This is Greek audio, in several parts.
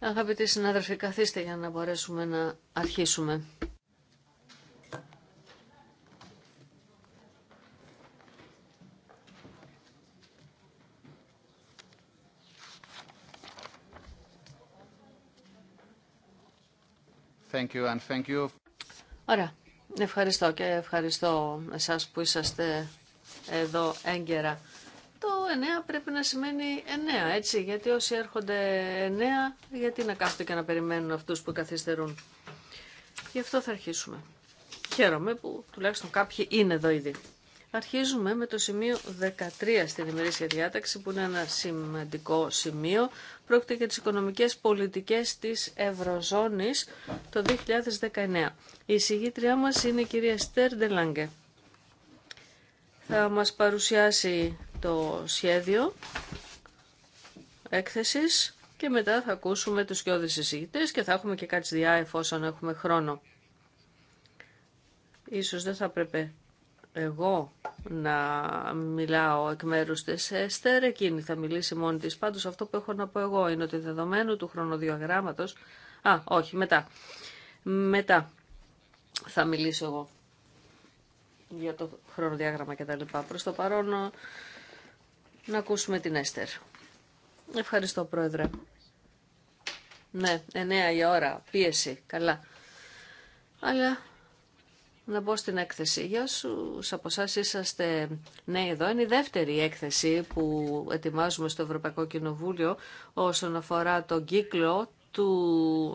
Αγαπητοί συνάδελφοι, καθίστε για να μπορέσουμε να αρχίσουμε. Thank you and thank you. Ωραία. Ευχαριστώ και ευχαριστώ εσάς που είσαστε εδώ έγκαιρα. 9 πρέπει να σημαίνει 9, έτσι, γιατί όσοι έρχονται 9, γιατί να κάθονται και να περιμένουν αυτούς που καθυστερούν. Γι' αυτό θα αρχίσουμε. Χαίρομαι που τουλάχιστον κάποιοι είναι εδώ ήδη. Αρχίζουμε με το σημείο 13 στην ημερήσια διάταξη, που είναι ένα σημαντικό σημείο. Πρόκειται για τις οικονομικές πολιτικές της Ευρωζώνης το 2019. Η εισηγήτριά μας είναι η κυρία Στέρντε Λάγκε. Θα μας παρουσιάσει το σχέδιο έκθεσης και μετά θα ακούσουμε τους σκιώδες εισηγητές και θα έχουμε και κάτι διά εφόσον έχουμε χρόνο. Ίσως δεν θα πρέπει εγώ να μιλάω εκ μέρους της Εστέρ, εκείνη θα μιλήσει μόνη της. Πάντως αυτό που έχω να πω εγώ είναι ότι δεδομένου του χρονοδιάγραμματος Α, όχι, μετά. Μετά θα μιλήσω εγώ για το χρονοδιάγραμμα και τα λοιπά. Προς το παρόν να ακούσουμε την Έστερ. Ευχαριστώ, Πρόεδρε. Ναι, εννέα η ώρα, πίεση, καλά. Αλλά να μπω στην έκθεση. Για σου, από εσά είσαστε νέοι εδώ. Είναι η δεύτερη έκθεση που ετοιμάζουμε στο Ευρωπαϊκό Κοινοβούλιο όσον αφορά τον κύκλο του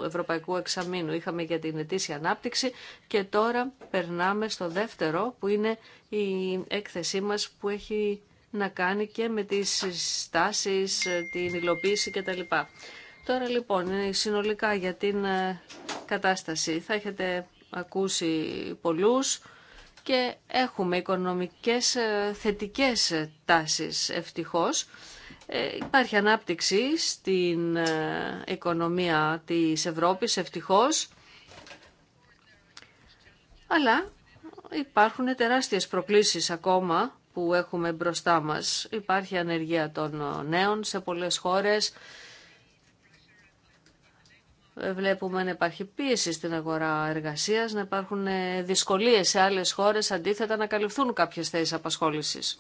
Ευρωπαϊκού Εξαμήνου. Είχαμε για την ετήσια ανάπτυξη και τώρα περνάμε στο δεύτερο που είναι η έκθεσή μας που έχει να κάνει και με τις στάσεις, την υλοποίηση κτλ. Τώρα λοιπόν, συνολικά για την ε, κατάσταση. Θα έχετε ακούσει πολλούς και έχουμε οικονομικές ε, θετικές τάσεις ευτυχώς. Ε, υπάρχει ανάπτυξη στην οικονομία της Ευρώπης ευτυχώς, αλλά υπάρχουν τεράστιες προκλήσεις ακόμα που έχουμε μπροστά μας. Υπάρχει ανεργία των νέων σε πολλές χώρες. Ε, βλέπουμε να υπάρχει πίεση στην αγορά εργασίας, να υπάρχουν ε, δυσκολίες σε άλλες χώρες αντίθετα να καλυφθούν κάποιες θέσεις απασχόλησης.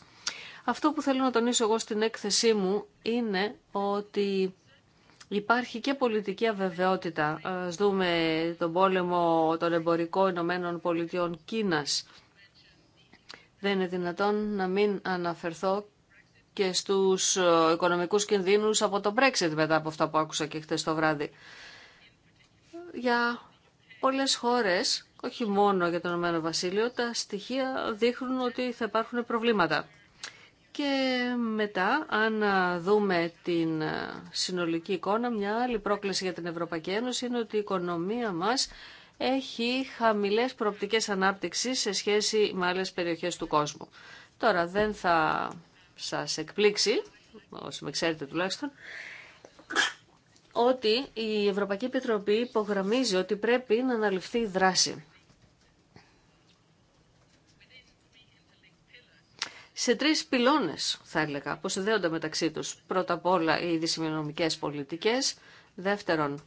Αυτό που θέλω να τονίσω εγώ στην έκθεσή μου είναι ότι υπάρχει και πολιτική αβεβαιότητα. Ας δούμε τον πόλεμο των εμπορικών Ηνωμένων Πολιτειών Κίνας δεν είναι δυνατόν να μην αναφερθώ και στους ε, οικονομικούς κινδύνους από το Brexit μετά από αυτά που άκουσα και χτες το βράδυ. Για πολλές χώρες, όχι μόνο για το Ηνωμένο Βασίλειο, τα στοιχεία δείχνουν ότι θα υπάρχουν προβλήματα. Και μετά, αν δούμε την ε, συνολική εικόνα, μια άλλη πρόκληση για την Ευρωπαϊκή Ένωση είναι ότι η οικονομία μας έχει χαμηλές προοπτικές ανάπτυξης σε σχέση με άλλες περιοχές του κόσμου. Τώρα δεν θα σας εκπλήξει, όσοι με ξέρετε τουλάχιστον, ότι η Ευρωπαϊκή Επιτροπή υπογραμμίζει ότι πρέπει να αναλυφθεί η δράση. σε τρεις πυλώνες, θα έλεγα, που συνδέονται μεταξύ τους. Πρώτα απ' όλα οι δυσημερινομικές πολιτικές, δεύτερον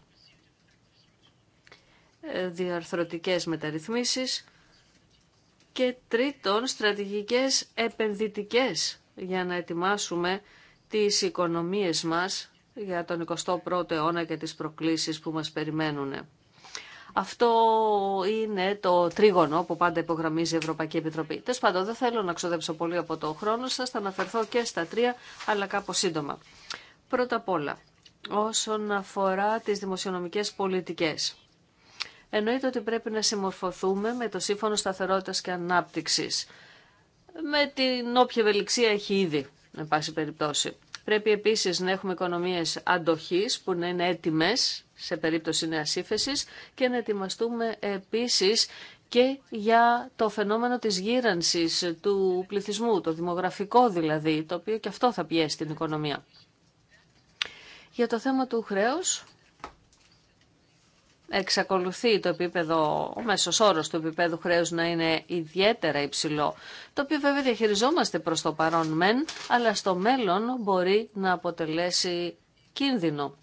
διαρθρωτικές μεταρρυθμίσεις και τρίτον στρατηγικές επενδυτικές για να ετοιμάσουμε τις οικονομίες μας για τον 21ο αιώνα και τις προκλήσεις που μας περιμένουν. Αυτό είναι το τρίγωνο που πάντα υπογραμμίζει η Ευρωπαϊκή Επιτροπή. Τέλο πάντων, δεν θέλω να ξοδέψω πολύ από το χρόνο σα, θα αναφερθώ και στα τρία, αλλά κάπω σύντομα. Πρώτα απ' όλα, όσον αφορά τι δημοσιονομικέ πολιτικές. Εννοείται ότι πρέπει να συμμορφωθούμε με το Σύμφωνο Σταθερότητας και Ανάπτυξης, με την όποια ευελιξία έχει ήδη, με πάση περιπτώσει. Πρέπει επίσης να έχουμε οικονομίες αντοχής που να είναι έτοιμες σε περίπτωση νέας ύφεσης και να ετοιμαστούμε επίσης και για το φαινόμενο της γύρανσης του πληθυσμού, το δημογραφικό δηλαδή, το οποίο και αυτό θα πιέσει την οικονομία. Για το θέμα του χρέους, εξακολουθεί το επίπεδο, ο μέσος όρος του επίπεδου χρέου να είναι ιδιαίτερα υψηλό, το οποίο βέβαια διαχειριζόμαστε προ το παρόν μεν, αλλά στο μέλλον μπορεί να αποτελέσει κίνδυνο.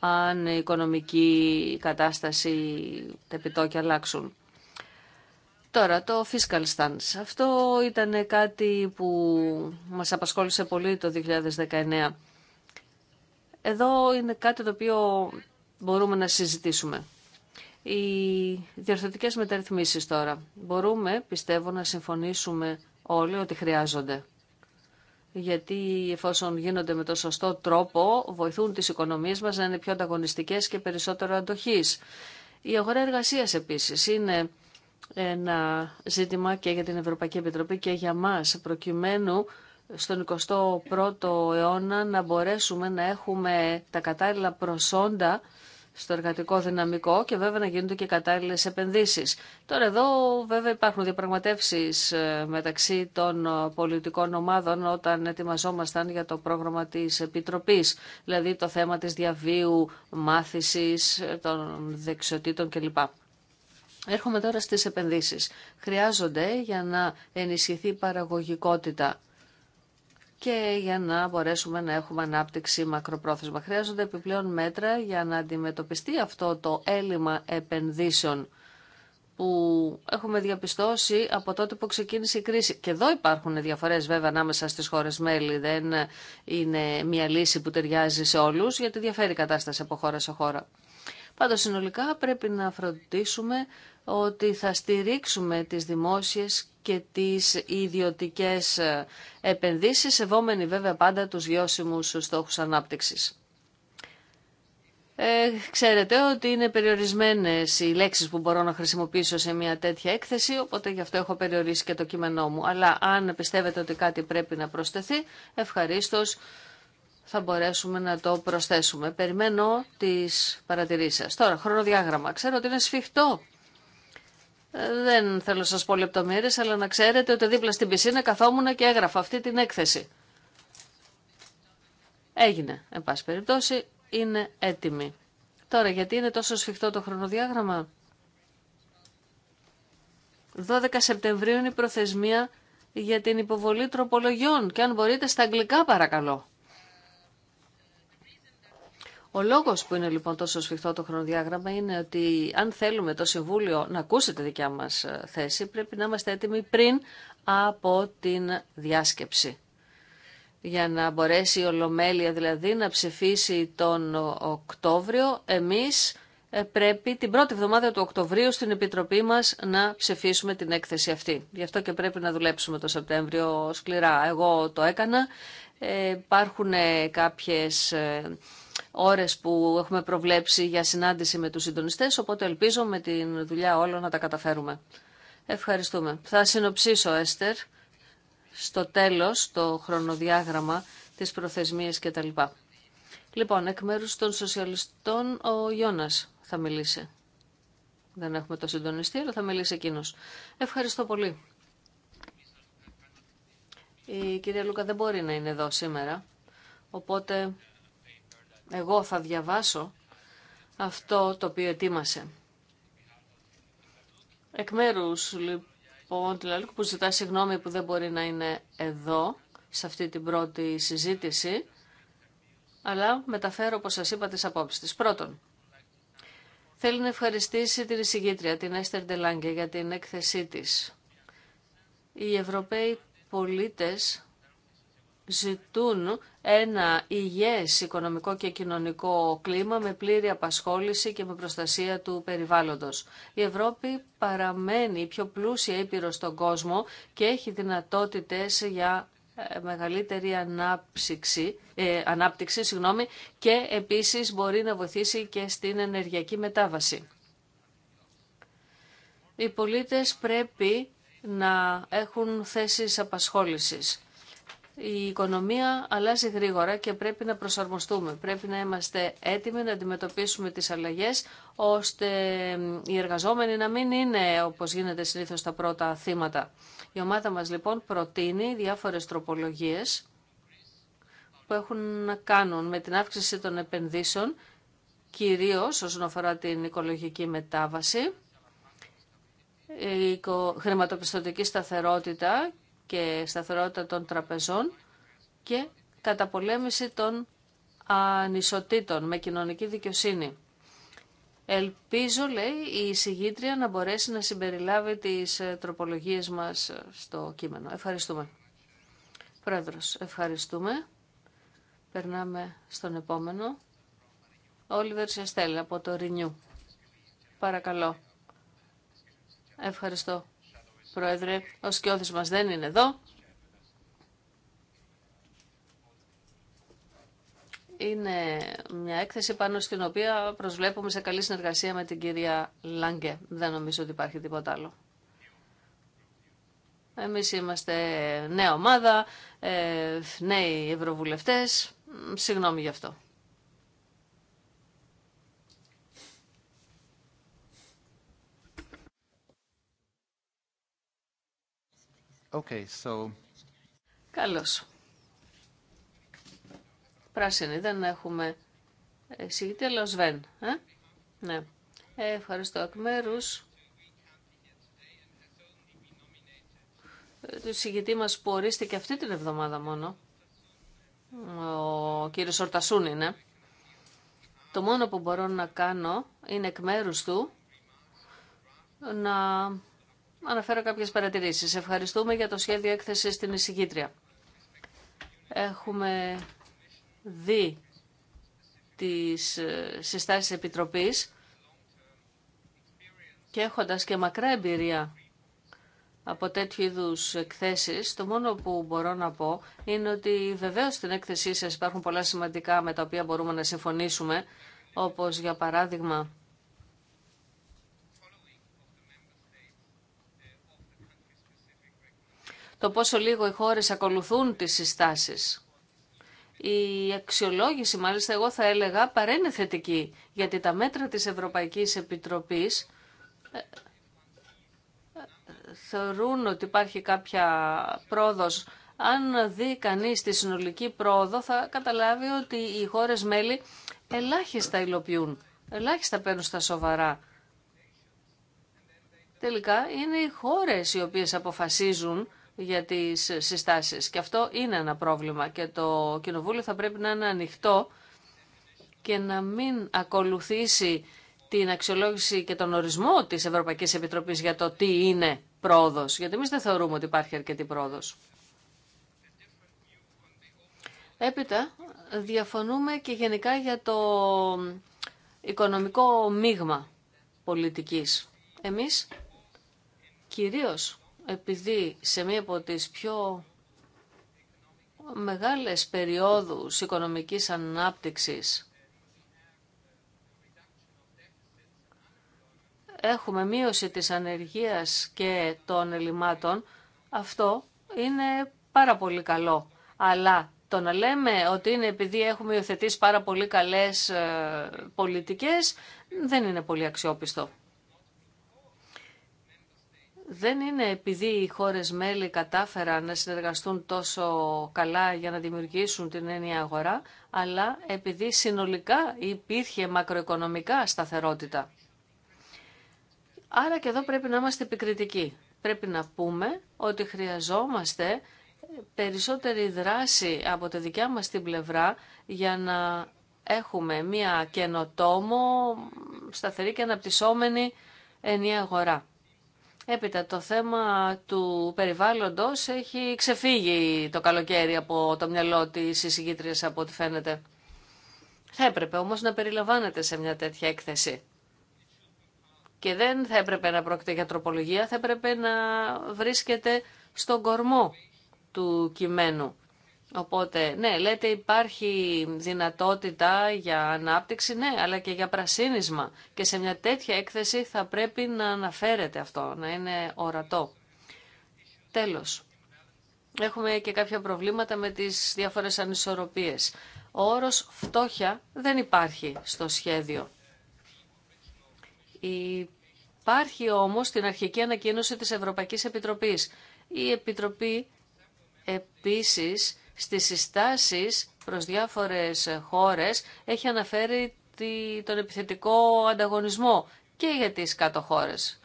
αν η οικονομική κατάσταση, τα επιτόκια αλλάξουν. Τώρα, το fiscal stance. Αυτό ήταν κάτι που μας απασχόλησε πολύ το 2019. Εδώ είναι κάτι το οποίο μπορούμε να συζητήσουμε. Οι διορθωτικές μεταρρυθμίσεις τώρα. Μπορούμε, πιστεύω, να συμφωνήσουμε όλοι ότι χρειάζονται. Γιατί εφόσον γίνονται με το σωστό τρόπο, βοηθούν τις οικονομίες μας να είναι πιο ανταγωνιστικές και περισσότερο αντοχής. Η αγορά εργασίας επίσης είναι ένα ζήτημα και για την Ευρωπαϊκή Επιτροπή και για μας, προκειμένου στον 21ο αιώνα να μπορέσουμε να έχουμε τα κατάλληλα προσόντα στο εργατικό δυναμικό και βέβαια να γίνονται και κατάλληλες επενδύσεις. Τώρα εδώ βέβαια υπάρχουν διαπραγματεύσεις ε, μεταξύ των πολιτικών ομάδων όταν ετοιμαζόμασταν για το πρόγραμμα της Επιτροπής, δηλαδή το θέμα της διαβίου, μάθησης, ε, των δεξιοτήτων κλπ. Έρχομαι τώρα στις επενδύσεις. Χρειάζονται για να ενισχυθεί η παραγωγικότητα και για να μπορέσουμε να έχουμε ανάπτυξη μακροπρόθεσμα. Χρειάζονται επιπλέον μέτρα για να αντιμετωπιστεί αυτό το έλλειμμα επενδύσεων που έχουμε διαπιστώσει από τότε που ξεκίνησε η κρίση. Και εδώ υπάρχουν διαφορές βέβαια ανάμεσα στις χώρες μέλη. Δεν είναι μια λύση που ταιριάζει σε όλους γιατί διαφέρει η κατάσταση από χώρα σε χώρα. Πάντω συνολικά πρέπει να φροντίσουμε ότι θα στηρίξουμε τις δημόσιες και τις ιδιωτικές επενδύσεις, σεβόμενοι βέβαια πάντα τους βιώσιμους στόχους ανάπτυξης. Ε, ξέρετε ότι είναι περιορισμένες οι λέξεις που μπορώ να χρησιμοποιήσω σε μια τέτοια έκθεση, οπότε γι' αυτό έχω περιορίσει και το κείμενό μου. Αλλά αν πιστεύετε ότι κάτι πρέπει να προσθεθεί, ευχαρίστως θα μπορέσουμε να το προσθέσουμε. Περιμένω τις παρατηρήσεις σας. Τώρα, χρονοδιάγραμμα. Ξέρω ότι είναι σφιχτό. Ε, δεν θέλω να σας πω λεπτομέρειε αλλά να ξέρετε ότι δίπλα στην πισίνα καθόμουν και έγραφα αυτή την έκθεση. Έγινε, εν πάση περιπτώσει, είναι έτοιμη. Τώρα, γιατί είναι τόσο σφιχτό το χρονοδιάγραμμα. 12 Σεπτεμβρίου είναι η προθεσμία για την υποβολή τροπολογιών και αν μπορείτε στα αγγλικά παρακαλώ. Ο λόγος που είναι λοιπόν τόσο σφιχτό το χρονοδιάγραμμα είναι ότι αν θέλουμε το Συμβούλιο να ακούσει τη δικιά μας ε, θέση πρέπει να είμαστε έτοιμοι πριν από την διάσκεψη. Για να μπορέσει η Ολομέλεια δηλαδή να ψηφίσει τον Οκτώβριο, εμείς ε, πρέπει την πρώτη εβδομάδα του Οκτωβρίου στην Επιτροπή μας να ψηφίσουμε την έκθεση αυτή. Γι' αυτό και πρέπει να δουλέψουμε το Σεπτέμβριο σκληρά. Εγώ το έκανα. Ε, υπάρχουν κάποιες ε, ώρες που έχουμε προβλέψει για συνάντηση με τους συντονιστές, οπότε ελπίζω με τη δουλειά όλων να τα καταφέρουμε. Ευχαριστούμε. Θα συνοψίσω, Έστερ, στο τέλος το χρονοδιάγραμμα, της προθεσμίες κτλ. Λοιπόν, εκ μέρους των σοσιαλιστών ο Γιώνας θα μιλήσει. Δεν έχουμε το συντονιστή, αλλά θα μιλήσει εκείνο. Ευχαριστώ πολύ. Η κυρία Λούκα δεν μπορεί να είναι εδώ σήμερα, οπότε εγώ θα διαβάσω αυτό το οποίο ετοίμασε. Εκ μέρους λοιπόν του που ζητά συγγνώμη που δεν μπορεί να είναι εδώ σε αυτή την πρώτη συζήτηση, αλλά μεταφέρω όπως σας είπα τις απόψεις της. Πρώτον, θέλει να ευχαριστήσει την εισηγήτρια, την Έστερ για την έκθεσή της. Οι Ευρωπαίοι πολίτες ζητούν ένα υγιές οικονομικό και κοινωνικό κλίμα με πλήρη απασχόληση και με προστασία του περιβάλλοντος. Η Ευρώπη παραμένει η πιο πλούσια ήπειρο στον κόσμο και έχει δυνατότητες για ε, μεγαλύτερη ε, ανάπτυξη συγγνώμη, και επίσης μπορεί να βοηθήσει και στην ενεργειακή μετάβαση. Οι πολίτες πρέπει να έχουν θέσεις απασχόλησης η οικονομία αλλάζει γρήγορα και πρέπει να προσαρμοστούμε. Πρέπει να είμαστε έτοιμοι να αντιμετωπίσουμε τις αλλαγές, ώστε οι εργαζόμενοι να μην είναι, όπως γίνεται συνήθως, τα πρώτα θύματα. Η ομάδα μας, λοιπόν, προτείνει διάφορες τροπολογίες που έχουν να κάνουν με την αύξηση των επενδύσεων, κυρίως όσον αφορά την οικολογική μετάβαση, η χρηματοπιστωτική σταθερότητα και σταθερότητα των τραπεζών και καταπολέμηση των ανισοτήτων με κοινωνική δικαιοσύνη. Ελπίζω, λέει, η συγγήτρια να μπορέσει να συμπεριλάβει τις ε, τροπολογίες μας ε, στο κείμενο. Ευχαριστούμε. Πρόεδρος, ευχαριστούμε. Περνάμε στον επόμενο. Όλιβερ Σεστέλ από το Ρινιού. Παρακαλώ. Ευχαριστώ, Πρόεδρε. Ο σκιώδης μας δεν είναι εδώ. είναι μια έκθεση πάνω στην οποία προσβλέπουμε σε καλή συνεργασία με την κυρία Λάγκε. Δεν νομίζω ότι υπάρχει τίποτα άλλο. Εμείς είμαστε νέα ομάδα, ε, νέοι ευρωβουλευτές. Συγγνώμη γι' αυτό. Okay, so... Καλώς. Πράσινη, δεν έχουμε εισηγητή, αλλά Σβέν. Ε? Ναι. Ε, ευχαριστώ εκ μέρους. Ε, του εισηγητή μας που ορίστηκε αυτή την εβδομάδα μόνο. Ο κύριος Ορτασούν είναι. Το μόνο που μπορώ να κάνω είναι εκ μέρους του να αναφέρω κάποιες παρατηρήσεις. Ευχαριστούμε για το σχέδιο έκθεση στην εισηγήτρια. Έχουμε δει τις ε, συστάσεις Επιτροπής και έχοντα και μακρά εμπειρία από τέτοιου είδου εκθέσεις, το μόνο που μπορώ να πω είναι ότι βεβαίω στην έκθεσή σας υπάρχουν πολλά σημαντικά με τα οποία μπορούμε να συμφωνήσουμε, όπως για παράδειγμα το πόσο λίγο οι χώρες ακολουθούν τις συστάσεις. Η αξιολόγηση, μάλιστα εγώ θα έλεγα, παρένε θετική, γιατί τα μέτρα της Ευρωπαϊκής Επιτροπής ε, ε, θεωρούν ότι υπάρχει κάποια πρόοδος. Αν δει κανείς τη συνολική πρόοδο θα καταλάβει ότι οι χώρες μέλη ελάχιστα υλοποιούν, ελάχιστα παίρνουν στα σοβαρά. Τελικά είναι οι χώρες οι οποίες αποφασίζουν για τις συστάσεις. Και αυτό είναι ένα πρόβλημα και το Κοινοβούλιο θα πρέπει να είναι ανοιχτό και να μην ακολουθήσει την αξιολόγηση και τον ορισμό της Ευρωπαϊκής Επιτροπής για το τι είναι πρόοδος. Γιατί εμεί δεν θεωρούμε ότι υπάρχει αρκετή πρόοδος. Έπειτα, διαφωνούμε και γενικά για το οικονομικό μείγμα πολιτικής. Εμείς κυρίως επειδή σε μία από τις πιο μεγάλες περιόδους οικονομικής ανάπτυξης έχουμε μείωση της ανεργίας και των ελλημάτων, αυτό είναι πάρα πολύ καλό. Αλλά το να λέμε ότι είναι επειδή έχουμε υιοθετήσει πάρα πολύ καλές ε, πολιτικές δεν είναι πολύ αξιόπιστο δεν είναι επειδή οι χώρες μέλη κατάφεραν να συνεργαστούν τόσο καλά για να δημιουργήσουν την έννοια αγορά, αλλά επειδή συνολικά υπήρχε μακροοικονομικά σταθερότητα. Άρα και εδώ πρέπει να είμαστε επικριτικοί. Πρέπει να πούμε ότι χρειαζόμαστε περισσότερη δράση από τη δικιά μας την πλευρά για να έχουμε μια καινοτόμο, σταθερή και αναπτυσσόμενη ενιαία αγορά. Έπειτα το θέμα του περιβάλλοντος έχει ξεφύγει το καλοκαίρι από το μυαλό της εισηγήτριας από ό,τι φαίνεται. Θα έπρεπε όμως να περιλαμβάνεται σε μια τέτοια έκθεση. Και δεν θα έπρεπε να πρόκειται για τροπολογία, θα έπρεπε να βρίσκεται στον κορμό του κειμένου Οπότε, ναι, λέτε υπάρχει δυνατότητα για ανάπτυξη, ναι, αλλά και για πρασίνισμα. Και σε μια τέτοια έκθεση θα πρέπει να αναφέρεται αυτό, να είναι ορατό. Τέλος, έχουμε και κάποια προβλήματα με τις διάφορες ανισορροπίες. Ο όρος φτώχεια δεν υπάρχει στο σχέδιο. Υπάρχει όμως την αρχική ανακοίνωση της Ευρωπαϊκής Επιτροπής. Η Επιτροπή επίσης στις συστάσεις προς διάφορες χώρες έχει αναφέρει τον επιθετικό ανταγωνισμό και για τις κάτω χώρες.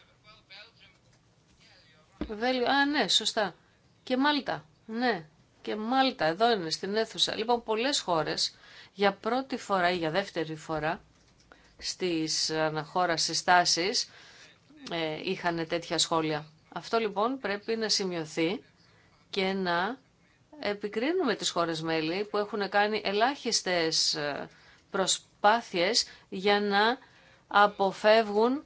α, ναι, σωστά. Και Μάλτα, ναι. Και Μάλτα, εδώ είναι στην αίθουσα. Λοιπόν, πολλές χώρες για πρώτη φορά ή για δεύτερη φορά στις αναχώρα συστάσεις ε, είχαν τέτοια σχόλια. Αυτό λοιπόν πρέπει να σημειωθεί και να επικρίνουμε τις χώρες μέλη που έχουν κάνει ελάχιστες ε, προσπάθειες για να αποφεύγουν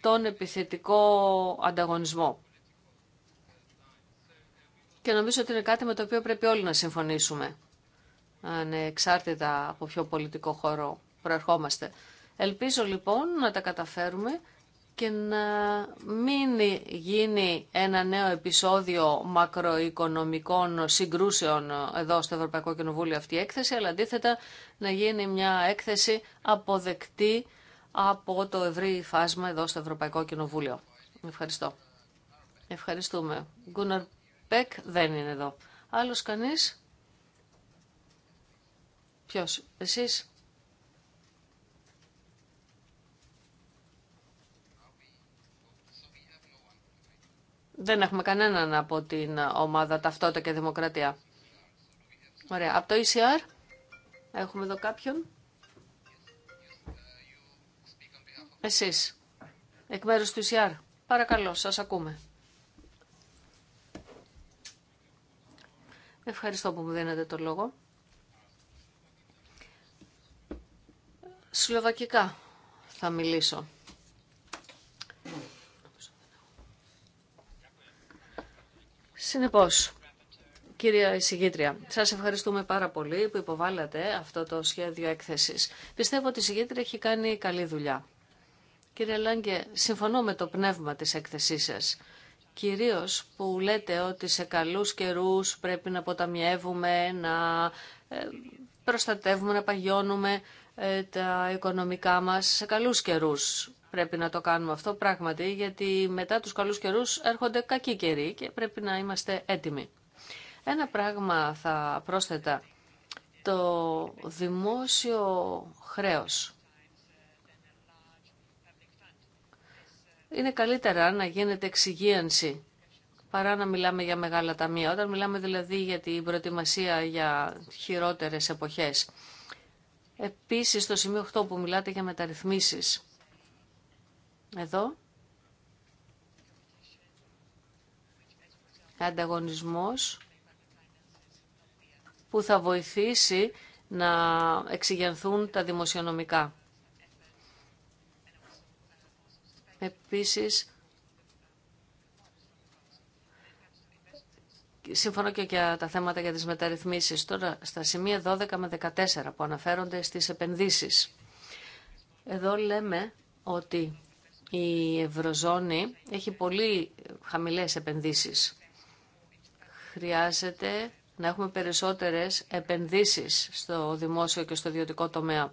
τον επιθετικό ανταγωνισμό. Και νομίζω ότι είναι κάτι με το οποίο πρέπει όλοι να συμφωνήσουμε, ανεξάρτητα από ποιο πολιτικό χώρο προερχόμαστε. Ελπίζω λοιπόν να τα καταφέρουμε και να μην γίνει ένα νέο επεισόδιο μακροοικονομικών συγκρούσεων εδώ στο Ευρωπαϊκό Κοινοβούλιο αυτή η έκθεση, αλλά αντίθετα να γίνει μια έκθεση αποδεκτή από το ευρύ φάσμα εδώ στο Ευρωπαϊκό Κοινοβούλιο. Ευχαριστώ. Ευχαριστούμε. Γκούναρ Πεκ δεν είναι εδώ. Άλλος κανείς. Ποιος, εσείς. Δεν έχουμε κανέναν από την ομάδα Ταυτότητα και Δημοκρατία. Ωραία. Από το ECR έχουμε εδώ κάποιον. Εσείς, εκ μέρους του ECR. Παρακαλώ, σας ακούμε. Ευχαριστώ που μου δίνετε το λόγο. Σλοβακικά θα μιλήσω. Συνεπώς, κυρία εισηγήτρια, σας ευχαριστούμε πάρα πολύ που υποβάλλατε αυτό το σχέδιο έκθεσης. Πιστεύω ότι η εισηγήτρια έχει κάνει καλή δουλειά. Κύριε Λάγκε, συμφωνώ με το πνεύμα της έκθεσής σας. Κυρίως που λέτε ότι σε καλούς καιρούς πρέπει να αποταμιεύουμε, να ε, προστατεύουμε, να παγιώνουμε ε, τα οικονομικά μας σε καλούς καιρούς πρέπει να το κάνουμε αυτό πράγματι, γιατί μετά τους καλούς καιρούς έρχονται κακοί καιροί και πρέπει να είμαστε έτοιμοι. Ένα πράγμα θα πρόσθετα, το δημόσιο χρέος. Είναι καλύτερα να γίνεται εξυγίανση παρά να μιλάμε για μεγάλα ταμεία. Όταν μιλάμε δηλαδή για την προετοιμασία για χειρότερες εποχές. Επίσης, στο σημείο 8 που μιλάτε για μεταρρυθμίσεις, εδώ ανταγωνισμός που θα βοηθήσει να εξηγενθούν τα δημοσιονομικά. Επίσης, σύμφωνα και για τα θέματα για τις μεταρρυθμίσεις. Τώρα, στα σημεία 12 με 14 που αναφέρονται στις επενδύσεις. Εδώ λέμε ότι η Ευρωζώνη έχει πολύ χαμηλές επενδύσεις. Χρειάζεται να έχουμε περισσότερες επενδύσεις στο δημόσιο και στο ιδιωτικό τομέα.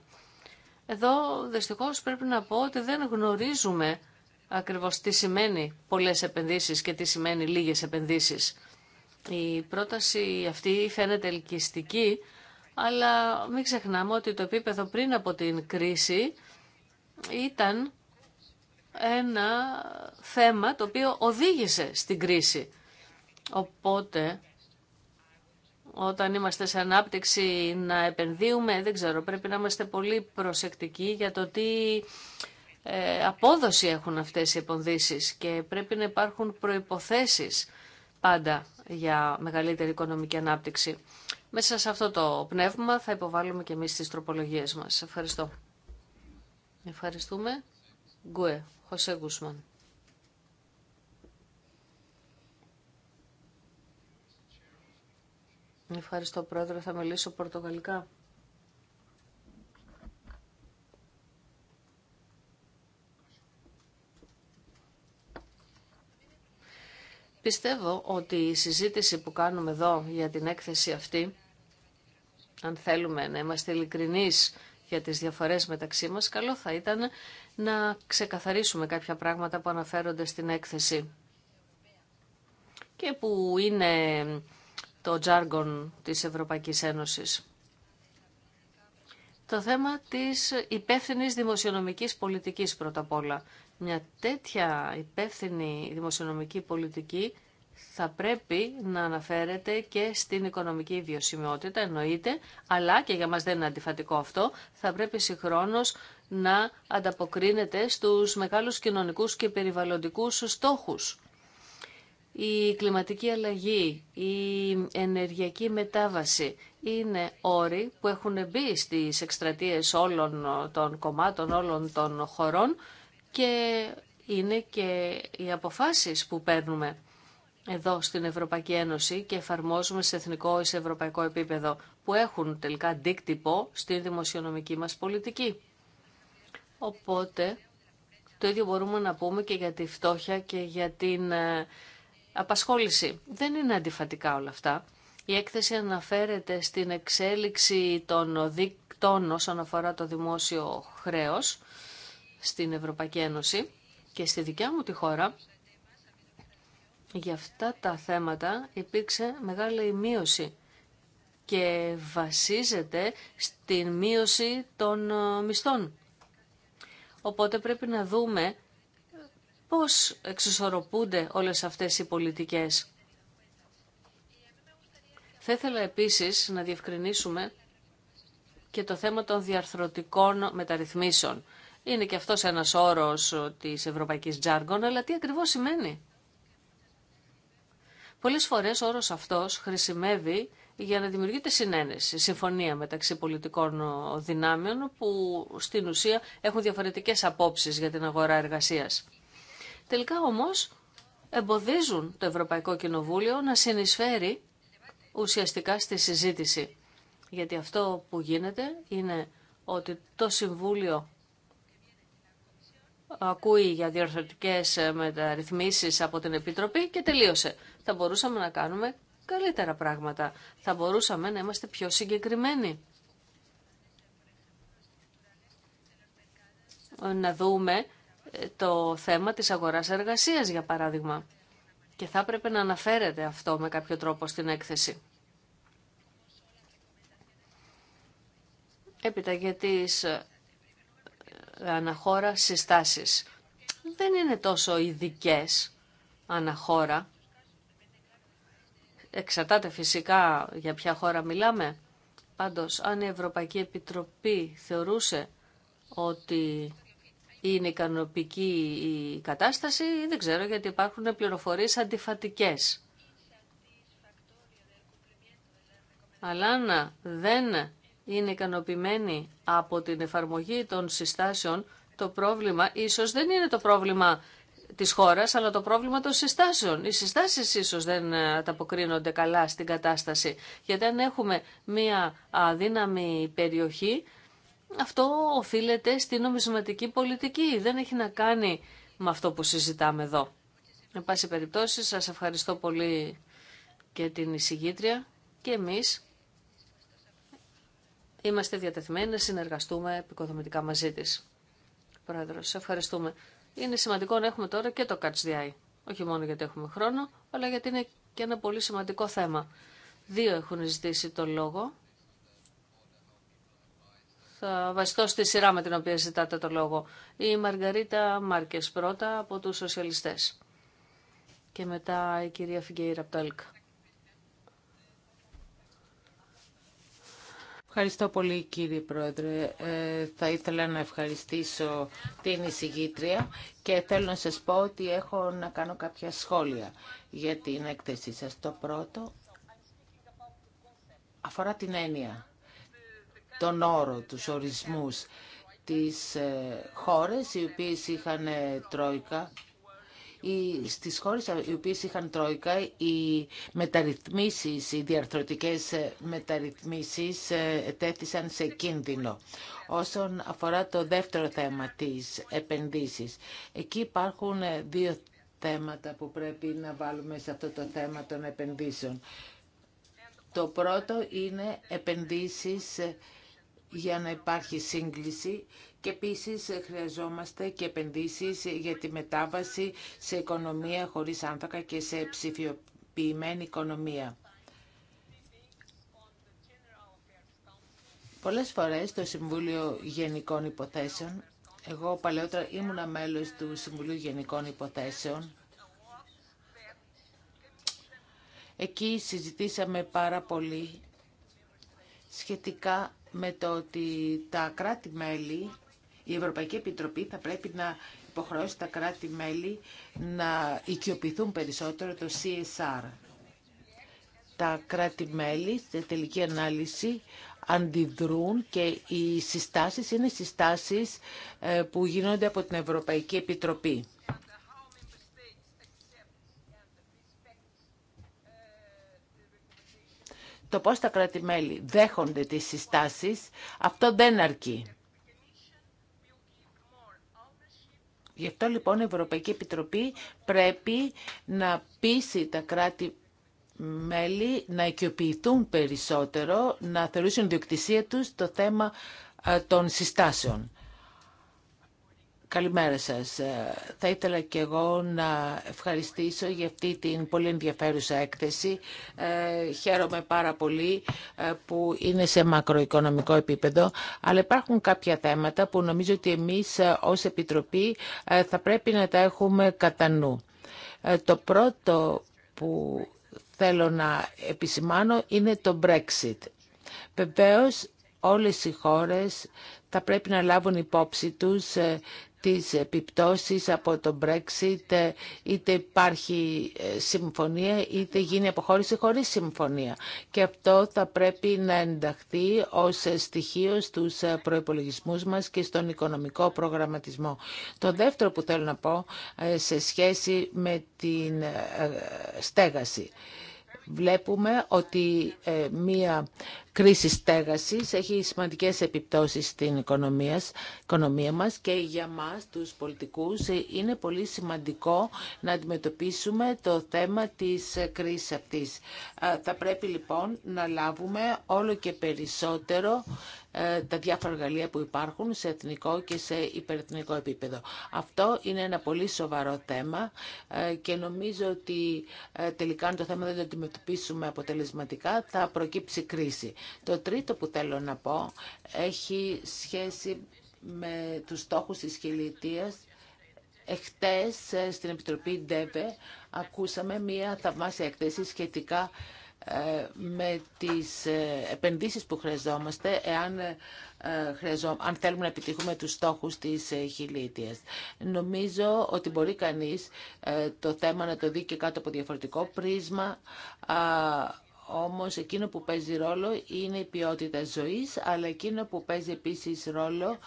Εδώ δυστυχώς πρέπει να πω ότι δεν γνωρίζουμε ακριβώς τι σημαίνει πολλές επενδύσεις και τι σημαίνει λίγες επενδύσεις. Η πρόταση αυτή φαίνεται ελκυστική, αλλά μην ξεχνάμε ότι το επίπεδο πριν από την κρίση ήταν ένα θέμα το οποίο οδήγησε στην κρίση. Οπότε, όταν είμαστε σε ανάπτυξη να επενδύουμε, δεν ξέρω, πρέπει να είμαστε πολύ προσεκτικοί για το τι ε, απόδοση έχουν αυτές οι επενδύσεις και πρέπει να υπάρχουν προϋποθέσεις πάντα για μεγαλύτερη οικονομική ανάπτυξη. Μέσα σε αυτό το πνεύμα θα υποβάλουμε και εμείς τις τροπολογίες μας. Ευχαριστώ. Ευχαριστούμε. Γκουέ. Χωσέ Γκουσμαν. Ευχαριστώ πρόεδρε, θα μιλήσω πορτογαλικά. Πιστεύω ότι η συζήτηση που κάνουμε εδώ για την έκθεση αυτή, αν θέλουμε να είμαστε ειλικρινεί για τις διαφορές μεταξύ μας, καλό θα ήταν να ξεκαθαρίσουμε κάποια πράγματα που αναφέρονται στην έκθεση και που είναι το τζάργον της Ευρωπαϊκής Ένωσης. Το θέμα της υπεύθυνης δημοσιονομικής πολιτικής πρώτα απ' όλα. Μια τέτοια υπεύθυνη δημοσιονομική πολιτική θα πρέπει να αναφέρεται και στην οικονομική βιωσιμότητα, εννοείται, αλλά και για μας δεν είναι αντιφατικό αυτό, θα πρέπει συγχρόνως να ανταποκρίνεται στους μεγάλους κοινωνικούς και περιβαλλοντικούς στόχους. Η κλιματική αλλαγή, η ενεργειακή μετάβαση είναι όροι που έχουν μπει στις εκστρατείες όλων των κομμάτων, όλων των χωρών και είναι και οι αποφάσεις που παίρνουμε εδώ στην Ευρωπαϊκή Ένωση και εφαρμόζουμε σε εθνικό ή σε ευρωπαϊκό επίπεδο που έχουν τελικά αντίκτυπο στη δημοσιονομική μας πολιτική. Οπότε το ίδιο μπορούμε να πούμε και για τη φτώχεια και για την ε, απασχόληση. Δεν είναι αντιφατικά όλα αυτά. Η έκθεση αναφέρεται στην εξέλιξη των δικτών όσον αφορά το δημόσιο χρέος στην Ευρωπαϊκή Ένωση και στη δικιά μου τη χώρα για αυτά τα θέματα υπήρξε μεγάλη μείωση και βασίζεται στην μείωση των ε, μισθών. Οπότε πρέπει να δούμε πώς εξισορροπούνται όλες αυτές οι πολιτικές. Θα ήθελα επίσης να διευκρινίσουμε και το θέμα των διαρθρωτικών μεταρρυθμίσεων. Είναι και αυτός ένας όρος ε, της ευρωπαϊκής τζάργων, αλλά τι ακριβώς σημαίνει. Πολλές φορές ο όρος αυτός χρησιμεύει για να δημιουργείται συνένεση, συμφωνία μεταξύ πολιτικών δυνάμεων που στην ουσία έχουν διαφορετικές απόψεις για την αγορά εργασίας. Τελικά όμως εμποδίζουν το Ευρωπαϊκό Κοινοβούλιο να συνεισφέρει ουσιαστικά στη συζήτηση. Γιατί αυτό που γίνεται είναι ότι το Συμβούλιο ακούει για διορθωτικές ε, μεταρρυθμίσεις από την Επιτροπή και τελείωσε. Θα μπορούσαμε να κάνουμε καλύτερα πράγματα. Θα μπορούσαμε να είμαστε πιο συγκεκριμένοι. Να δούμε ε, το θέμα της αγοράς εργασίας, για παράδειγμα. Και θα έπρεπε να αναφέρεται αυτό με κάποιο τρόπο στην έκθεση. Έπειτα τις ε, αναχώρα συστάσεις. Δεν είναι τόσο ειδικέ αναχώρα. Εξαρτάται φυσικά για ποια χώρα μιλάμε. Πάντως, αν η Ευρωπαϊκή Επιτροπή θεωρούσε ότι είναι ικανοποιητική η κατάσταση, δεν ξέρω γιατί υπάρχουν πληροφορίες αντιφατικές. Αλλά αν δεν είναι ικανοποιημένοι από την εφαρμογή των συστάσεων, το πρόβλημα ίσως δεν είναι το πρόβλημα της χώρας, αλλά το πρόβλημα των συστάσεων. Οι συστάσεις ίσως δεν ανταποκρίνονται καλά στην κατάσταση. Γιατί αν έχουμε μία αδύναμη περιοχή, αυτό οφείλεται στην νομισματική πολιτική. Δεν έχει να κάνει με αυτό που συζητάμε εδώ. Εν πάση περιπτώσει, σας ευχαριστώ πολύ και την εισηγήτρια και εμείς Είμαστε διατεθειμένοι να συνεργαστούμε επικοδομητικά μαζί της. Πρόεδρος, ευχαριστούμε. Είναι σημαντικό να έχουμε τώρα και το Catch Όχι μόνο γιατί έχουμε χρόνο, αλλά γιατί είναι και ένα πολύ σημαντικό θέμα. Δύο έχουν ζητήσει το λόγο. Θα βασιστώ στη σειρά με την οποία ζητάτε το λόγο. Η Μαργαρίτα Μάρκες πρώτα από τους σοσιαλιστές. Και μετά η κυρία Φιγκέιρα από το Ευχαριστώ πολύ κύριε Πρόεδρε. Ε, θα ήθελα να ευχαριστήσω την εισηγήτρια και θέλω να σας πω ότι έχω να κάνω κάποια σχόλια για την έκθεσή σας. Το πρώτο αφορά την έννοια, τον όρο, τους ορισμούς τις ε, χώρες οι οποίες είχαν ε, τρόικα στις χώρες οι οποίες είχαν τρόικα, οι μεταρρυθμίσεις, οι διαρθρωτικές ε, μεταρρυθμίσεις ε, τέθησαν σε κίνδυνο. Όσον αφορά το δεύτερο θέμα της επενδύσεις, εκεί υπάρχουν ε, δύο θέματα που πρέπει να βάλουμε σε αυτό το θέμα των επενδύσεων. Το πρώτο είναι επενδύσεις για να υπάρχει σύγκληση και επίσης χρειαζόμαστε και επενδύσεις για τη μετάβαση σε οικονομία χωρίς άνθρακα και σε ψηφιοποιημένη οικονομία. Πολλές φορές το Συμβούλιο Γενικών Υποθέσεων, εγώ παλαιότερα ήμουνα μέλος του Συμβουλίου Γενικών Υποθέσεων, εκεί συζητήσαμε πάρα πολύ σχετικά με το ότι τα κράτη-μέλη, η Ευρωπαϊκή Επιτροπή θα πρέπει να υποχρεώσει τα κράτη-μέλη να οικειοποιηθούν περισσότερο το CSR. Τα κράτη-μέλη, στη τελική ανάλυση, αντιδρούν και οι συστάσεις είναι συστάσεις ε, που γίνονται από την Ευρωπαϊκή Επιτροπή. το πώς τα κράτη-μέλη δέχονται τις συστάσεις, αυτό δεν αρκεί. Γι' αυτό λοιπόν η Ευρωπαϊκή Επιτροπή πρέπει να πείσει τα κράτη μέλη να οικειοποιηθούν περισσότερο, να θεωρήσουν διοκτησία τους το θέμα ε, των συστάσεων. Καλημέρα σας. Ε, θα ήθελα και εγώ να ευχαριστήσω για αυτή την πολύ ενδιαφέρουσα έκθεση. Ε, χαίρομαι πάρα πολύ ε, που είναι σε μακροοικονομικό επίπεδο, αλλά υπάρχουν κάποια θέματα που νομίζω ότι εμείς ως Επιτροπή θα πρέπει να τα έχουμε κατά νου. Το πρώτο που θέλω να επισημάνω είναι το Brexit. Βεβαίως όλες οι χώρες θα πρέπει να λάβουν υπόψη τους τις επιπτώσεις από το Brexit, είτε υπάρχει ε, συμφωνία, είτε γίνει αποχώρηση χωρίς συμφωνία. Και αυτό θα πρέπει να ενταχθεί ως στοιχείο στους ε, προϋπολογισμούς μας και στον οικονομικό προγραμματισμό. Το δεύτερο που θέλω να πω ε, σε σχέση με την στέγαση. Βλέπουμε ότι μία κρίση στέγαση έχει σημαντικές επιπτώσεις στην οικονομία, οικονομία μας και για μας τους πολιτικούς ε, είναι πολύ σημαντικό να αντιμετωπίσουμε το θέμα της ε, κρίσης αυτής. Θα πρέπει λοιπόν να λάβουμε όλο και περισσότερο ε, τα διάφορα εργαλεία που υπάρχουν σε εθνικό και σε υπερεθνικό επίπεδο. Αυτό είναι ένα πολύ σοβαρό θέμα και νομίζω ότι τελικά αν το θέμα δεν το αντιμετωπίσουμε αποτελεσματικά θα προκύψει κρίση. Το τρίτο που θέλω να πω έχει σχέση με τους στόχους της χιλιετίας. Εχθές ε, στην Επιτροπή ΝΤΕΒΕ ακούσαμε μία θαυμάσια εκθέση σχετικά ε, με τις ε, επενδύσεις που χρειαζόμαστε εάν αν θέλουμε να επιτύχουμε τους στόχους της χιλίτιας. Νομίζω ότι μπορεί κανείς το θέμα να το δει και κάτω από διαφορετικό πρίσμα όμως εκείνο που παίζει ρόλο είναι η ποιότητα ζωής, αλλά εκείνο που παίζει επίσης ρόλο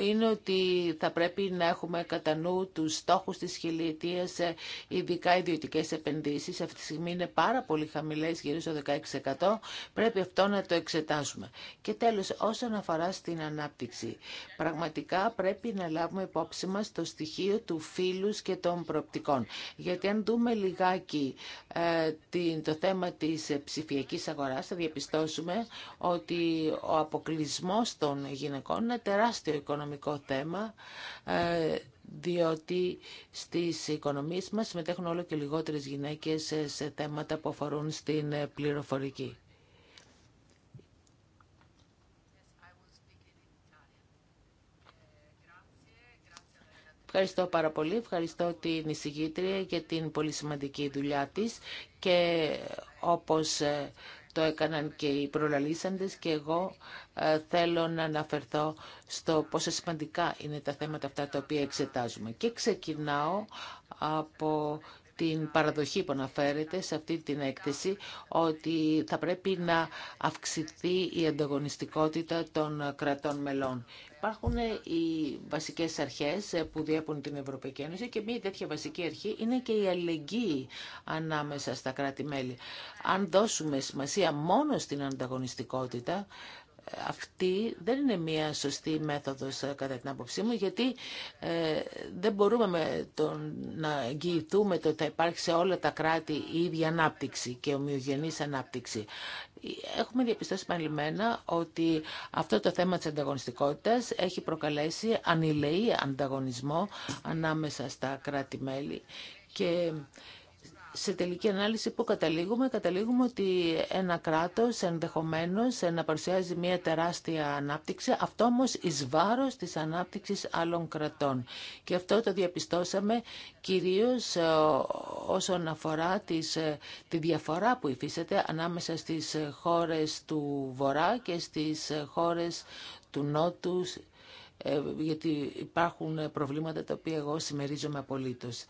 είναι ότι θα πρέπει να έχουμε κατά νου τους στόχους της χιλιετίας, ε, ειδικά ιδιωτικέ επενδύσεις. Αυτή τη στιγμή είναι πάρα πολύ χαμηλές, γύρω στο 16%. Πρέπει αυτό να το εξετάσουμε. Και τέλος, όσον αφορά στην ανάπτυξη, πραγματικά πρέπει να λάβουμε υπόψη μας το στοιχείο του φίλους και των προοπτικών. Γιατί αν δούμε λιγάκι ε, το θέμα της ψηφιακής αγοράς, θα διαπιστώσουμε ότι ο αποκλεισμό των γυναικών είναι τεράστιο οικονομικό θέμα, ε, διότι στις οικονομίες μας συμμετέχουν όλο και λιγότερες γυναίκες σε θέματα που αφορούν στην ε, πληροφορική. Ευχαριστώ πάρα πολύ. Ευχαριστώ την εισηγήτρια για την πολύ σημαντική δουλειά της και όπως ε, το έκαναν και οι προλαλήσαντες και εγώ ε, θέλω να αναφερθώ στο πόσο σημαντικά είναι τα θέματα αυτά τα οποία εξετάζουμε. Και ξεκινάω από την παραδοχή που αναφέρεται σε αυτή την έκθεση ότι θα πρέπει να αυξηθεί η ανταγωνιστικότητα των κρατών μελών. Υπάρχουν ε, οι βασικές αρχές ε, που διέπουν την Ευρωπαϊκή Ένωση και μια τέτοια βασική αρχή είναι και η αλληλεγγύη ανάμεσα στα κράτη-μέλη. Αν δώσουμε σημασία μόνο στην ανταγωνιστικότητα, αυτή δεν είναι μια σωστή μέθοδος ε, κατά την άποψή μου γιατί ε, δεν μπορούμε να εγγυηθούμε το ότι θα υπάρχει σε όλα τα κράτη η ίδια ανάπτυξη και ομοιογενής ανάπτυξη. Έχουμε διαπιστώσει παλιμένα ότι αυτό το θέμα της ανταγωνιστικότητας έχει προκαλέσει ανηλεή ανταγωνισμό ανάμεσα στα κράτη-μέλη και σε τελική ανάλυση που καταλήγουμε. Καταλήγουμε ότι ένα κράτος ενδεχομένως να παρουσιάζει μια τεράστια ανάπτυξη, αυτό όμω εις βάρος της ανάπτυξης άλλων κρατών. Και αυτό το διαπιστώσαμε κυρίως ε, όσον αφορά τις, ε, τη διαφορά που υφίσταται ανάμεσα στις ε, χώρες του Βορρά και στις χώρες του Νότου, γιατί υπάρχουν προβλήματα τα οποία εγώ συμμερίζομαι απολύτως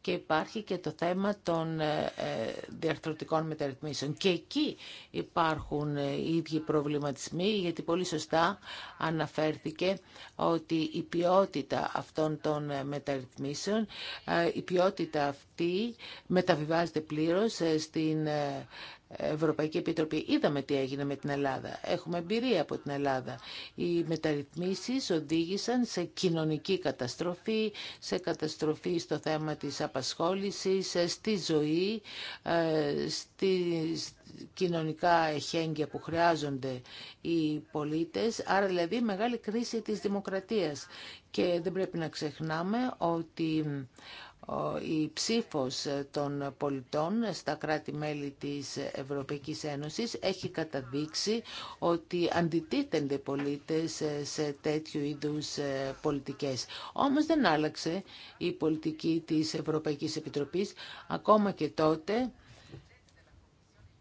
και υπάρχει και το θέμα των ε, ε, διαρθρωτικών μεταρρυθμίσεων. Και εκεί υπάρχουν ε, οι ίδιοι προβληματισμοί, γιατί πολύ σωστά αναφέρθηκε ότι η ποιότητα αυτών των μεταρρυθμίσεων, η ποιότητα αυτή μεταβιβάζεται πλήρως στην Ευρωπαϊκή Επιτροπή. Είδαμε τι έγινε με την Ελλάδα. Έχουμε εμπειρία από την Ελλάδα. Οι μεταρρυθμίσεις οδήγησαν σε κοινωνική καταστροφή, σε καταστροφή στο θέμα της απασχόλησης, στη ζωή, ε, στη κοινωνικά εχέγγυα που χρειάζονται οι πολίτες, άρα δηλαδή μεγάλη κρίση της δημοκρατίας. Και δεν πρέπει να ξεχνάμε ότι η ψήφος ε, των πολιτών στα κράτη-μέλη της Ευρωπαϊκής Ένωσης έχει καταδείξει ότι αντιτίθενται πολίτες ε, σε τέτοιου είδους ε, πολιτικές. Όμως δεν άλλαξε η πολιτική της Ευρωπαϊκής Επιτροπής ακόμα και τότε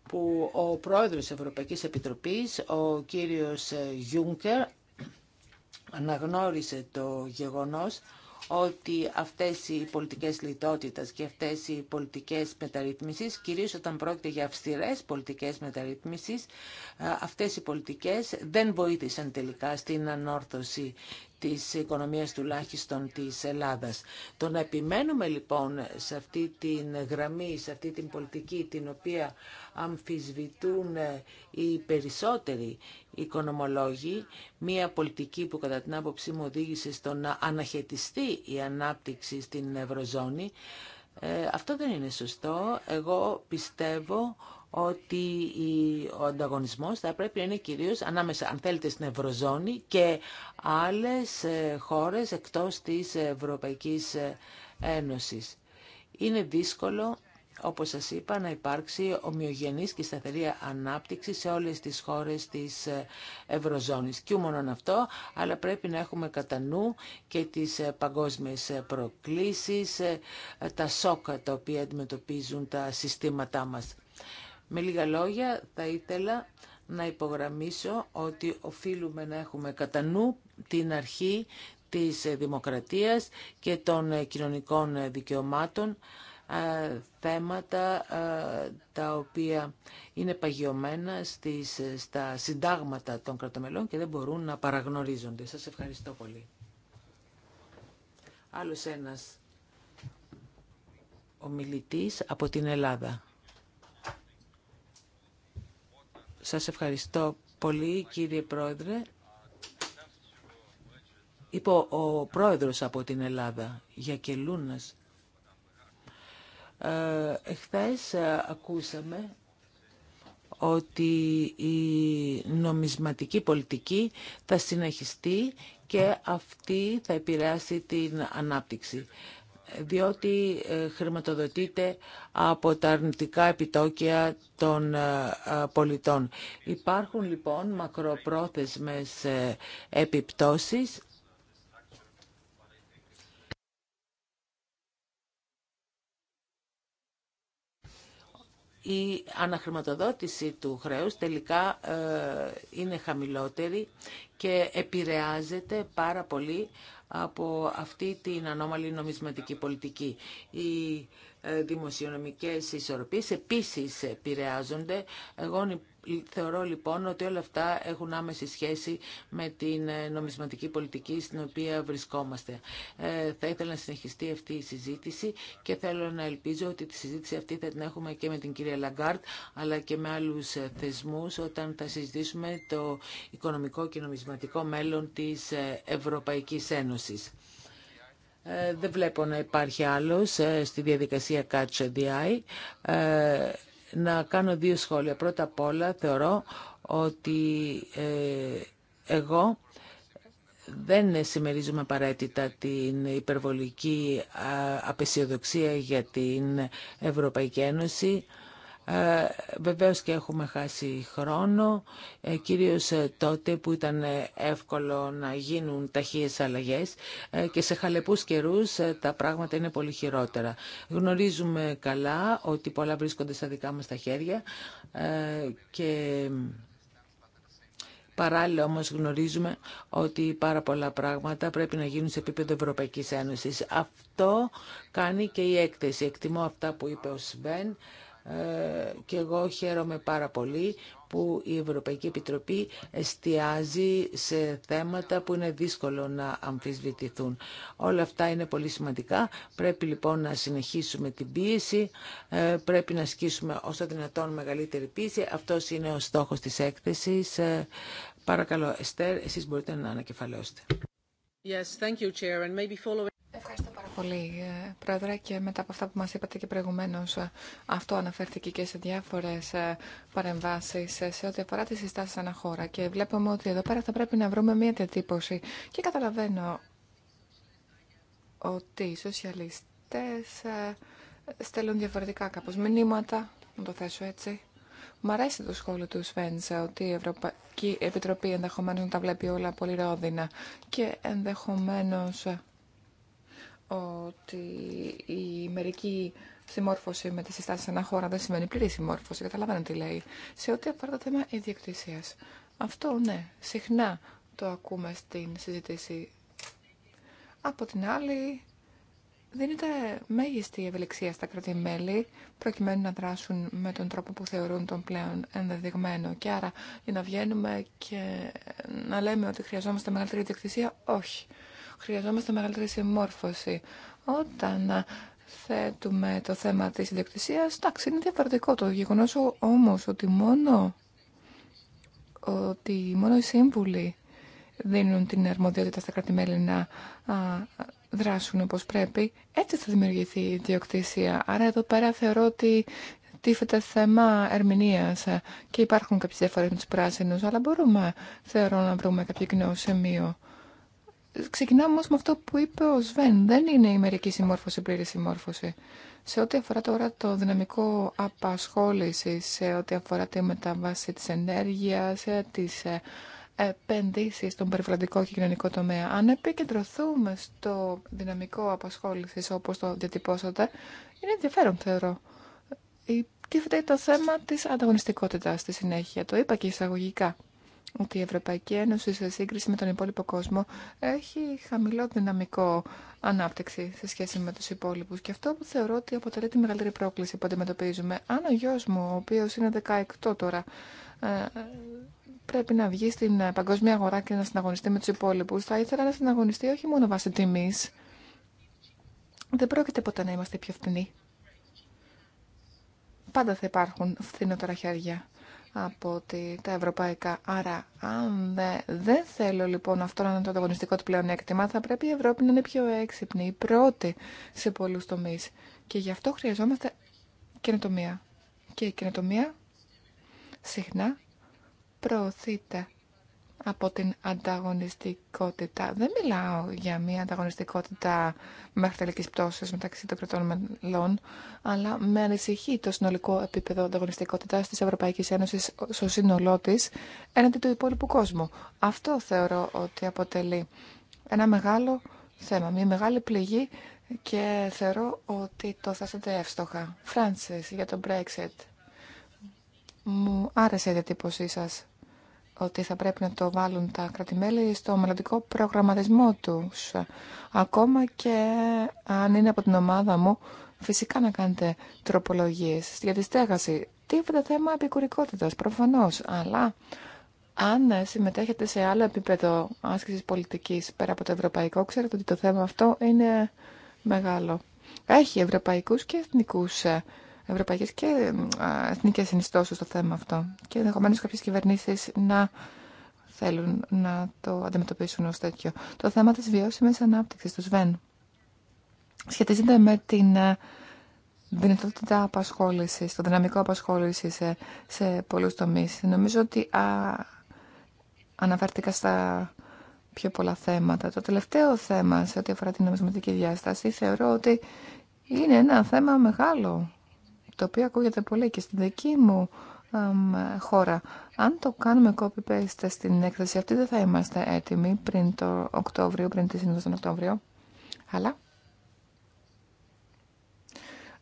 που ο πρόεδρος της Ευρωπαϊκής Επιτροπής, ο κύριος Γιούνκερ, αναγνώρισε το γεγονός ότι αυτές οι πολιτικές λιτότητας και αυτές οι πολιτικές μεταρρύθμισης, κυρίως όταν πρόκειται για αυστηρές πολιτικές μεταρρύθμισης, ε, αυτές οι πολιτικές δεν βοήθησαν τελικά στην ανόρθωση της οικονομίας τουλάχιστον της Ελλάδας. Το να επιμένουμε λοιπόν σε αυτή την γραμμή, σε αυτή την πολιτική την οποία αμφισβητούν ε, οι περισσότεροι οικονομολόγοι, μια πολιτική που κατά την άποψή μου οδήγησε στο να αναχαιτιστεί η ανάπτυξη στην Ευρωζώνη, ε, αυτό δεν είναι σωστό. Εγώ πιστεύω ότι ο ανταγωνισμός θα πρέπει να είναι κυρίως ανάμεσα, αν θέλετε, στην Ευρωζώνη και άλλες ε, χώρες εκτός της Ευρωπαϊκής ε, Ένωσης. Είναι δύσκολο, όπως σας είπα, να υπάρξει ομοιογενής και σταθερή ανάπτυξη σε όλες τις χώρες της ε, Ευρωζώνης. Και μόνο αυτό, αλλά πρέπει να έχουμε κατά νου και τις παγκόσμιες προκλήσεις, τα σόκα τα οποία αντιμετωπίζουν τα συστήματά μας. Με λίγα λόγια θα ήθελα να υπογραμμίσω ότι οφείλουμε να έχουμε κατά νου την αρχή της δημοκρατίας και των κοινωνικών δικαιωμάτων θέματα τα οποία είναι παγιωμένα στις, στα συντάγματα των κρατομελών και δεν μπορούν να παραγνωρίζονται. Σας ευχαριστώ πολύ. Άλλος ένας ομιλητής από την Ελλάδα. Σας ευχαριστώ πολύ κύριε Πρόεδρε. Είπε ο πρόεδρος από την Ελλάδα, για Ε, εχθές ε, ακούσαμε ότι η νομισματική πολιτική θα συνεχιστεί και αυτή θα επηρεάσει την ανάπτυξη διότι ε, χρηματοδοτείται από τα αρνητικά επιτόκια των ε, ε, πολιτών. Υπάρχουν λοιπόν μακροπρόθεσμες επιπτώσεις η αναχρηματοδότηση του χρέους τελικά είναι χαμηλότερη και επηρεάζεται πάρα πολύ από αυτή την ανώμαλη νομισματική πολιτική. Οι ε, δημοσιονομικές ισορροπίες επίσης επηρεάζονται. Εγώ Θεωρώ λοιπόν ότι όλα αυτά έχουν άμεση σχέση με την ε, νομισματική πολιτική στην οποία βρισκόμαστε. Ε, θα ήθελα να συνεχιστεί αυτή η συζήτηση και θέλω να ελπίζω ότι τη συζήτηση αυτή θα την έχουμε και με την κυρία Λαγκάρτ αλλά και με άλλους ε, θεσμούς όταν θα συζητήσουμε το οικονομικό και νομισματικό μέλλον της ε, Ευρωπαϊκής Ένωσης. Ε, δεν βλέπω να υπάρχει άλλος στη διαδικασία Catch the Eye. Ε, να κάνω δύο σχόλια. Πρώτα απ' όλα θεωρώ ότι ε, εγώ δεν συμμερίζουμε απαραίτητα την υπερβολική απεσιοδοξία για την Ευρωπαϊκή Ένωση. Ε, βεβαίως και έχουμε χάσει χρόνο, ε, κυρίως ε, τότε που ήταν εύκολο να γίνουν ταχείες αλλαγές και σε χαλεπούς καιρούς τα πράγματα είναι πολύ χειρότερα. Γνωρίζουμε καλά ότι πολλά βρίσκονται στα δικά μας τα χέρια και Παράλληλα όμως γνωρίζουμε ότι πάρα πολλά πράγματα πρέπει να γίνουν σε επίπεδο Ευρωπαϊκής Ένωσης. Αυτό κάνει και η έκθεση. Εκτιμώ αυτά που είπε ο Σβέν. Ε, και εγώ χαίρομαι πάρα πολύ που η Ευρωπαϊκή Επιτροπή εστιάζει σε θέματα που είναι δύσκολο να αμφισβητηθούν. Όλα αυτά είναι πολύ σημαντικά. Πρέπει λοιπόν να συνεχίσουμε την πίεση, ε, πρέπει να ασκήσουμε όσο δυνατόν μεγαλύτερη πίεση. Αυτός είναι ο στόχος της έκθεσης. Ε, παρακαλώ, Εστέρ, εσείς μπορείτε να ανακεφαλαιώσετε. Yes, thank Ευχαριστώ πάρα πολύ, ε, Πρόεδρε, και μετά από αυτά που μας είπατε και προηγουμένως, ε, αυτό αναφέρθηκε και σε διάφορες ε, παρεμβάσεις σε ό,τι αφορά τις συστάσεις χώρα. Και βλέπουμε ότι εδώ πέρα θα πρέπει να βρούμε μία διατύπωση. Και καταλαβαίνω ότι οι σοσιαλιστές στέλνουν διαφορετικά κάπως μηνύματα, να το θέσω έτσι. Μ' αρέσει το σχόλιο του Σφέντσα ότι η Ευρωπαϊκή Επιτροπή ενδεχομένως να τα βλέπει όλα πολύ ρόδινα και ενδεχομένως ότι η μερική συμμόρφωση με τις συστάσεις σε ένα χώρα δεν σημαίνει πλήρη συμμόρφωση, καταλαβαίνω τι λέει, σε ό,τι αφορά το θέμα ιδιοκτησία. Αυτό, ναι, συχνά το ακούμε στην συζήτηση. Από την άλλη, δίνεται μέγιστη ευελιξία στα κράτη-μέλη προκειμένου να δράσουν με τον τρόπο που θεωρούν τον πλέον ενδεδειγμένο. Και άρα για να βγαίνουμε και να λέμε ότι χρειαζόμαστε μεγαλύτερη διεκτησία, όχι. Χρειαζόμαστε μεγαλύτερη συμμόρφωση. Όταν θέτουμε το θέμα τη ιδιοκτησία. εντάξει, είναι διαφορετικό το γεγονός όμως ότι μόνο, ότι μόνο οι σύμβουλοι δίνουν την αρμοδιότητα στα κράτη-μέλη να δράσουν όπως πρέπει, έτσι θα δημιουργηθεί η ιδιοκτησία. Άρα εδώ πέρα θεωρώ ότι τίφεται θέμα ερμηνείας και υπάρχουν κάποιες διαφορές με τους πράσινους, αλλά μπορούμε, θεωρώ, να βρούμε κάποιο κοινό σημείο ξεκινάμε όμως με αυτό που είπε ο Σβέν. Δεν είναι η μερική συμμόρφωση, πλήρη συμμόρφωση. Σε ό,τι αφορά τώρα το δυναμικό απασχόληση, σε ό,τι αφορά τη μεταβάση της ενέργειας, ε, τις ε, επενδύσεις στον περιβαλλοντικό και κοινωνικό τομέα. Αν επικεντρωθούμε στο δυναμικό απασχόληση όπω το διατυπώσατε, είναι ενδιαφέρον θεωρώ. Ε, τίθεται το θέμα της ανταγωνιστικότητας στη συνέχεια, το είπα και εισαγωγικά ότι η Ευρωπαϊκή Ένωση σε σύγκριση με τον υπόλοιπο κόσμο έχει χαμηλό δυναμικό ανάπτυξη σε σχέση με τους υπόλοιπους και αυτό που θεωρώ ότι αποτελεί τη μεγαλύτερη πρόκληση που αντιμετωπίζουμε. Αν ο γιος μου, ο οποίος είναι 16 τώρα, ε, πρέπει να βγει στην παγκόσμια αγορά και να συναγωνιστεί με τους υπόλοιπους, θα ήθελα να συναγωνιστεί όχι μόνο βάσει τιμής. Δεν πρόκειται ποτέ να είμαστε πιο φθηνοί. Πάντα θα υπάρχουν φθηνότερα χέρια από τα ευρωπαϊκά. Άρα, αν δεν θέλω λοιπόν αυτό να είναι το ανταγωνιστικό του πλεονέκτημα, θα πρέπει η Ευρώπη να είναι πιο έξυπνη, η πρώτη σε πολλού τομεί. Και γι' αυτό χρειαζόμαστε καινοτομία. Και η καινοτομία συχνά προωθείται από την ανταγωνιστικότητα. Δεν μιλάω για μια ανταγωνιστικότητα μέχρι τελικής πτώσης μεταξύ των κρατών μελών, αλλά με ανησυχεί το συνολικό επίπεδο ανταγωνιστικότητας της Ευρωπαϊκής Ένωσης στο σύνολό τη έναντι του υπόλοιπου κόσμου. Αυτό θεωρώ ότι αποτελεί ένα μεγάλο θέμα, μια μεγάλη πληγή και θεωρώ ότι το θέσατε εύστοχα. Φράνσις, για το Brexit. Μου άρεσε η διατύπωσή σας ότι θα πρέπει να το βάλουν τα κρατημέλη στο μελλοντικό προγραμματισμό τους. Ακόμα και αν είναι από την ομάδα μου, φυσικά να κάνετε τροπολογίες για τη στέγαση. το θέμα επικουρικότητας, προφανώς, αλλά αν συμμετέχετε σε άλλο επίπεδο άσκησης πολιτικής πέρα από το ευρωπαϊκό, ξέρετε ότι το θέμα αυτό είναι μεγάλο. Έχει ευρωπαϊκούς και εθνικούς ευρωπαϊκέ και εθνικέ συνιστώσει στο θέμα αυτό. Και ενδεχομένω κάποιε κυβερνήσει να θέλουν να το αντιμετωπίσουν ω τέτοιο. Το θέμα τη βιώσιμη ανάπτυξη, του ΣΒΕΝ, σχετίζεται με την ε, δυνατότητα απασχόληση, το δυναμικό απασχόληση σε, σε πολλού τομεί. Νομίζω ότι α, αναφέρθηκα στα πιο πολλά θέματα. Το τελευταίο θέμα σε ό,τι αφορά την νομισματική διάσταση θεωρώ ότι είναι ένα θέμα μεγάλο το οποίο ακούγεται πολύ και στην δική μου χώρα. Αν το κάνουμε copy-paste στην έκθεση αυτή δεν θα είμαστε έτοιμοι πριν το Οκτώβριο, πριν τη σύνδεση τον Οκτώβριο. Αλλά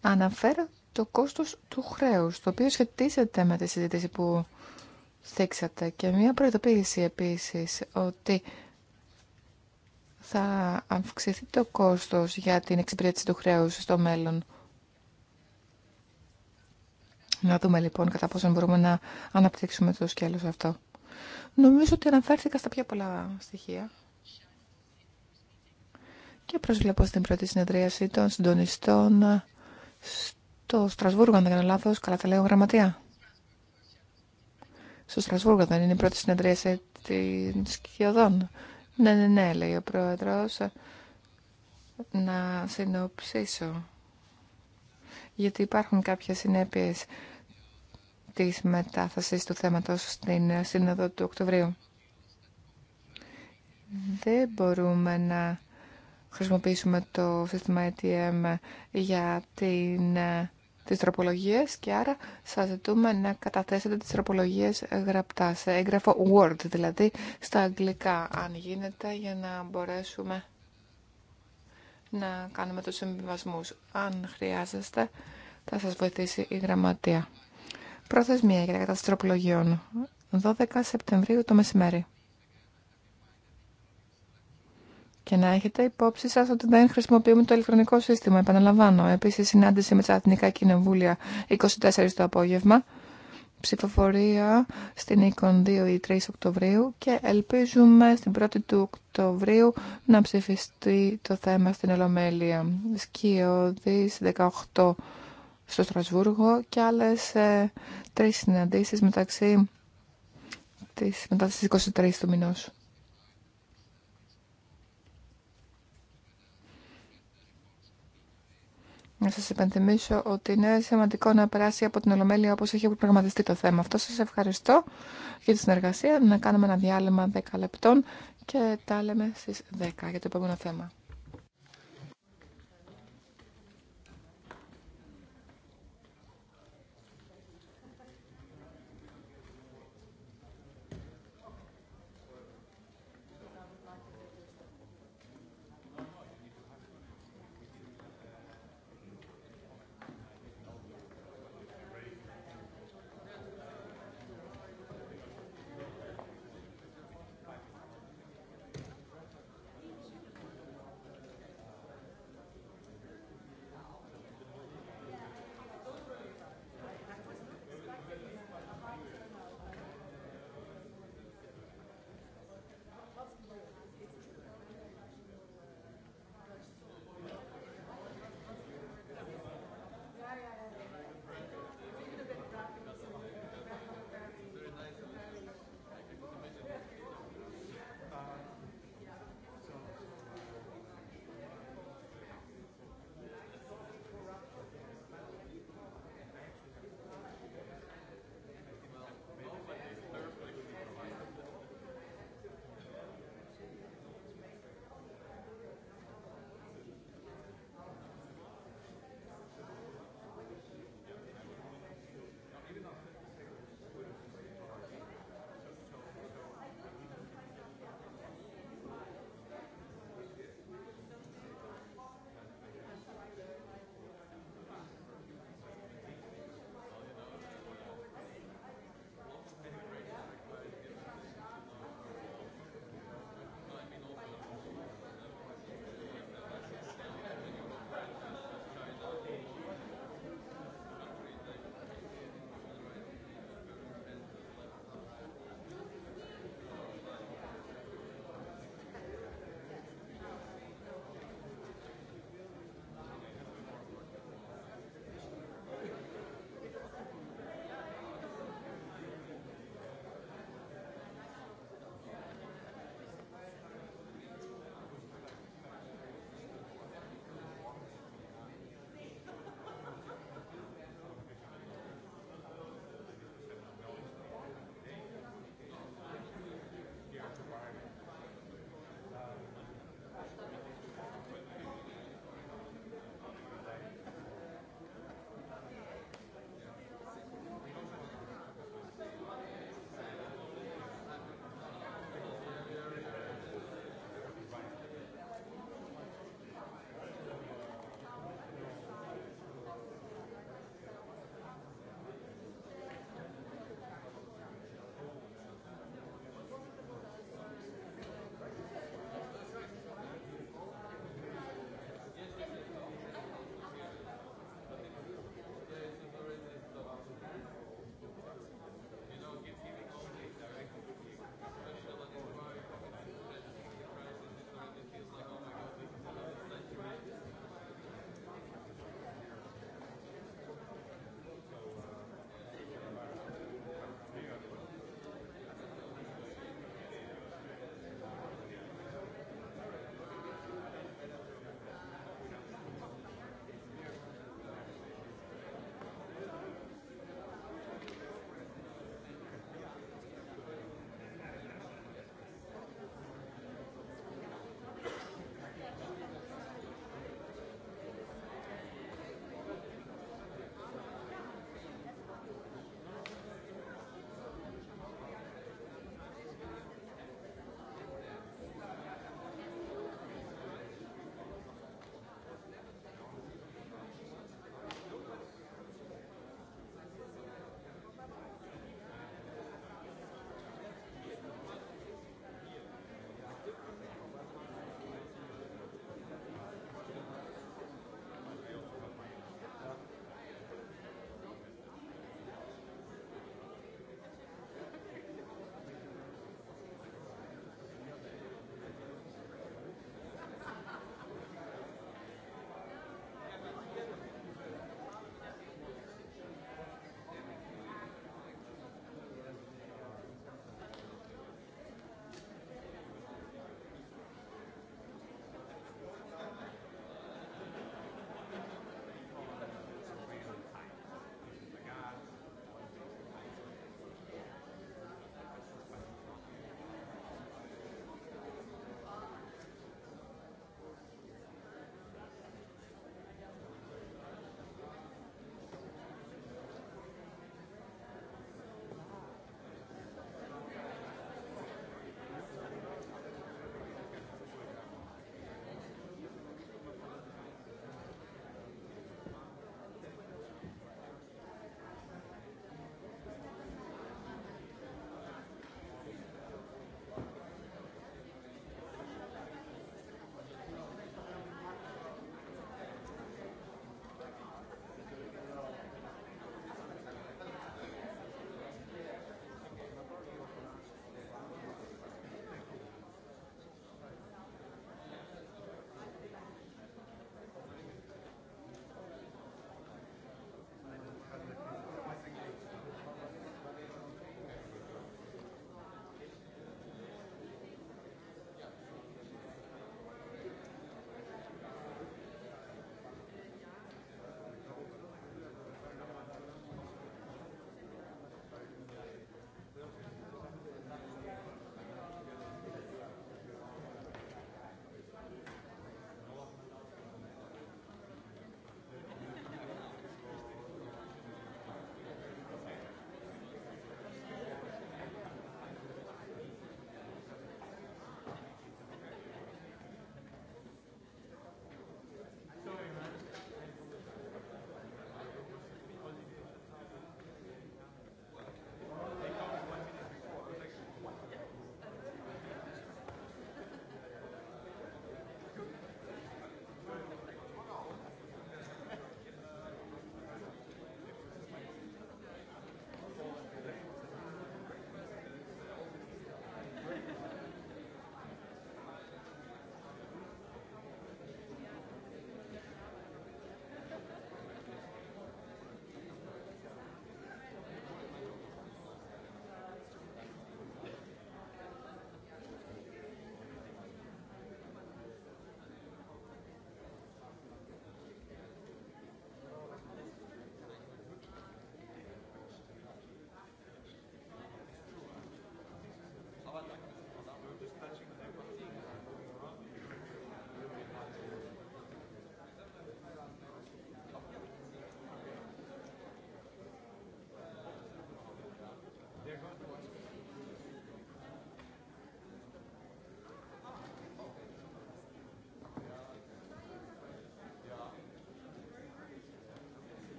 αναφέρω το κόστος του χρέους, το οποίο σχετίζεται με τη συζήτηση που θίξατε και μια προειδοποίηση επίσης ότι θα αυξηθεί το κόστος για την εξυπηρέτηση του χρέους στο μέλλον. Να δούμε λοιπόν κατά πόσο μπορούμε να αναπτύξουμε το σκέλος αυτό. Νομίζω ότι αναφέρθηκα στα πιο πολλά στοιχεία. Και προσβλέπω στην πρώτη συνεδρίαση των συντονιστών στο Στρασβούργο, αν δεν κάνω λάθος, καλά τα λέω γραμματεία. Στο Στρασβούργο δεν είναι η πρώτη συνεδρίαση των σκιωδών. Ναι, ναι, ναι, λέει ο πρόεδρος. Να συνοψίσω. Γιατί υπάρχουν κάποιες συνέπειες της μετάθεσης του θέματος στην Σύνοδο του Οκτωβρίου. Δεν μπορούμε να χρησιμοποιήσουμε το σύστημα ATM για την, τις τροπολογίες και άρα σας ζητούμε να καταθέσετε τις τροπολογίες γραπτά σε έγγραφο Word, δηλαδή στα αγγλικά, αν γίνεται, για να μπορέσουμε να κάνουμε τους συμβιβασμούς. Αν χρειάζεστε, θα σας βοηθήσει η γραμματεία. Προθεσμία για τα κατάσταση τροπολογιών. 12 Σεπτεμβρίου το μεσημέρι. Και να έχετε υπόψη σας ότι δεν χρησιμοποιούμε το ηλεκτρονικό σύστημα, επαναλαμβάνω. Επίσης, συνάντηση με τα Αθηνικά Κοινοβούλια 24 το απόγευμα, ψηφοφορία στην ΕΚΟΝ 2 ή 3 Οκτωβρίου και ελπίζουμε στην 1η του Οκτωβρίου να ψηφιστεί το θέμα στην Ολομέλεια. Σκιώδης 18 στο Στρασβούργο και άλλες ε, τρεις συναντήσεις μεταξύ της, μετά τις 23 του μηνός. Να σας υπενθυμίσω ότι είναι σημαντικό να περάσει από την Ολομέλεια όπως έχει προγραμματιστεί το θέμα. Αυτό σας ευχαριστώ για τη συνεργασία. Να κάνουμε ένα διάλειμμα 10 λεπτών και τα λέμε στις 10 για το επόμενο θέμα.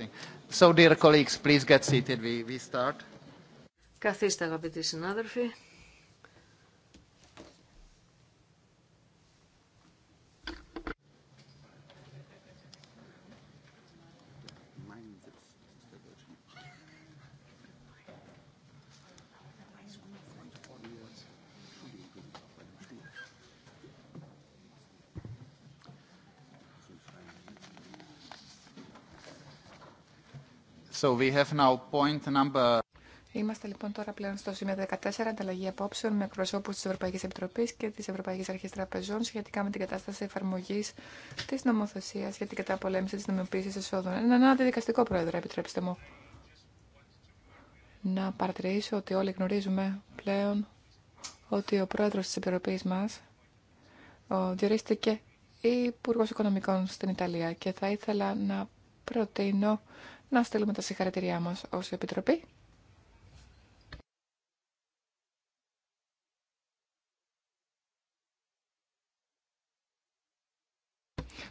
interesting. So, dear colleagues, please get seated. We, we start. Καθίστε αγαπητοί συνάδελφοι. So we have now point number... Είμαστε λοιπόν τώρα πλέον στο σημείο 14, ανταλλαγή απόψεων με εκπροσώπου τη Ευρωπαϊκή Επιτροπή και τη Ευρωπαϊκή Αρχή Τραπεζών σχετικά με την κατάσταση εφαρμογή τη νομοθεσία για την καταπολέμηση τη νομιμοποίηση εσόδων. Ένα αντιδικαστικό πρόεδρο, επιτρέψτε μου. Να παρατηρήσω ότι όλοι γνωρίζουμε πλέον ότι ο Πρόεδρο τη Επιτροπή μα διορίστηκε Υπουργό Οικονομικών στην Ιταλία και θα ήθελα να προτείνω να στείλουμε τα συγχαρητήριά μας ως Επιτροπή.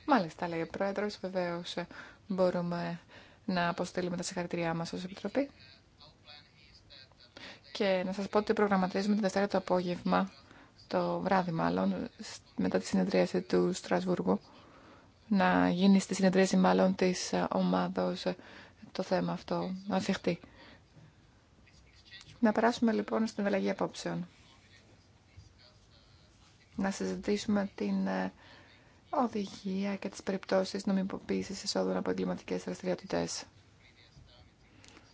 Μάλιστα, λέει ο Πρόεδρος, βεβαίως μπορούμε να αποστείλουμε τα συγχαρητήριά μας ως Επιτροπή. Και να σας πω ότι προγραμματίζουμε την Δευτέρα το απόγευμα, το βράδυ μάλλον, μετά τη συνεδρίαση του Στρασβούργου, να γίνει στη συνεδρίαση μάλλον της ομάδος το θέμα αυτό να Να περάσουμε λοιπόν στην αλλαγή απόψεων. Να συζητήσουμε την ε, οδηγία και τις περιπτώσεις νομιμοποίησης εισόδων από εγκληματικέ δραστηριότητε.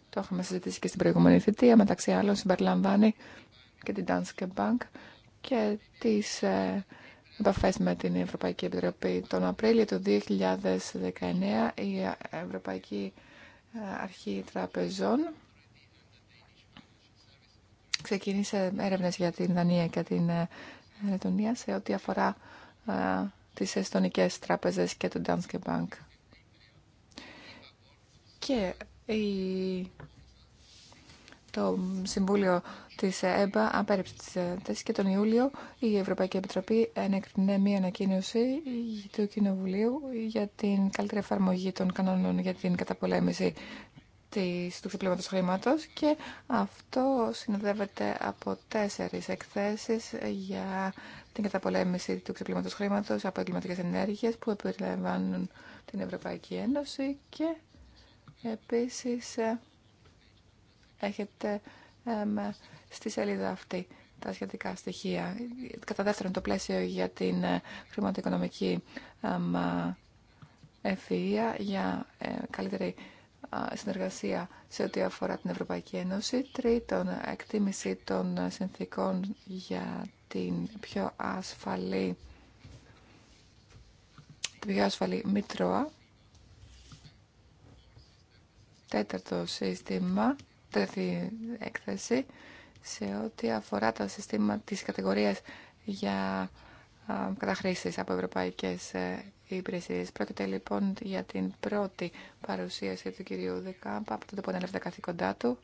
Το έχουμε συζητήσει και στην προηγούμενη θητεία, μεταξύ άλλων συμπεριλαμβάνει και την Danske Bank και τις ε, επαφέ με την Ευρωπαϊκή Επιτροπή. Τον Απρίλιο του 2019 η ε, Ευρωπαϊκή αρχή τραπεζών ξεκίνησε έρευνες για την Δανία και την Ρετονία ε, σε ό,τι αφορά ε, τις εστονικές τράπεζες και το Danske Bank. Και η το Συμβούλιο της ΕΜΠΑ απέρριψε τι θέσει και τον Ιούλιο η Ευρωπαϊκή Επιτροπή ενέκρινε μία ανακοίνωση του Κοινοβουλίου για την καλύτερη εφαρμογή των κανόνων για την καταπολέμηση της, του ξεπλήματος χρήματο. και αυτό συνοδεύεται από τέσσερι εκθέσεις για την καταπολέμηση του ξεπλήματο χρήματο από εγκληματικέ ενέργειες που επιλαμβάνουν την Ευρωπαϊκή Ένωση και επίση. Ε, έχετε στη σελίδα αυτή τα σχετικά στοιχεία. Κατά δεύτερον, το πλαίσιο για την ε, χρηματοοικονομική ευφυΐα, για ε, καλύτερη συνεργασία σε ό,τι αφορά την Ευρωπαϊκή Ένωση. Τρίτον, εκτίμηση των συνθήκων για την πιο ασφαλή την πιο ασφαλή μητρώα. Τέταρτο σύστημα τέτοια έκθεση σε ό,τι αφορά το σύστημα της κατηγορίας για καταχρήσεις από ευρωπαϊκές ε, υπηρεσίες. Πρόκειται λοιπόν για την πρώτη παρουσίαση του κυρίου Δεκάμπα από τότε που ανέλαβε τα καθήκοντά του.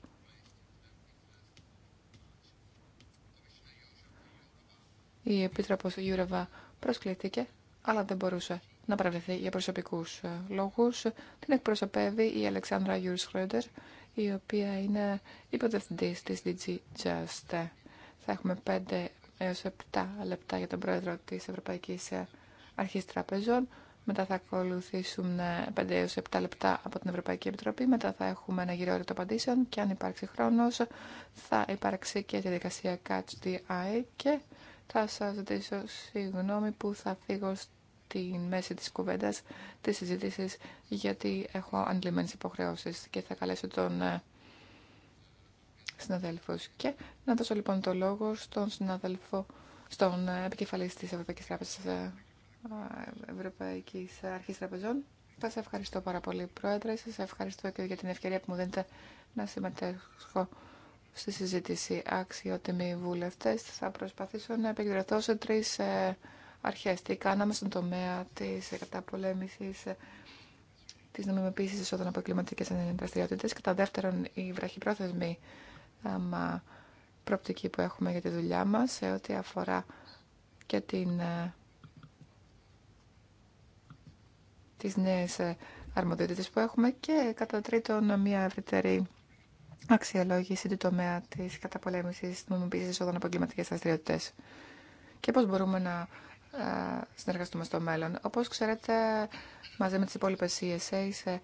Η Επίτροπος Γιούρεβα προσκληθήκε, αλλά δεν μπορούσε να παραβρεθεί για προσωπικούς ε, λόγους. Την εκπροσωπεύει η Αλεξάνδρα Γιούρ Χρέντερ η οποία είναι υποδευθυντής της DG Just. Θα έχουμε 5 έως 7 λεπτά για τον πρόεδρο της Ευρωπαϊκής Αρχής Τραπεζών. Μετά θα ακολουθήσουν 5 έως 7 λεπτά από την Ευρωπαϊκή Επιτροπή. Μετά θα έχουμε ένα γύρο απαντήσεων και αν υπάρξει χρόνος θα υπάρξει και διαδικασία Catch the Eye και θα σας ζητήσω συγγνώμη που θα φύγω τη μέση της κουβέντας της συζήτησης γιατί έχω αντλημένες υποχρεώσεις και θα καλέσω τον ε, συναδέλφο. Και να δώσω λοιπόν το λόγο στον συναδέλφο, στον ε, επικεφαλής της Ευρωπαϊκής Τράπεζας ε, Αρχής Τραπεζών. Θα σε ευχαριστώ πάρα πολύ, Πρόεδρε. Σας ευχαριστώ και για την ευκαιρία που μου δίνετε να συμμετέχω στη συζήτηση. Αξιότιμοι βουλευτές, θα προσπαθήσω να επικεντρωθώ σε τρεις αρχές. Τι κάναμε στον τομέα της καταπολέμησης της νομιμοποίησης εισόδων από κλιματικές δραστηριότητες. Κατά δεύτερον, η βραχυπρόθεσμη προοπτική που έχουμε για τη δουλειά μας σε ό,τι αφορά και την, ε, τις νέες ε, αρμοδιότητες που έχουμε και κατά τρίτον μια ευρύτερη αξιολόγηση του τομέα της καταπολέμησης νομιμοποίησης εισόδων από κλιματικές δραστηριότητες και πώς μπορούμε να συνεργαστούμε στο μέλλον. Όπως ξέρετε, μαζί με τις υπόλοιπες σε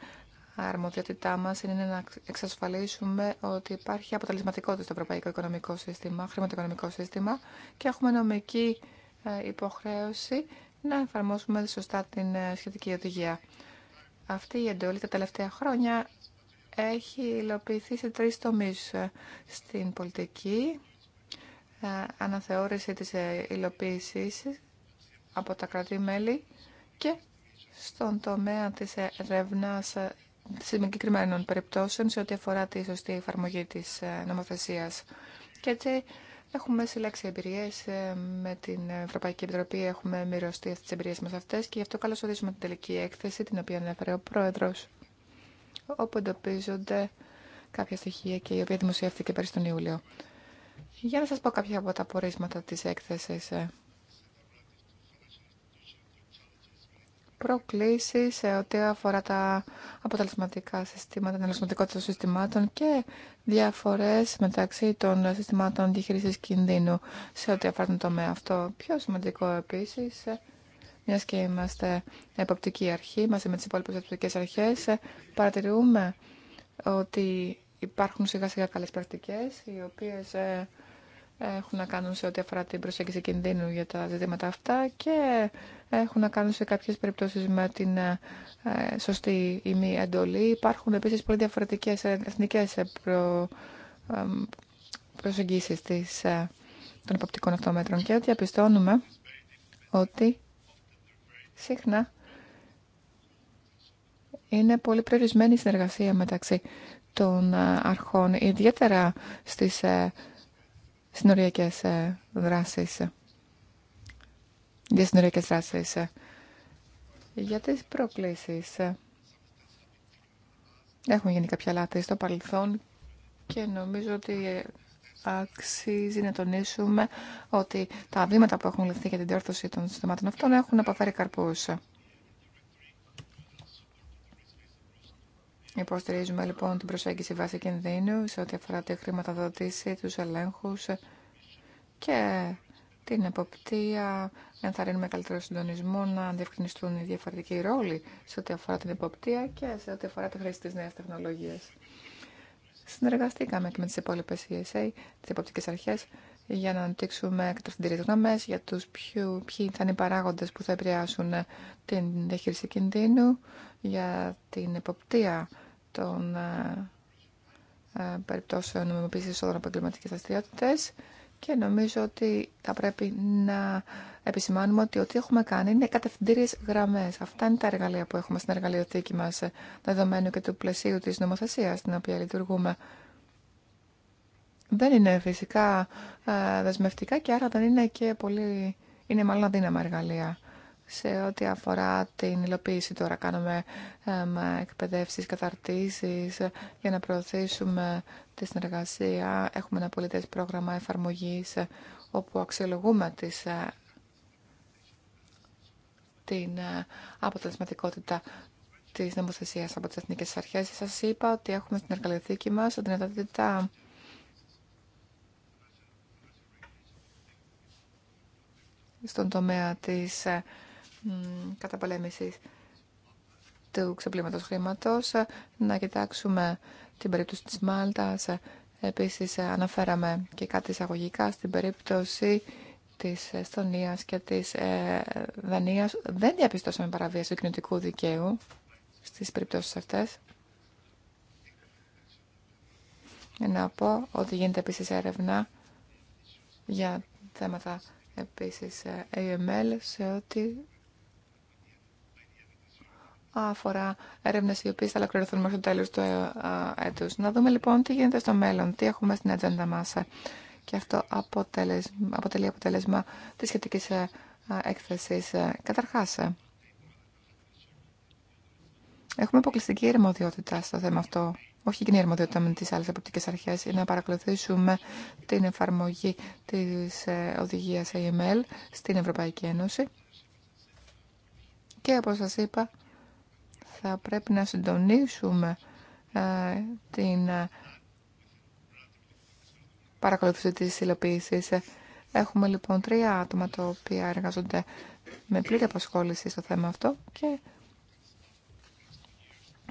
αρμοδιότητά μας είναι να εξασφαλίσουμε ότι υπάρχει αποτελεσματικότητα στο ευρωπαϊκό οικονομικό σύστημα, χρηματοοικονομικό σύστημα και έχουμε νομική ε, υποχρέωση να εφαρμόσουμε σωστά την ε, σχετική οδηγία. Αυτή η εντολή τα τελευταία χρόνια έχει υλοποιηθεί σε τρεις τομείς ε, στην πολιτική, αναθεώρηση της υλοποίησης από τα κράτη-μέλη και στον τομέα της ερευνά ε, συγκεκριμένων περιπτώσεων σε ό,τι αφορά τη σωστή εφαρμογή της ε, νομοθεσίας. Και έτσι έχουμε συλλέξει εμπειρίες ε, με την Ευρωπαϊκή Επιτροπή, έχουμε μοιραστεί αυτές τις εμπειρίες μας αυτές και γι' αυτό καλώς ορίζουμε την τελική έκθεση την οποία ανέφερε ο Πρόεδρος, όπου εντοπίζονται κάποια στοιχεία και η οποία δημοσιεύτηκε πέρυσι τον Ιούλιο. Για να σας πω κάποια από τα πορίσματα της έκθεσης. προκλήσει σε ό,τι αφορά τα αποτελεσματικά συστήματα, την αποτελεσματικότητα των συστημάτων και διαφορέ μεταξύ των συστημάτων διαχείριση κινδύνου σε ό,τι αφορά τον τομέα αυτό. Πιο σημαντικό επίση, μια και είμαστε εποπτική αρχή, μαζί με τι υπόλοιπε εποπτικέ αρχέ, παρατηρούμε ότι υπάρχουν σιγά σιγά καλές πρακτικές, οι οποίες ε, έχουν να κάνουν σε ό,τι αφορά την προσέγγιση κινδύνου για τα ζητήματα αυτά και έχουν να κάνουν σε κάποιες περιπτώσεις με την ε, σωστή ή μη εντολή. Υπάρχουν επίσης πολύ διαφορετικές εθνικές προ, ε, προσεγγίσεις ε, των υποπτικών αυτομέτρων και ότι απιστώνουμε ότι συχνά είναι πολύ προορισμενη η συνεργασία μεταξύ των αρχών, ιδιαίτερα στις συνοριακές ε, δράσεις. Ε, διασυνοριακές δράσεις. Ε. Για τις προκλήσεις. Έχουν γίνει κάποια λάθη στο παρελθόν και νομίζω ότι αξίζει να τονίσουμε ότι τα βήματα που έχουν ληφθεί για την διόρθωση των συστημάτων αυτών έχουν αποφέρει καρπούς. Υποστηρίζουμε λοιπόν την προσέγγιση βάση κινδύνου σε ό,τι αφορά τη χρηματοδοτήση, τους ελέγχους και την εποπτεία. Ενθαρρύνουμε καλύτερο συντονισμό να διευκρινιστούν οι διαφορετικοί ρόλοι σε ό,τι αφορά την εποπτεία και σε ό,τι αφορά τη χρήση της νέας τεχνολογίας. Συνεργαστήκαμε και με τις υπόλοιπες ESA, τις εποπτικές αρχές, για να αναπτύξουμε κατευθυντήριες γνώμες για τους ποιοι θα είναι οι παράγοντε που θα επηρεάσουν την διαχείριση κινδύνου, για την εποπτεία των ε, ε, περιπτώσεων νομιμοποίησης εισόδων από εγκληματικές δραστηριότητες και νομίζω ότι θα πρέπει να επισημάνουμε ότι ό,τι έχουμε κάνει είναι κατευθυντήριες γραμμές. Αυτά είναι τα εργαλεία που έχουμε στην εργαλειοθήκη μας, ε, δεδομένου και του πλαισίου της νομοθεσίας στην οποία λειτουργούμε. Δεν είναι φυσικά δεσμευτικά και άρα δεν είναι και πολύ... Είναι μάλλον αδύναμα εργαλεία σε ό,τι αφορά την υλοποίηση τώρα κάνουμε εκπαιδεύσεις, καταρτήσεις ε, για να προωθήσουμε τη συνεργασία. Έχουμε ένα πολιτές πρόγραμμα εφαρμογής ε, όπου αξιολογούμε τις, ε, την αποτελεσματικότητα της νομοθεσίας από τις εθνικές αρχές. Σας είπα ότι έχουμε στην εργαλειοθήκη μας την δυνατότητα στον τομέα της καταπολέμησης του ξεπλήματος χρήματος, να κοιτάξουμε την περίπτωση της Μάλτας. Επίσης αναφέραμε και κάτι εισαγωγικά στην περίπτωση της Εστονίας και της ε, Δανίας. Δεν διαπιστώσαμε παραβίαση του κοινωτικού δικαίου στις περιπτώσεις αυτές. Να πω ότι γίνεται επίσης έρευνα για θέματα επίσης ε, AML σε ό,τι αφορά έρευνε οι οποίε θα ολοκληρωθούν μέχρι το τέλο του ε, έτου. Να δούμε λοιπόν τι γίνεται στο μέλλον, τι έχουμε στην ατζέντα μα. Και αυτό αποτελεί αποτέλεσμα τη σχετική ε, έκθεση. Ε, Καταρχά, έχουμε αποκλειστική ερμοδιότητα στο θέμα αυτό. Όχι κοινή ερμοδιότητα με τι άλλε εποπτικέ αρχέ, είναι να παρακολουθήσουμε την εφαρμογή τη οδηγία AML στην Ευρωπαϊκή Ένωση. Και όπω σα είπα, θα πρέπει να συντονίσουμε ε, την ε, παρακολούθηση της υλοποίησης. Έχουμε λοιπόν τρία άτομα τα οποία εργάζονται με πλήρη απασχόληση στο θέμα αυτό και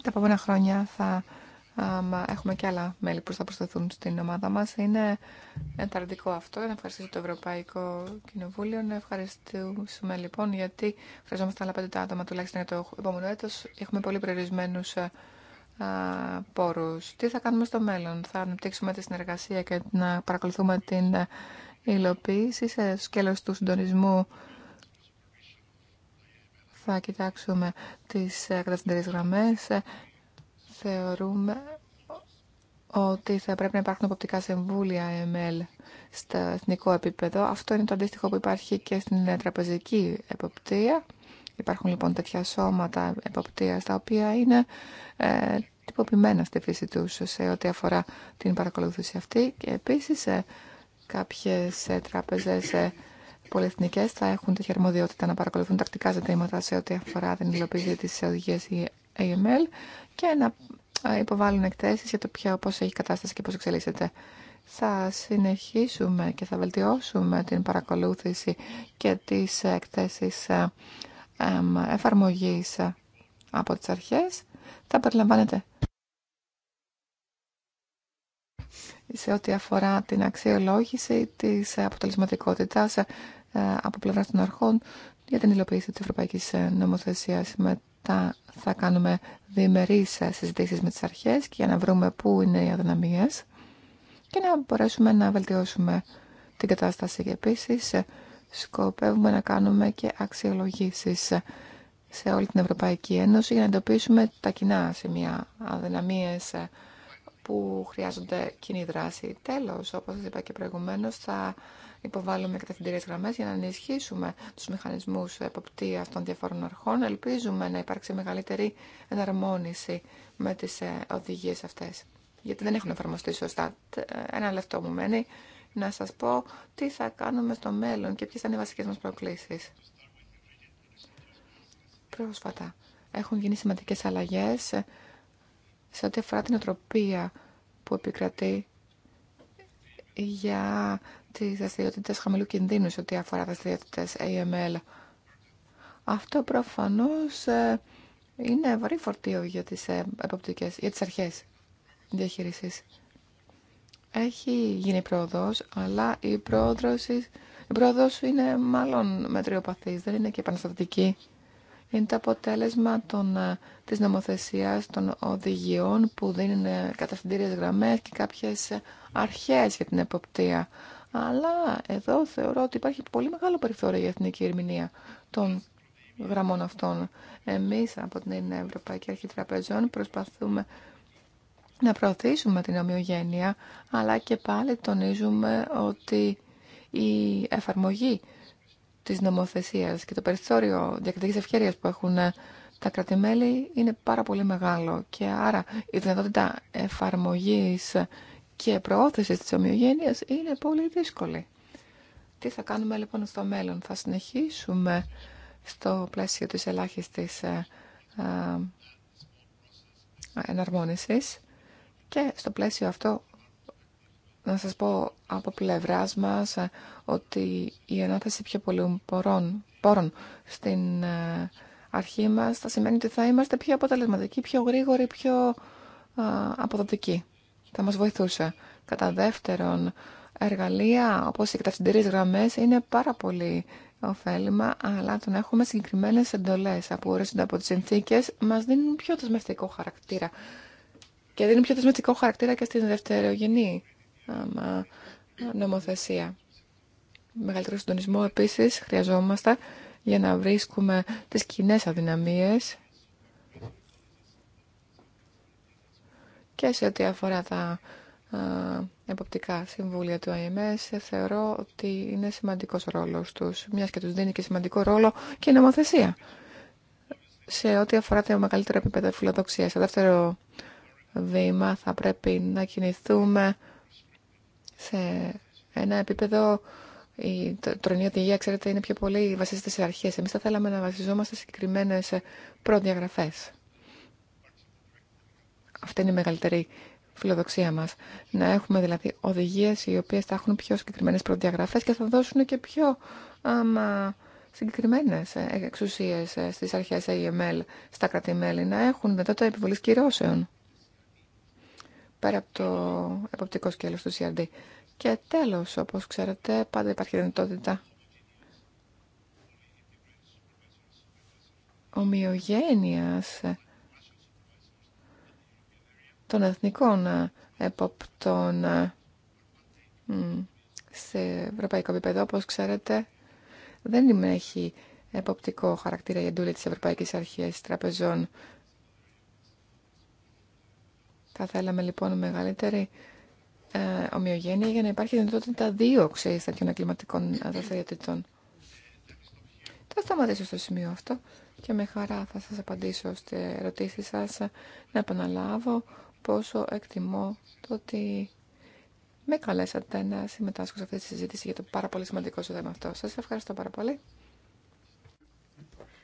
τα επόμενα χρόνια θα έχουμε και άλλα μέλη που θα προσθεθούν στην ομάδα μας. Είναι ενθαρρυντικό αυτό. Να ευχαριστήσω το Ευρωπαϊκό Κοινοβούλιο. Να ευχαριστήσουμε λοιπόν γιατί χρειαζόμαστε άλλα πέντε άτομα τουλάχιστον για το επόμενο έτος. Έχουμε πολύ περιορισμένους ε, πόρους. Τι θα κάνουμε στο μέλλον. Θα αναπτύξουμε τη συνεργασία και να παρακολουθούμε την ε, υλοποίηση σε σκέλος του συντονισμού θα κοιτάξουμε τις ε, κατευθυντήριες γραμμές θεωρούμε ότι θα πρέπει να υπάρχουν αποπτικά συμβούλια ML ε στο εθνικό επίπεδο. Αυτό είναι το αντίστοιχο που υπάρχει και στην τραπεζική εποπτεία. Υπάρχουν λοιπόν τέτοια σώματα εποπτεία τα οποία είναι ε, τυποποιημένα στη φύση του, σε ό,τι αφορά την παρακολούθηση αυτή και επίσης ε, κάποιες ε, τράπεζες ε, πολυεθνικές θα έχουν τέτοια αρμοδιότητα να παρακολουθούν τακτικά ζητήματα σε ό,τι αφορά την υλοποίηση τη οδηγία AML και να υποβάλουν εκθέσεις για το ποιο, πώς έχει κατάσταση και πώς εξελίσσεται. Θα συνεχίσουμε και θα βελτιώσουμε την παρακολούθηση και τις εκτέσεις εφαρμογής από τις αρχές. Θα περιλαμβάνετε σε ό,τι αφορά την αξιολόγηση της αποτελεσματικότητας από πλευρά των αρχών για την υλοποίηση της ευρωπαϊκής νομοθεσίας με θα κάνουμε διμερείς ε, συζητήσεις με τις αρχές και για να βρούμε πού είναι οι αδυναμίες και να μπορέσουμε να βελτιώσουμε την κατάσταση. Και επίσης ε, σκοπεύουμε να κάνουμε και αξιολογήσεις ε, σε όλη την Ευρωπαϊκή Ένωση για να εντοπίσουμε τα κοινά σημεία αδυναμίες που χρειάζονται κοινή δράση. Τέλος, όπως σας είπα και προηγουμένως, θα υποβάλλουμε κατευθυντήριε γραμμέ για να ενισχύσουμε του μηχανισμού εποπτεία των διαφόρων αρχών. Ελπίζουμε να υπάρξει μεγαλύτερη εναρμόνιση με τι ε, οδηγίε αυτέ. Γιατί δεν έχουν εφαρμοστεί σωστά. Ε, ένα λεπτό μου μένει να σας πω τι θα κάνουμε στο μέλλον και ποιε θα είναι οι βασικές μας προκλήσει. Πρόσφατα έχουν γίνει σημαντικέ αλλαγέ σε ό,τι αφορά την οτροπία που επικρατεί για τι δραστηριότητε χαμηλού κινδύνου σε ό,τι αφορά δραστηριότητε AML. Αυτό προφανώ ε, είναι βαρύ φορτίο για τι ε, εποπτικέ, για τι αρχές διαχείριση. Έχει γίνει πρόοδο, αλλά η προοδό η είναι μάλλον μετριοπαθή, δεν είναι και επαναστατική. Είναι το αποτέλεσμα των, ε, της νομοθεσίας των οδηγιών που δίνουν κατευθυντήριες γραμμές και κάποιες αρχές για την εποπτεία. Αλλά εδώ θεωρώ ότι υπάρχει πολύ μεγάλο περιθώριο για εθνική ερμηνεία των γραμμών αυτών. Εμείς από την Ευρωπαϊκή Αρχή Τραπεζών προσπαθούμε να προωθήσουμε την ομοιογένεια, αλλά και πάλι τονίζουμε ότι η εφαρμογή της νομοθεσίας και το περιθώριο διακριτικής ευκαιρίας που έχουν τα κρατημέλη είναι πάρα πολύ μεγάλο και άρα η δυνατότητα εφαρμογής και προώθηση της ομοιογένειας είναι πολύ δύσκολη. Τι θα κάνουμε λοιπόν στο μέλλον. Θα συνεχίσουμε στο πλαίσιο της ελάχιστης ε, ε, εναρμόνισης και στο πλαίσιο αυτό να σας πω από πλευράς μας ε, ότι η ανάθεση πιο πολλών πόρων, πόρων στην αρχή μας θα σημαίνει ότι θα είμαστε πιο αποτελεσματικοί, πιο γρήγοροι, πιο αποδοτικοί θα μας βοηθούσε. Κατά δεύτερον, εργαλεία όπως οι καταυστηρίες γραμμές είναι πάρα πολύ ωφέλιμα, αλλά το να έχουμε συγκεκριμένες εντολές που ορίζονται από τις συνθήκες μας δίνουν πιο δεσμευτικό χαρακτήρα. Και δίνουν πιο δεσμευτικό χαρακτήρα και στην δευτερογενή νομοθεσία. Μεγαλύτερο συντονισμό επίσης χρειαζόμαστε για να βρίσκουμε τις κοινέ αδυναμίες και σε ό,τι αφορά τα εποπτικά συμβούλια του IMS, θεωρώ ότι είναι σημαντικός ρόλος τους, μιας και τους δίνει και σημαντικό ρόλο και η νομοθεσία. Σε ό,τι αφορά το μεγαλύτερο επίπεδο φιλοδοξία, σε δεύτερο βήμα θα πρέπει να κινηθούμε σε ένα επίπεδο η τρονία οδηγία, ξέρετε, είναι πιο πολύ βασίζεται σε αρχές. Εμείς θα θέλαμε να βασιζόμαστε σε συγκεκριμένες προδιαγραφές. Αυτή είναι η μεγαλύτερη φιλοδοξία μας. Να έχουμε δηλαδή οδηγίες οι οποίες θα έχουν πιο συγκεκριμένες προδιαγραφές και θα δώσουν και πιο άμα, συγκεκριμένες ε, εξουσίες ε, στις αρχές AML στα κρατημέλη να έχουν δυνατότητα επιβολής κυρώσεων πέρα από το εποπτικό σκέλος του CRD. Και τέλος, όπως ξέρετε, πάντα υπάρχει δυνατότητα ομοιογένειας των εθνικών ε, εποπτών ε, σε ευρωπαϊκό επίπεδο. Όπως ξέρετε, δεν έχει εποπτικό χαρακτήρα η εντούλη τη Ευρωπαϊκή Αρχής Τραπεζών. Θα θέλαμε λοιπόν μεγαλύτερη ε, ομοιογένεια για να υπάρχει δυνατότητα δίωξη τέτοιων εγκληματικών δραστηριοτήτων. Θα σταματήσω στο σημείο αυτό και με χαρά θα σας απαντήσω στις ερωτήσεις σας να επαναλάβω πόσο εκτιμώ το ότι με καλέσατε να συμμετάσχω σε αυτή τη συζήτηση για το πάρα πολύ σημαντικό σου θέμα αυτό. Σας ευχαριστώ πάρα πολύ.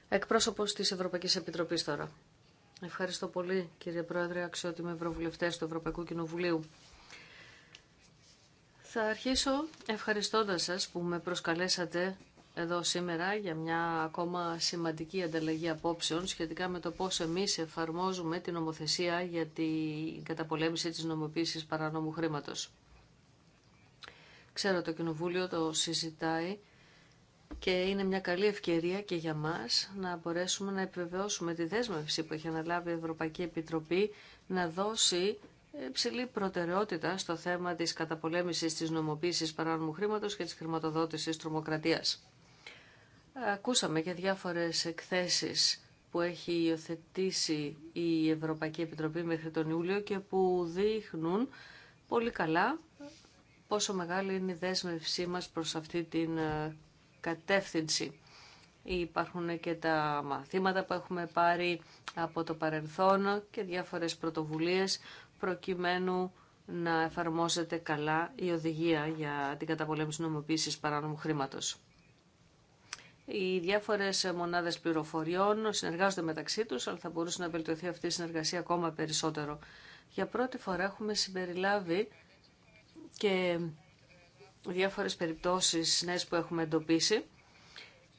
Εκπρόσωπος της Ευρωπαϊκής Επιτροπής τώρα. Ευχαριστώ πολύ κύριε Πρόεδρε, αξιότιμοι ευρωβουλευτές του Ευρωπαϊκού Κοινοβουλίου. Θα αρχίσω ευχαριστώντας σας που με προσκαλέσατε εδώ σήμερα για μια ακόμα σημαντική ανταλλαγή απόψεων σχετικά με το πώς εμείς εφαρμόζουμε την νομοθεσία για την καταπολέμηση της νομοποίησης παράνομου χρήματος. Ξέρω το Κοινοβούλιο το συζητάει και είναι μια καλή ευκαιρία και για μας να μπορέσουμε να επιβεβαιώσουμε τη δέσμευση που έχει αναλάβει η Ευρωπαϊκή Επιτροπή να δώσει υψηλή προτεραιότητα στο θέμα της καταπολέμησης της νομοποίησης παράνομου χρήματος και της χρηματοδότησης τρομοκρατίας. Ακούσαμε και διάφορες εκθέσεις που έχει υιοθετήσει η Ευρωπαϊκή Επιτροπή μέχρι τον Ιούλιο και που δείχνουν πολύ καλά πόσο μεγάλη είναι η δέσμευσή μας προς αυτή την ε, κατεύθυνση. Υπάρχουν και τα μαθήματα που έχουμε πάρει από το παρελθόν και διάφορες πρωτοβουλίες προκειμένου να εφαρμόζεται καλά η οδηγία για την καταπολέμηση νομοποίησης παράνομου χρήματος. Οι διάφορες μονάδες πληροφοριών συνεργάζονται μεταξύ τους, αλλά θα μπορούσε να βελτιωθεί αυτή η συνεργασία ακόμα περισσότερο. Για πρώτη φορά έχουμε συμπεριλάβει και διάφορες περιπτώσεις νέες που έχουμε εντοπίσει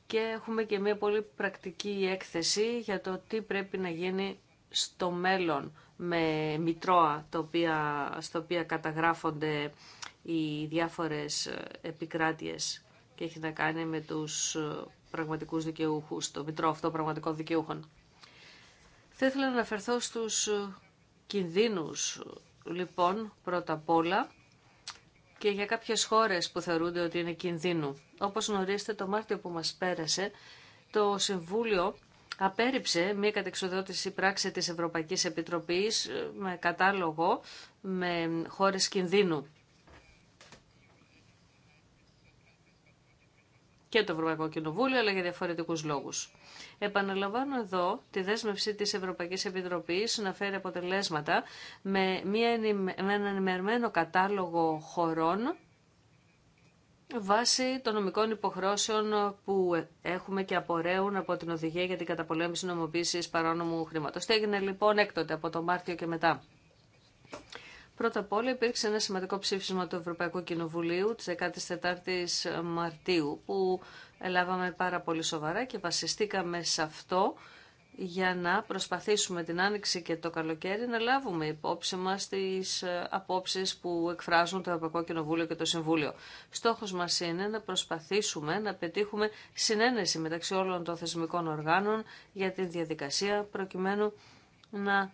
και έχουμε και μια πολύ πρακτική έκθεση για το τι πρέπει να γίνει στο μέλλον με μητρώα τα οποία, οποία καταγράφονται οι διάφορες επικράτειες και έχει να κάνει με τους Πραγματικού δικαιούχου το Μητρό αυτό πραγματικών δικαιούχων. Θα ήθελα να αναφερθώ στου κινδύνους, λοιπόν, πρώτα απ' όλα, και για κάποιε χώρε που θεωρούνται ότι είναι κινδύνου. Όπως γνωρίζετε, το Μάρτιο που μα πέρασε, το Συμβούλιο απέρριψε μια κατεξοδότηση πράξη της Ευρωπαϊκής Επιτροπής ε, με κατάλογο με χώρες κινδύνου. και το Ευρωπαϊκό Κοινοβούλιο, αλλά για διαφορετικού λόγου. Επαναλαμβάνω εδώ τη δέσμευση τη Ευρωπαϊκή Επιτροπή να φέρει αποτελέσματα με, μια, με έναν ενημερωμένο κατάλογο χωρών βάσει των νομικών υποχρώσεων που έχουμε και απορρέουν από την Οδηγία για την Καταπολέμηση Νομοποίησης Παρόνομου χρηματο. Τι έγινε λοιπόν έκτοτε από το Μάρτιο και μετά. Πρώτα απ' όλα υπήρξε ένα σημαντικό ψήφισμα του Ευρωπαϊκού Κοινοβουλίου της 14ης Μαρτίου που λάβαμε πάρα πολύ σοβαρά και βασιστήκαμε σε αυτό για να προσπαθήσουμε την άνοιξη και το καλοκαίρι να λάβουμε υπόψη μας τις ε, απόψεις που εκφράζουν το Ευρωπαϊκό Κοινοβούλιο και το Συμβούλιο. Στόχος μας είναι να προσπαθήσουμε να πετύχουμε συνένεση μεταξύ όλων των θεσμικών οργάνων για τη διαδικασία προκειμένου να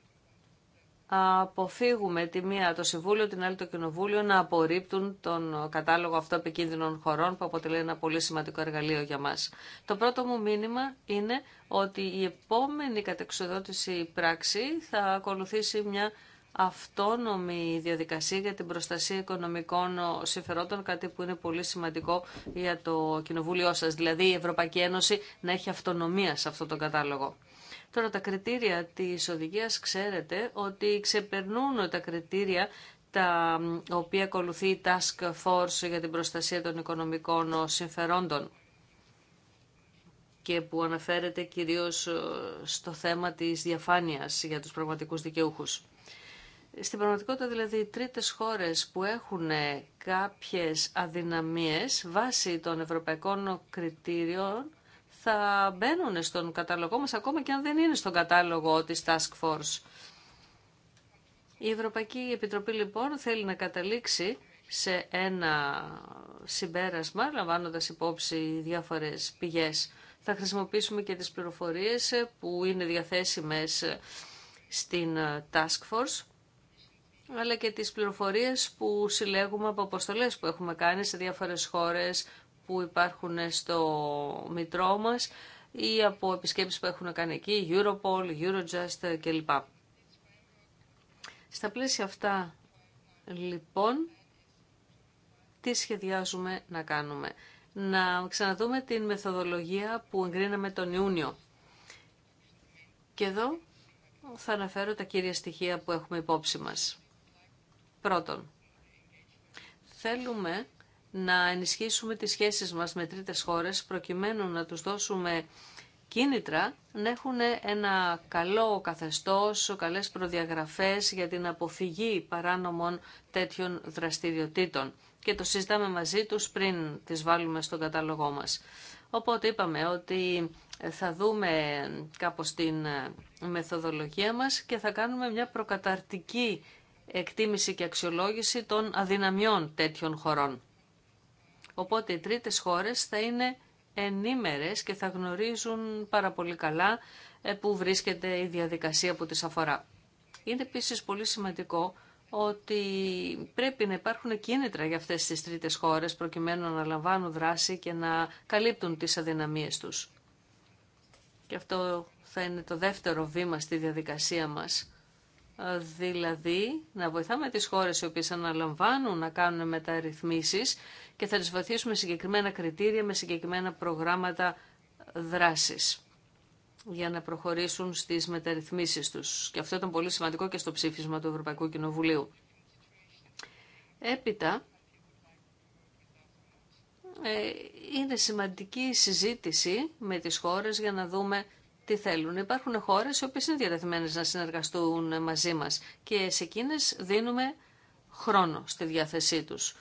αποφύγουμε τη μία το Συμβούλιο, την άλλη το Κοινοβούλιο να απορρίπτουν τον κατάλογο αυτό επικίνδυνων χωρών που αποτελεί ένα πολύ σημαντικό εργαλείο για μας. Το πρώτο μου μήνυμα είναι ότι η επόμενη κατεξοδότηση πράξη θα ακολουθήσει μια αυτόνομη διαδικασία για την προστασία οικονομικών συμφερόντων, κάτι που είναι πολύ σημαντικό για το Κοινοβούλιο σας, δηλαδή η Ευρωπαϊκή Ένωση να έχει αυτονομία σε αυτό τον κατάλογο. Τώρα τα κριτήρια της οδηγίας ξέρετε ότι ξεπερνούν τα κριτήρια τα οποία ακολουθεί η Task Force για την προστασία των οικονομικών ε, συμφερόντων και που αναφέρεται κυρίως ε, στο θέμα της διαφάνειας για τους πραγματικούς δικαιούχους. Στην πραγματικότητα δηλαδή οι τρίτες χώρες που έχουν ε, κάποιες αδυναμίες βάσει των ευρωπαϊκών κριτήριων θα μπαίνουν στον κατάλογό μας ακόμα και αν δεν είναι στον κατάλογο της Task Force. Η Ευρωπαϊκή Επιτροπή λοιπόν θέλει να καταλήξει σε ένα συμπέρασμα, λαμβάνοντα υπόψη διάφορες πηγές. Θα χρησιμοποιήσουμε και τις πληροφορίες που είναι διαθέσιμες στην Task Force, αλλά και τις πληροφορίες που συλλέγουμε από αποστολές που έχουμε κάνει σε διάφορες χώρες που υπάρχουν στο μητρό μας ή από επισκέψεις που έχουν κάνει εκεί, Europol, Eurojust κλπ. Στα πλαίσια αυτά, λοιπόν, τι σχεδιάζουμε να κάνουμε. Να ξαναδούμε την μεθοδολογία που εγκρίναμε τον Ιούνιο. Και εδώ θα αναφέρω τα κύρια στοιχεία που έχουμε υπόψη μας. Πρώτον, θέλουμε να ενισχύσουμε τις σχέσεις μας με τρίτες χώρες προκειμένου να τους δώσουμε κίνητρα να έχουν ένα καλό καθεστώς, καλές προδιαγραφές για την αποφυγή παράνομων τέτοιων δραστηριοτήτων. Και το συζητάμε μαζί τους πριν τις βάλουμε στον κατάλογό μας. Οπότε είπαμε ότι θα δούμε κάπως την μεθοδολογία μας και θα κάνουμε μια προκαταρτική εκτίμηση και αξιολόγηση των αδυναμιών τέτοιων χωρών. Οπότε οι τρίτες χώρες θα είναι ενήμερες και θα γνωρίζουν πάρα πολύ καλά ε, που βρίσκεται η διαδικασία που τις αφορά. Είναι επίσης πολύ σημαντικό ότι πρέπει να υπάρχουν κίνητρα για αυτές τις τρίτες χώρες προκειμένου να λαμβάνουν δράση και να καλύπτουν τις αδυναμίες τους. Και αυτό θα είναι το δεύτερο βήμα στη διαδικασία μας δηλαδή να βοηθάμε τις χώρες οι οποίες αναλαμβάνουν να κάνουν μεταρρυθμίσεις και θα τις βοηθήσουμε συγκεκριμένα κριτήρια, με συγκεκριμένα προγράμματα δράσης για να προχωρήσουν στις μεταρρυθμίσεις τους. Και αυτό ήταν πολύ σημαντικό και στο ψήφισμα του Ευρωπαϊκού Κοινοβουλίου. Έπειτα, ε, είναι σημαντική συζήτηση με τις χώρες για να δούμε τι θέλουν. Υπάρχουν χώρε οι οποίε είναι διαδεθμένε να συνεργαστούν μαζί μας και σε εκείνες δίνουμε χρόνο στη διάθεσή τους.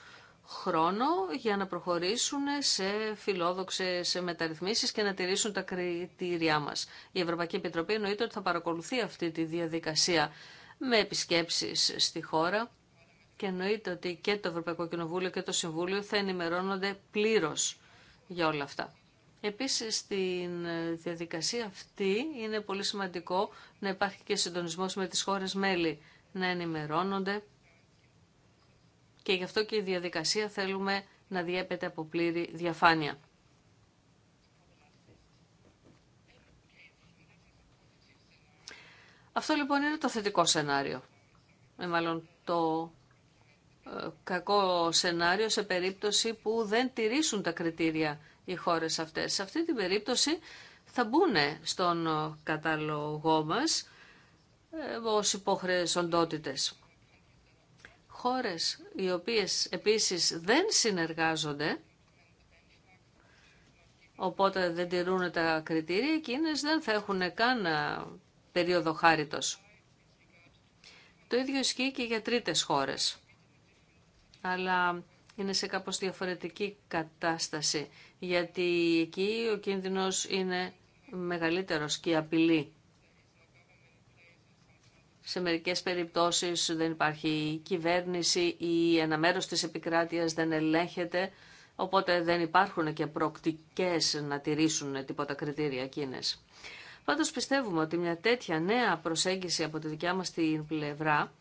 Χρόνο για να προχωρήσουν σε φιλόδοξες μεταρρυθμίσει και να τηρήσουν τα κριτήριά μας. Η Ευρωπαϊκή Επιτροπή εννοείται ότι θα παρακολουθεί αυτή τη διαδικασία με επισκέψεις στη χώρα και εννοείται ότι και το Ευρωπαϊκό Κοινοβούλιο και το Συμβούλιο θα ενημερώνονται πλήρω για όλα αυτά. Επίσης στη ε, διαδικασία αυτή είναι πολύ σημαντικό να υπάρχει και συντονισμός με τις χώρες μέλη, να ενημερώνονται και γι' αυτό και η διαδικασία θέλουμε να διέπεται από πλήρη διαφάνεια. Αυτό λοιπόν είναι το θετικό σενάριο. Ε, μάλλον το ε, κακό σενάριο σε περίπτωση που δεν τηρήσουν τα κριτήρια οι χώρες αυτές. Σε αυτή την περίπτωση θα μπουν στον κατάλογό μας ε, ως υπόχρεες οντότητες. Χώρες οι οποίες επίσης δεν συνεργάζονται, οπότε δεν τηρούν τα κριτήρια, εκείνες δεν θα έχουν καν ε, περίοδο χάριτος. Το ίδιο ισχύει και για τρίτες χώρες. Αλλά είναι σε κάπως διαφορετική κατάσταση γιατί εκεί ο κίνδυνος είναι μεγαλύτερος και η απειλή. Σε μερικές περιπτώσεις δεν υπάρχει κυβέρνηση ή ένα μέρος της επικράτειας δεν ελέγχεται, οπότε δεν υπάρχουν και προκτικές να τηρήσουν τίποτα κριτήρια εκείνες. Πάντως πιστεύουμε ότι μια τέτοια νέα προσέγγιση από τη δικιά μας την πλευρά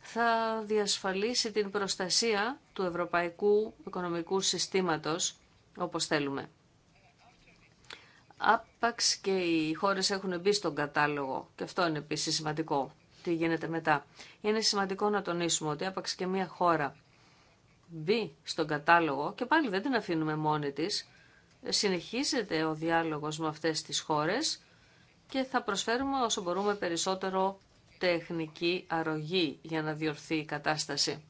θα διασφαλίσει την προστασία του ευρωπαϊκού οικονομικού συστήματος όπως θέλουμε. Άπαξ και οι χώρες έχουν μπει στον κατάλογο και αυτό είναι επίσης σημαντικό. Τι γίνεται μετά. Είναι σημαντικό να τονίσουμε ότι άπαξ και μια χώρα μπει στον κατάλογο και πάλι δεν την αφήνουμε μόνη της. Συνεχίζεται ο διάλογος με αυτές τις χώρες και θα προσφέρουμε όσο μπορούμε περισσότερο τεχνική αρρωγή για να διορθεί η κατάσταση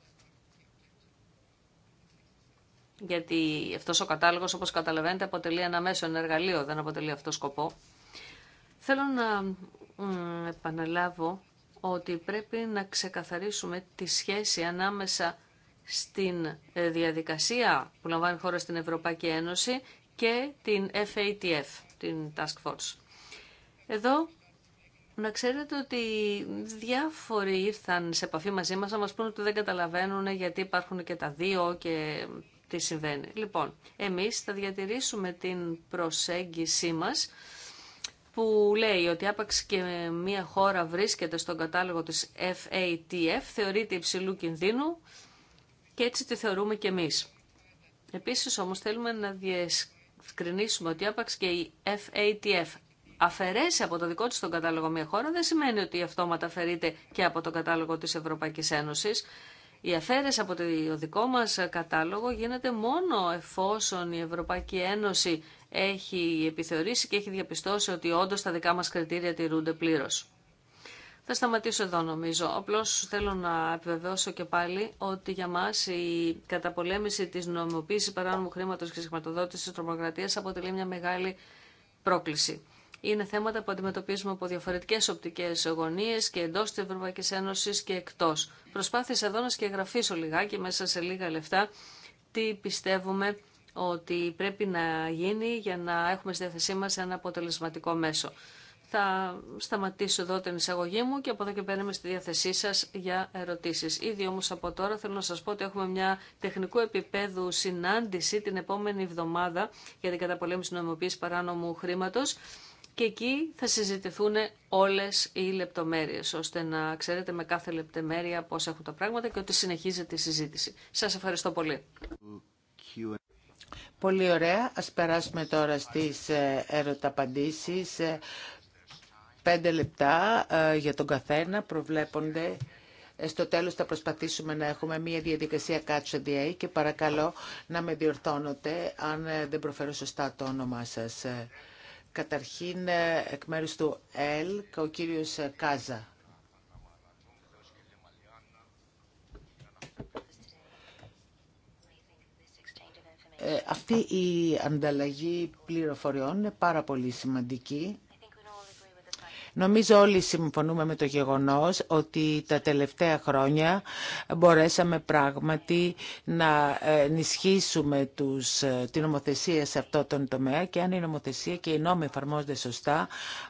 γιατί αυτός ο κατάλογος, όπως καταλαβαίνετε, αποτελεί ένα μέσο, εργαλείο, δεν αποτελεί αυτό σκοπό. Θέλω να επαναλάβω ότι πρέπει να ξεκαθαρίσουμε τη σχέση ανάμεσα στην ε, διαδικασία που λαμβάνει χώρα στην Ευρωπαϊκή Ένωση και την FATF, την Task Force. Εδώ να ξέρετε ότι διάφοροι ήρθαν σε επαφή μαζί μας να μας πούνε ότι δεν καταλαβαίνουν γιατί υπάρχουν και τα δύο και τι συμβαίνει. Λοιπόν, εμείς θα διατηρήσουμε την προσέγγιση μας που λέει ότι άπαξ και μια χώρα βρίσκεται στον κατάλογο της FATF, θεωρείται υψηλού κινδύνου και έτσι τη θεωρούμε και εμείς. Επίσης όμως θέλουμε να διευκρινίσουμε ότι άπαξ και η FATF αφαιρέσει από το δικό της τον κατάλογο μια χώρα δεν σημαίνει ότι αυτόματα αφαιρείται και από τον κατάλογο της Ευρωπαϊκής Ένωσης. Οι αφαίρεση από το δικό μας κατάλογο γίνεται μόνο εφόσον η Ευρωπαϊκή Ένωση έχει επιθεωρήσει και έχει διαπιστώσει ότι όντως τα δικά μας κριτήρια τηρούνται πλήρως. Θα σταματήσω εδώ νομίζω. Απλώς θέλω να επιβεβαιώσω και πάλι ότι για μας η καταπολέμηση της νομιμοποίησης παράνομου χρήματος και χρηματοδότηση της τρομοκρατίας αποτελεί μια μεγάλη πρόκληση είναι θέματα που αντιμετωπίζουμε από διαφορετικές οπτικές γωνίες και εντός της Ευρωπαϊκής Ένωσης και εκτός. Προσπάθησα εδώ να σκεγγραφίσω λιγάκι μέσα σε λίγα λεφτά τι πιστεύουμε ότι πρέπει να γίνει για να έχουμε στη διάθεσή μας ένα αποτελεσματικό μέσο. Θα σταματήσω εδώ την εισαγωγή μου και από εδώ και πέρα είμαι στη διάθεσή σα για ερωτήσει. Ήδη όμω από τώρα θέλω να σα πω ότι έχουμε μια τεχνικού επίπεδου συνάντηση την επόμενη εβδομάδα για την καταπολέμηση νομιμοποίηση παράνομου χρήματο και εκεί θα συζητηθούν όλες οι λεπτομέρειες, ώστε να ξέρετε με κάθε λεπτομέρεια πώς έχουν τα πράγματα και ότι συνεχίζεται η συζήτηση. Σας ευχαριστώ πολύ. Πολύ ωραία. Ας περάσουμε τώρα στις ε, ερωταπαντήσεις. Ε, πέντε λεπτά ε, για τον καθένα προβλέπονται. Στο τέλος θα προσπαθήσουμε να έχουμε μια διαδικασία catch the eye και παρακαλώ να με διορθώνετε αν δεν προφέρω σωστά το όνομά σας. Καταρχήν, ε, εκ μέρους του ΕΛΚ, ο κύριος ε, Κάζα. Ε, αυτή η ανταλλαγή πληροφοριών είναι πάρα πολύ σημαντική Νομίζω όλοι συμφωνούμε με το γεγονός ότι τα τελευταία χρόνια μπορέσαμε πράγματι να ε, ενισχύσουμε τους, ε, την νομοθεσία σε αυτό τον τομέα και αν η νομοθεσία και οι νόμοι εφαρμόζονται σωστά,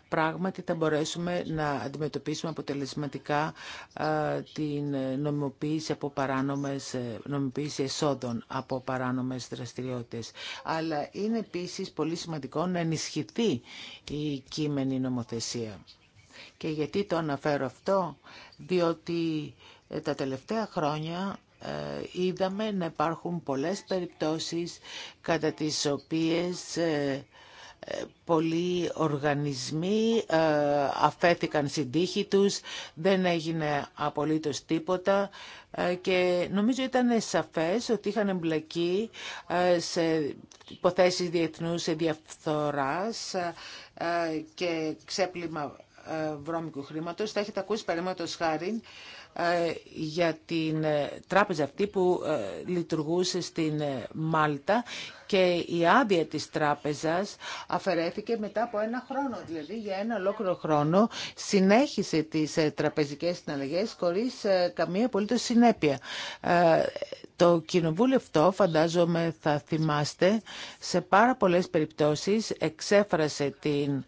πράγματι θα μπορέσουμε να αντιμετωπίσουμε αποτελεσματικά ε, την νομιμοποίηση, από παράνομες, νομιμοποίηση εσόδων από παράνομες δραστηριότητες. Αλλά είναι επίσης πολύ σημαντικό να ενισχυθεί η κείμενη νομοθεσία. Και γιατί το αναφέρω αυτό, διότι ε, τα τελευταία χρόνια ε, είδαμε να υπάρχουν πολλές περιπτώσεις κατά τις οποίες ε, πολλοί οργανισμοί αφέθηκαν στην τύχη τους, δεν έγινε απολύτως τίποτα και νομίζω ήταν σαφές ότι είχαν εμπλακεί σε υποθέσεις διεθνούς διαφθοράς και ξέπλυμα βρώμικου χρήματος. Θα έχετε ακούσει παραδείγματος χάρη ε, για την ε, τράπεζα αυτή που ε, λειτουργούσε στην Μάλτα και η άδεια της τράπεζας αφαιρέθηκε μετά από ένα χρόνο. Δηλαδή για ένα ολόκληρο χρόνο συνέχισε τις τραπεζικές συναλλαγές χωρίς καμία απολύτως συνέπεια. Το κοινοβούλιο αυτό, φαντάζομαι θα θυμάστε, σε πάρα πολλές περιπτώσεις εξέφρασε την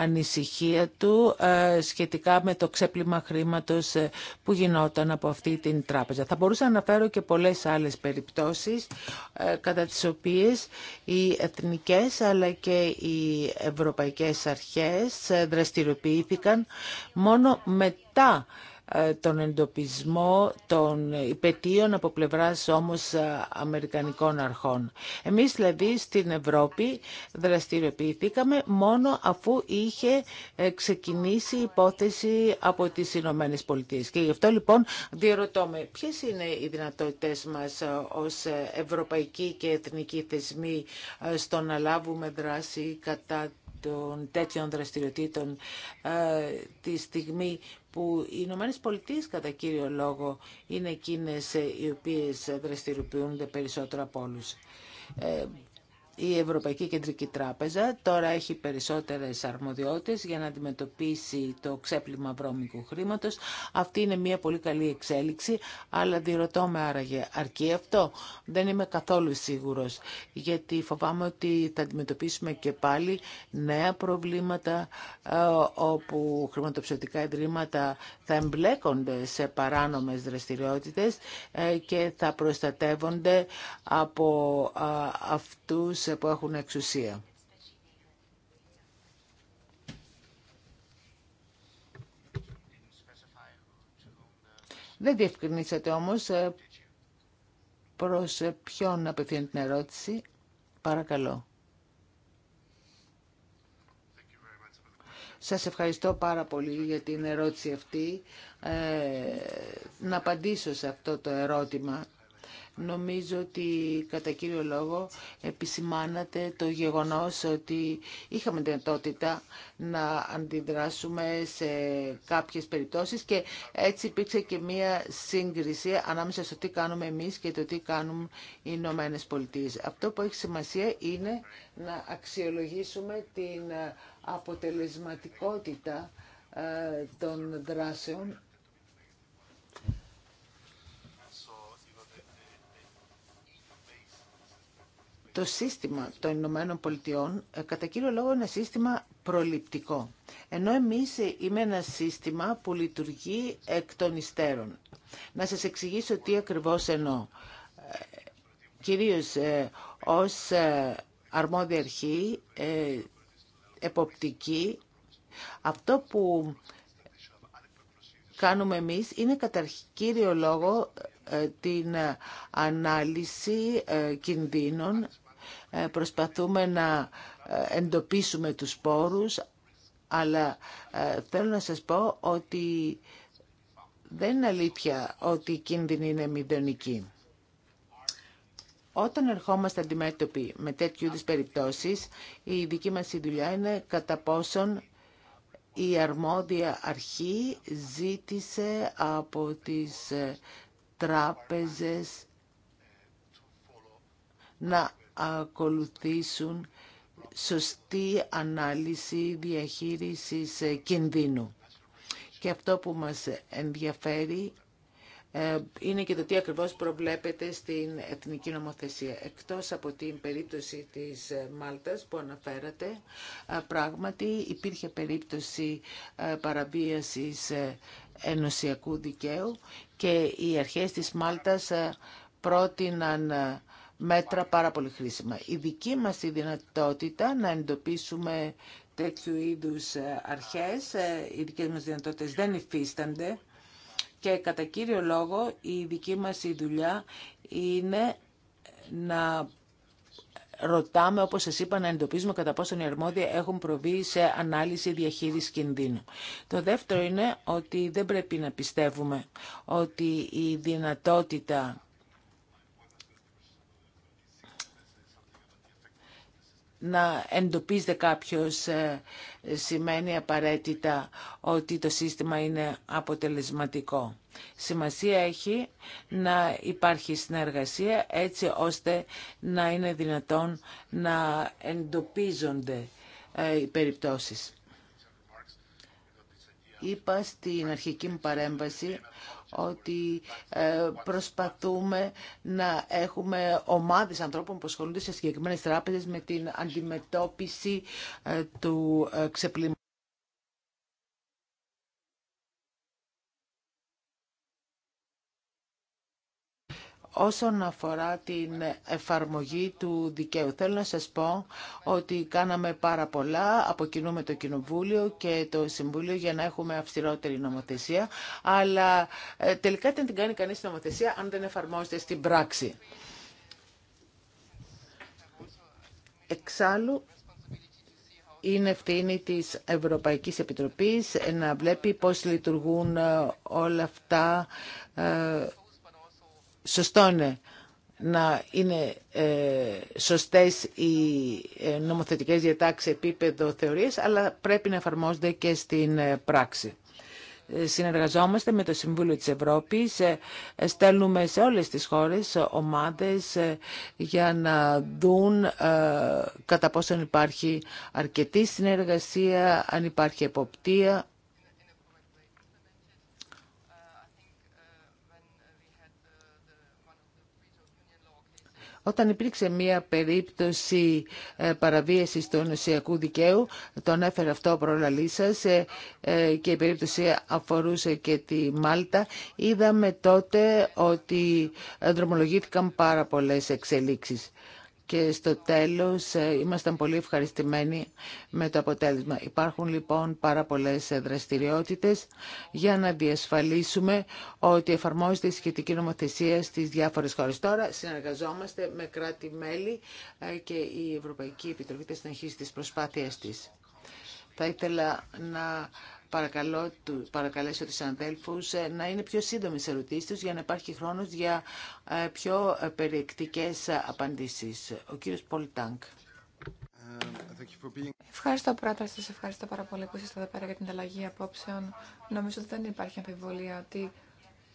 ανησυχία του ε, σχετικά με το ξέπλυμα χρήματος ε, που γινόταν από αυτή την τράπεζα. Θα μπορούσα να αναφέρω και πολλές άλλες περιπτώσεις ε, κατά τις οποίες οι εθνικές αλλά και οι ευρωπαϊκές αρχές δραστηριοποιήθηκαν μόνο μετά ε, τον εντοπισμό των υπετίων από πλευράς όμως ε, Αμερικανικών αρχών. Εμείς δηλαδή στην Ευρώπη δραστηριοποιηθήκαμε μόνο αφού είχε ε, ξεκινήσει η υπόθεση από τις Ηνωμένε Πολιτείες. Και γι' αυτό λοιπόν διερωτώμε ποιε ποιες είναι οι δυνατότητες μας ως ευρωπαϊκοί και εθνικοί θεσμοί στο να λάβουμε δράση κατά των τέτοιων δραστηριοτήτων ε, τη στιγμή που οι Ηνωμένε Πολιτείε κατά κύριο λόγο είναι εκείνες οι οποίες δραστηριοποιούνται περισσότερο από όλους. Ε, η Ευρωπαϊκή Κεντρική Τράπεζα τώρα έχει περισσότερες αρμοδιότητες για να αντιμετωπίσει το ξέπλυμα βρώμικου χρήματος. Αυτή είναι μια πολύ καλή εξέλιξη, αλλά διρωτώ με άραγε αρκεί αυτό. Δεν είμαι καθόλου σίγουρος, γιατί φοβάμαι ότι θα αντιμετωπίσουμε και πάλι νέα προβλήματα ε, όπου χρηματοψηφιακά ιδρύματα θα εμπλέκονται σε παράνομες δραστηριότητες ε, και θα προστατεύονται από ε, αυτούς που έχουν εξουσία. Δεν διευκρινίσατε όμως ε, προς ποιον απευθύνει την ερώτηση. Παρακαλώ. Σας ευχαριστώ πάρα πολύ για την ερώτηση αυτή. Ε, να απαντήσω σε αυτό το ερώτημα. Νομίζω ότι κατά κύριο λόγο επισημάνατε το γεγονός ότι είχαμε δυνατότητα να αντιδράσουμε σε κάποιες περιπτώσεις και έτσι υπήρξε και μία σύγκριση ανάμεσα στο τι κάνουμε εμείς και το τι κάνουν οι Ηνωμένε Πολιτείε. Αυτό που έχει σημασία είναι να αξιολογήσουμε την αποτελεσματικότητα ε, των δράσεων το σύστημα των Ηνωμένων Πολιτειών ε, κατά κύριο λόγο είναι σύστημα προληπτικό. Ενώ εμείς είμαι ένα σύστημα που λειτουργεί εκ των υστέρων. Να σας εξηγήσω τι ακριβώς εννοώ. Ε, κυρίως ε, ως αρμόδια αρχή, εποπτική, αυτό που κάνουμε εμείς είναι κατά κύριο λόγο την ανάλυση κινδύνων ε, προσπαθούμε να ε, εντοπίσουμε τους σπόρους, αλλά ε, θέλω να σας πω ότι δεν είναι αλήθεια ότι η κίνδυνη είναι μηδενική. Όταν ερχόμαστε αντιμέτωποι με τέτοιου είδους περιπτώσεις, η δική μας η δουλειά είναι κατά πόσον η αρμόδια αρχή ζήτησε από τις τράπεζες να ακολουθήσουν σωστή ανάλυση διαχείρισης ε, κινδύνου. Και αυτό που μας ενδιαφέρει ε, είναι και το τι ακριβώς προβλέπεται στην εθνική νομοθεσία. Εκτός από την περίπτωση της ε, Μάλτας που αναφέρατε, πράγματι υπήρχε περίπτωση παραβίασης ενωσιακού δικαίου και οι αρχές της Μάλτας πρότειναν μέτρα πάρα πολύ χρήσιμα. Η δική μας η δυνατότητα να εντοπίσουμε τέτοιου είδους ε, αρχές, ε, οι δικές μας δυνατότητες δεν υφίστανται και κατά κύριο λόγο η δική μας η δουλειά είναι να ρωτάμε, όπως σας είπα, να εντοπίζουμε κατά πόσον οι αρμόδια έχουν προβεί σε ανάλυση διαχείριση κινδύνου. Το δεύτερο είναι ότι δεν πρέπει να πιστεύουμε ότι η δυνατότητα να εντοπίζεται κάποιος ε, σημαίνει απαραίτητα ότι το σύστημα είναι αποτελεσματικό. Σημασία έχει να υπάρχει συνεργασία έτσι ώστε να είναι δυνατόν να εντοπίζονται ε, οι περιπτώσεις. Είπα στην αρχική μου παρέμβαση ότι ε, προσπαθούμε να έχουμε ομάδες ανθρώπων που ασχολούνται σε συγκεκριμένες τράπεζες με την αντιμετώπιση ε, του ε, ξεπλήματος. Όσον αφορά την εφαρμογή του δικαίου, θέλω να σας πω ότι κάναμε πάρα πολλά, αποκινούμε το Κοινοβούλιο και το Συμβούλιο για να έχουμε αυστηρότερη νομοθεσία, αλλά ε, τελικά δεν την κάνει κανείς νομοθεσία αν δεν εφαρμόζεται στην πράξη. Εξάλλου, είναι ευθύνη της Ευρωπαϊκής Επιτροπής να βλέπει πώς λειτουργούν ε, όλα αυτά ε, σωστό είναι να είναι ε, σωστές οι ε, νομοθετικές διατάξεις επίπεδο θεωρίας, αλλά πρέπει να εφαρμόζονται και στην ε, πράξη συνεργαζόμαστε με το Συμβούλιο της Ευρώπης, στέλνουμε σε όλες τις χώρες ομάδες για να δουν κατά πόσο υπάρχει αρκετή συνεργασία, αν υπάρχει εποπτεία. Όταν υπήρξε μία περίπτωση ε, παραβίασης του νοσιακού δικαίου, το ανέφερε αυτό προλαλή ε, ε, και η περίπτωση αφορούσε και τη Μάλτα, είδαμε τότε ότι δρομολογήθηκαν πάρα πολλές εξελίξεις και στο τέλος ε, ήμασταν πολύ ευχαριστημένοι με το αποτέλεσμα. Υπάρχουν λοιπόν πάρα πολλές ε, δραστηριότητες για να διασφαλίσουμε ότι εφαρμόζεται η σχετική νομοθεσία στις διάφορες χώρες. Τώρα συνεργαζόμαστε με κράτη-μέλη ε, και η Ευρωπαϊκή Επιτροπή θα συνεχίσει τις προσπάθειές της. Θα ήθελα να παρακαλώ, παρακαλέσω τους αδέλφους ε, να είναι πιο σύντομες ερωτήσεις τους για να υπάρχει χρόνος για ε, πιο ε, περιεκτικές απαντήσεις. Ο κύριος Τάνκ. Ευχαριστώ πρόεδρε, σας ευχαριστώ πάρα πολύ που είστε εδώ πέρα για την αλλαγή απόψεων. Νομίζω ότι δεν υπάρχει αμφιβολία ότι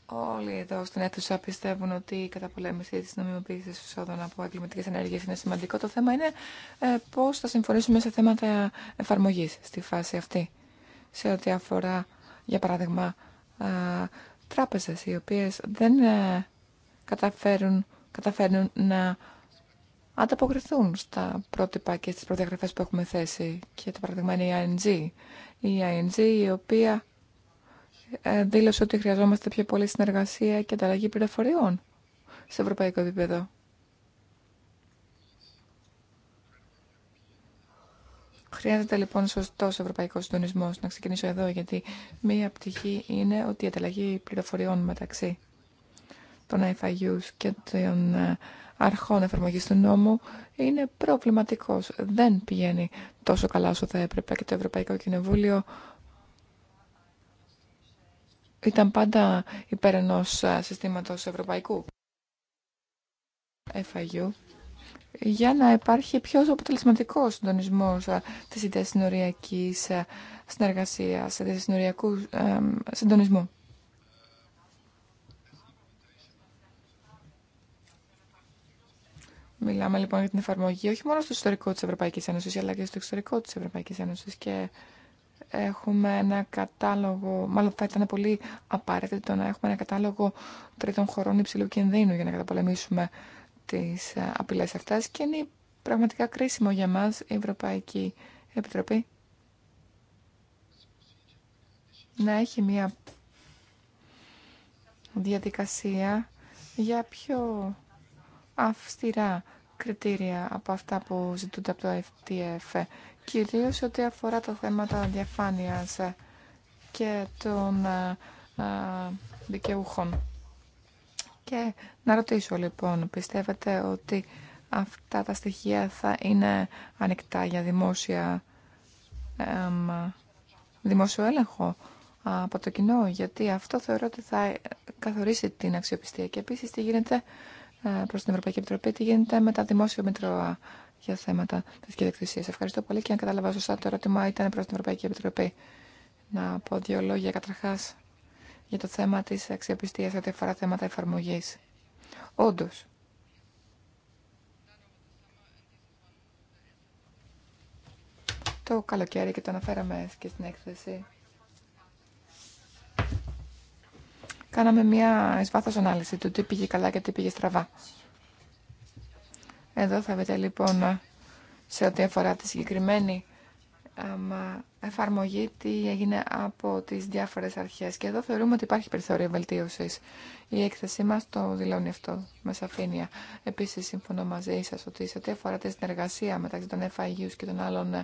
όλοι εδώ στην αίθουσα πιστεύουν ότι η καταπολέμηση της νομιμοποίησης εισόδων από εγκληματικέ ενέργειες είναι σημαντικό. Το θέμα είναι πώ θα συμφωνήσουμε σε θέματα εφαρμογή στη φάση αυτή σε ό,τι αφορά, για παράδειγμα, τράπεζες οι οποίες δεν ε, καταφέρουν, καταφέρνουν να ανταποκριθούν στα πρότυπα και στις προδιαγραφές που έχουμε θέσει. Και το παράδειγμα είναι η ING. Η ING η οποία ε, δήλωσε ότι χρειαζόμαστε πιο πολύ συνεργασία και ανταλλαγή πληροφοριών σε ευρωπαϊκό επίπεδο. Χρειάζεται λοιπόν σωστό ευρωπαϊκό συντονισμό. Να ξεκινήσω εδώ, γιατί μία πτυχή είναι ότι η ανταλλαγή πληροφοριών μεταξύ των IFIU και των ε, αρχών εφαρμογή του νόμου είναι προβληματικό. Δεν πηγαίνει τόσο καλά όσο θα έπρεπε και το Ευρωπαϊκό Κοινοβούλιο ήταν πάντα υπέρ ενός ε, συστήματος ευρωπαϊκού FIU για να υπάρχει πιο αποτελεσματικό συντονισμό ε, τη συνοριακή ε, συνεργασία, τη συνοριακού συντονισμού. Μιλάμε λοιπόν για την εφαρμογή όχι μόνο στο ιστορικό τη Ευρωπαϊκή Ένωση, αλλά και στο εξωτερικό τη Ευρωπαϊκή Ένωση. και έχουμε ένα κατάλογο, μάλλον θα ήταν πολύ απαραίτητο να έχουμε ένα κατάλογο τρίτων χωρών υψηλού κινδύνου για να καταπολεμήσουμε τις ε, απειλές αυτές και είναι πραγματικά κρίσιμο για μας η Ευρωπαϊκή Επιτροπή να έχει μια διαδικασία για πιο αυστηρά κριτήρια από αυτά που ζητούνται από το FTF, κυρίως ό,τι αφορά τα θέματα διαφάνειας και των ε, ε, δικαιούχων. Και να ρωτήσω λοιπόν, πιστεύετε ότι αυτά τα στοιχεία θα είναι ανοιχτά για δημόσια, εμ, δημόσιο έλεγχο από το κοινό, γιατί αυτό θεωρώ ότι θα καθορίσει την αξιοπιστία. Και επίσης τι γίνεται ε, προς την Ευρωπαϊκή Επιτροπή, τι γίνεται με τα δημόσια μητρώα για θέματα της κυδεκτησίας. Ευχαριστώ πολύ και αν καταλαβαίνω σωστά το ερώτημα ήταν προς την Ευρωπαϊκή Επιτροπή. Να πω δύο λόγια καταρχάς για το θέμα της αξιοπιστίας ό,τι αφορά θέματα εφαρμογής. Όντως, το καλοκαίρι και το αναφέραμε και στην έκθεση. Κάναμε μια εσβάθος ανάλυση του τι πήγε καλά και τι πήγε στραβά. Εδώ θα βρείτε λοιπόν σε ό,τι αφορά τη συγκεκριμένη εφαρμογή τι έγινε από τις διάφορες αρχές. Και εδώ θεωρούμε ότι υπάρχει περιθώριο βελτίωσης. Η έκθεσή μας το δηλώνει αυτό με σαφήνεια. Επίσης, συμφωνώ μαζί σας ότι σε ό,τι αφορά τη συνεργασία μεταξύ των FIU και των άλλων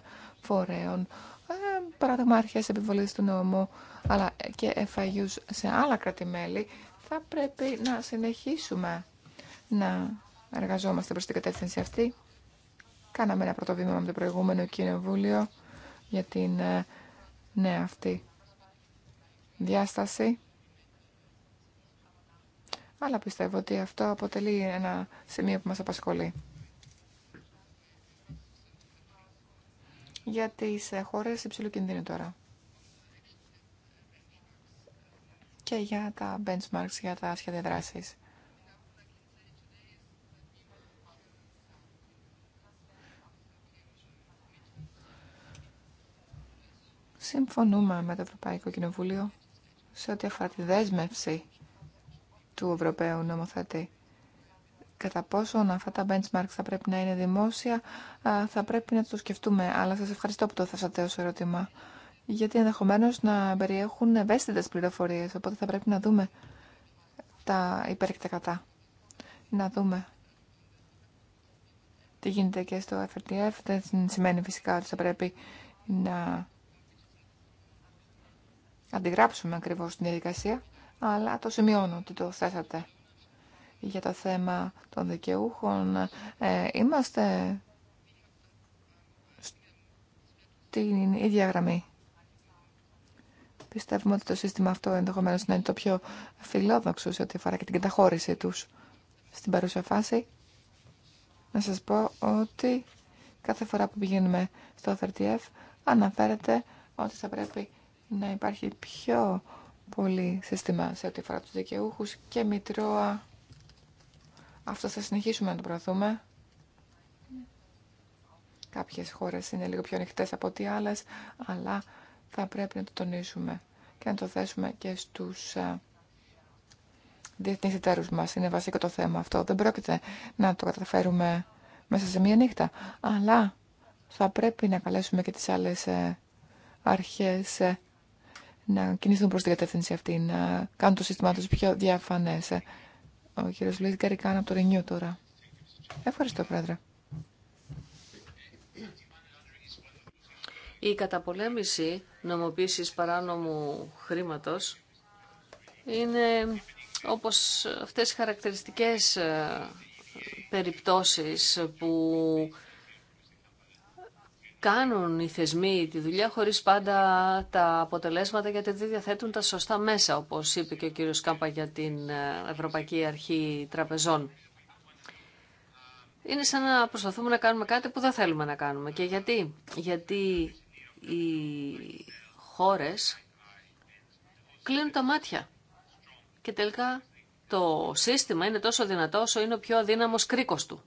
φορέων, ε, παράδειγμα αρχές επιβολής του νόμου, αλλά και FIU σε άλλα κρατημέλη, θα πρέπει να συνεχίσουμε να εργαζόμαστε προς την κατεύθυνση αυτή. Κάναμε ένα πρώτο βήμα με το προηγούμενο κοινοβούλιο για την ε, νέα αυτή διάσταση. Αλλά πιστεύω ότι αυτό αποτελεί ένα σημείο που μας απασχολεί. Για τις ε, χώρες υψηλού κινδύνου τώρα. Και για τα benchmarks, για τα σχέδια δράσης. Συμφωνούμε με το Ευρωπαϊκό Κοινοβούλιο σε ό,τι αφορά τη δέσμευση του Ευρωπαίου νομοθέτη. Κατά πόσο αυτά τα benchmarks θα πρέπει να είναι δημόσια, θα πρέπει να το σκεφτούμε. Αλλά σας ευχαριστώ που το θέσατε ως ερώτημα. Γιατί ενδεχομένω να περιέχουν ευαίσθητες πληροφορίες, οπότε θα πρέπει να δούμε τα υπέρ Να δούμε τι γίνεται και στο FRTF. Δεν σημαίνει φυσικά ότι θα πρέπει να αντιγράψουμε ακριβώς την διαδικασία, αλλά το σημειώνω ότι το θέσατε για το θέμα των δικαιούχων. Ε, είμαστε στην ίδια γραμμή. Πιστεύουμε ότι το σύστημα αυτό ενδεχομένω να είναι το πιο φιλόδοξο σε ό,τι αφορά και την καταχώρησή τους. Στην παρούσα φάση, να σας πω ότι κάθε φορά που πηγαίνουμε στο 30F αναφέρεται ότι θα πρέπει να υπάρχει πιο πολύ σύστημα σε ό,τι αφορά τους δικαιούχους και μητρώα. Αυτό θα συνεχίσουμε να το προωθούμε. Κάποιες χώρες είναι λίγο πιο ανοιχτέ από ό,τι άλλες, αλλά θα πρέπει να το τονίσουμε και να το θέσουμε και στους ε, διεθνείς εταίρους μας. Είναι βασικό το θέμα αυτό. Δεν πρόκειται να το καταφέρουμε μέσα σε μία νύχτα, αλλά θα πρέπει να καλέσουμε και τις άλλες ε, αρχές ε, να κινηθούν προ την κατεύθυνση αυτή, να κάνουν το σύστημά του πιο διαφανές. Ε, ο κύριος Λουίδη Καρικάνα από το Ρενιού τώρα. Ευχαριστώ, Πρόεδρε. Η καταπολέμηση νομοποίησης παράνομου χρήματος είναι όπως αυτές οι χαρακτηριστικές ε, περιπτώσεις που κάνουν οι θεσμοί τη δουλειά χωρίς πάντα τα αποτελέσματα γιατί δεν διαθέτουν τα σωστά μέσα, όπως είπε και ο κύριος Κάμπα για την ε, Ευρωπαϊκή Αρχή Τραπεζών. Είναι σαν να προσπαθούμε να κάνουμε κάτι που δεν θέλουμε να κάνουμε. Και γιατί, γιατί οι χώρες κλείνουν τα μάτια και τελικά το σύστημα είναι τόσο δυνατό όσο είναι ο πιο αδύναμος κρίκος του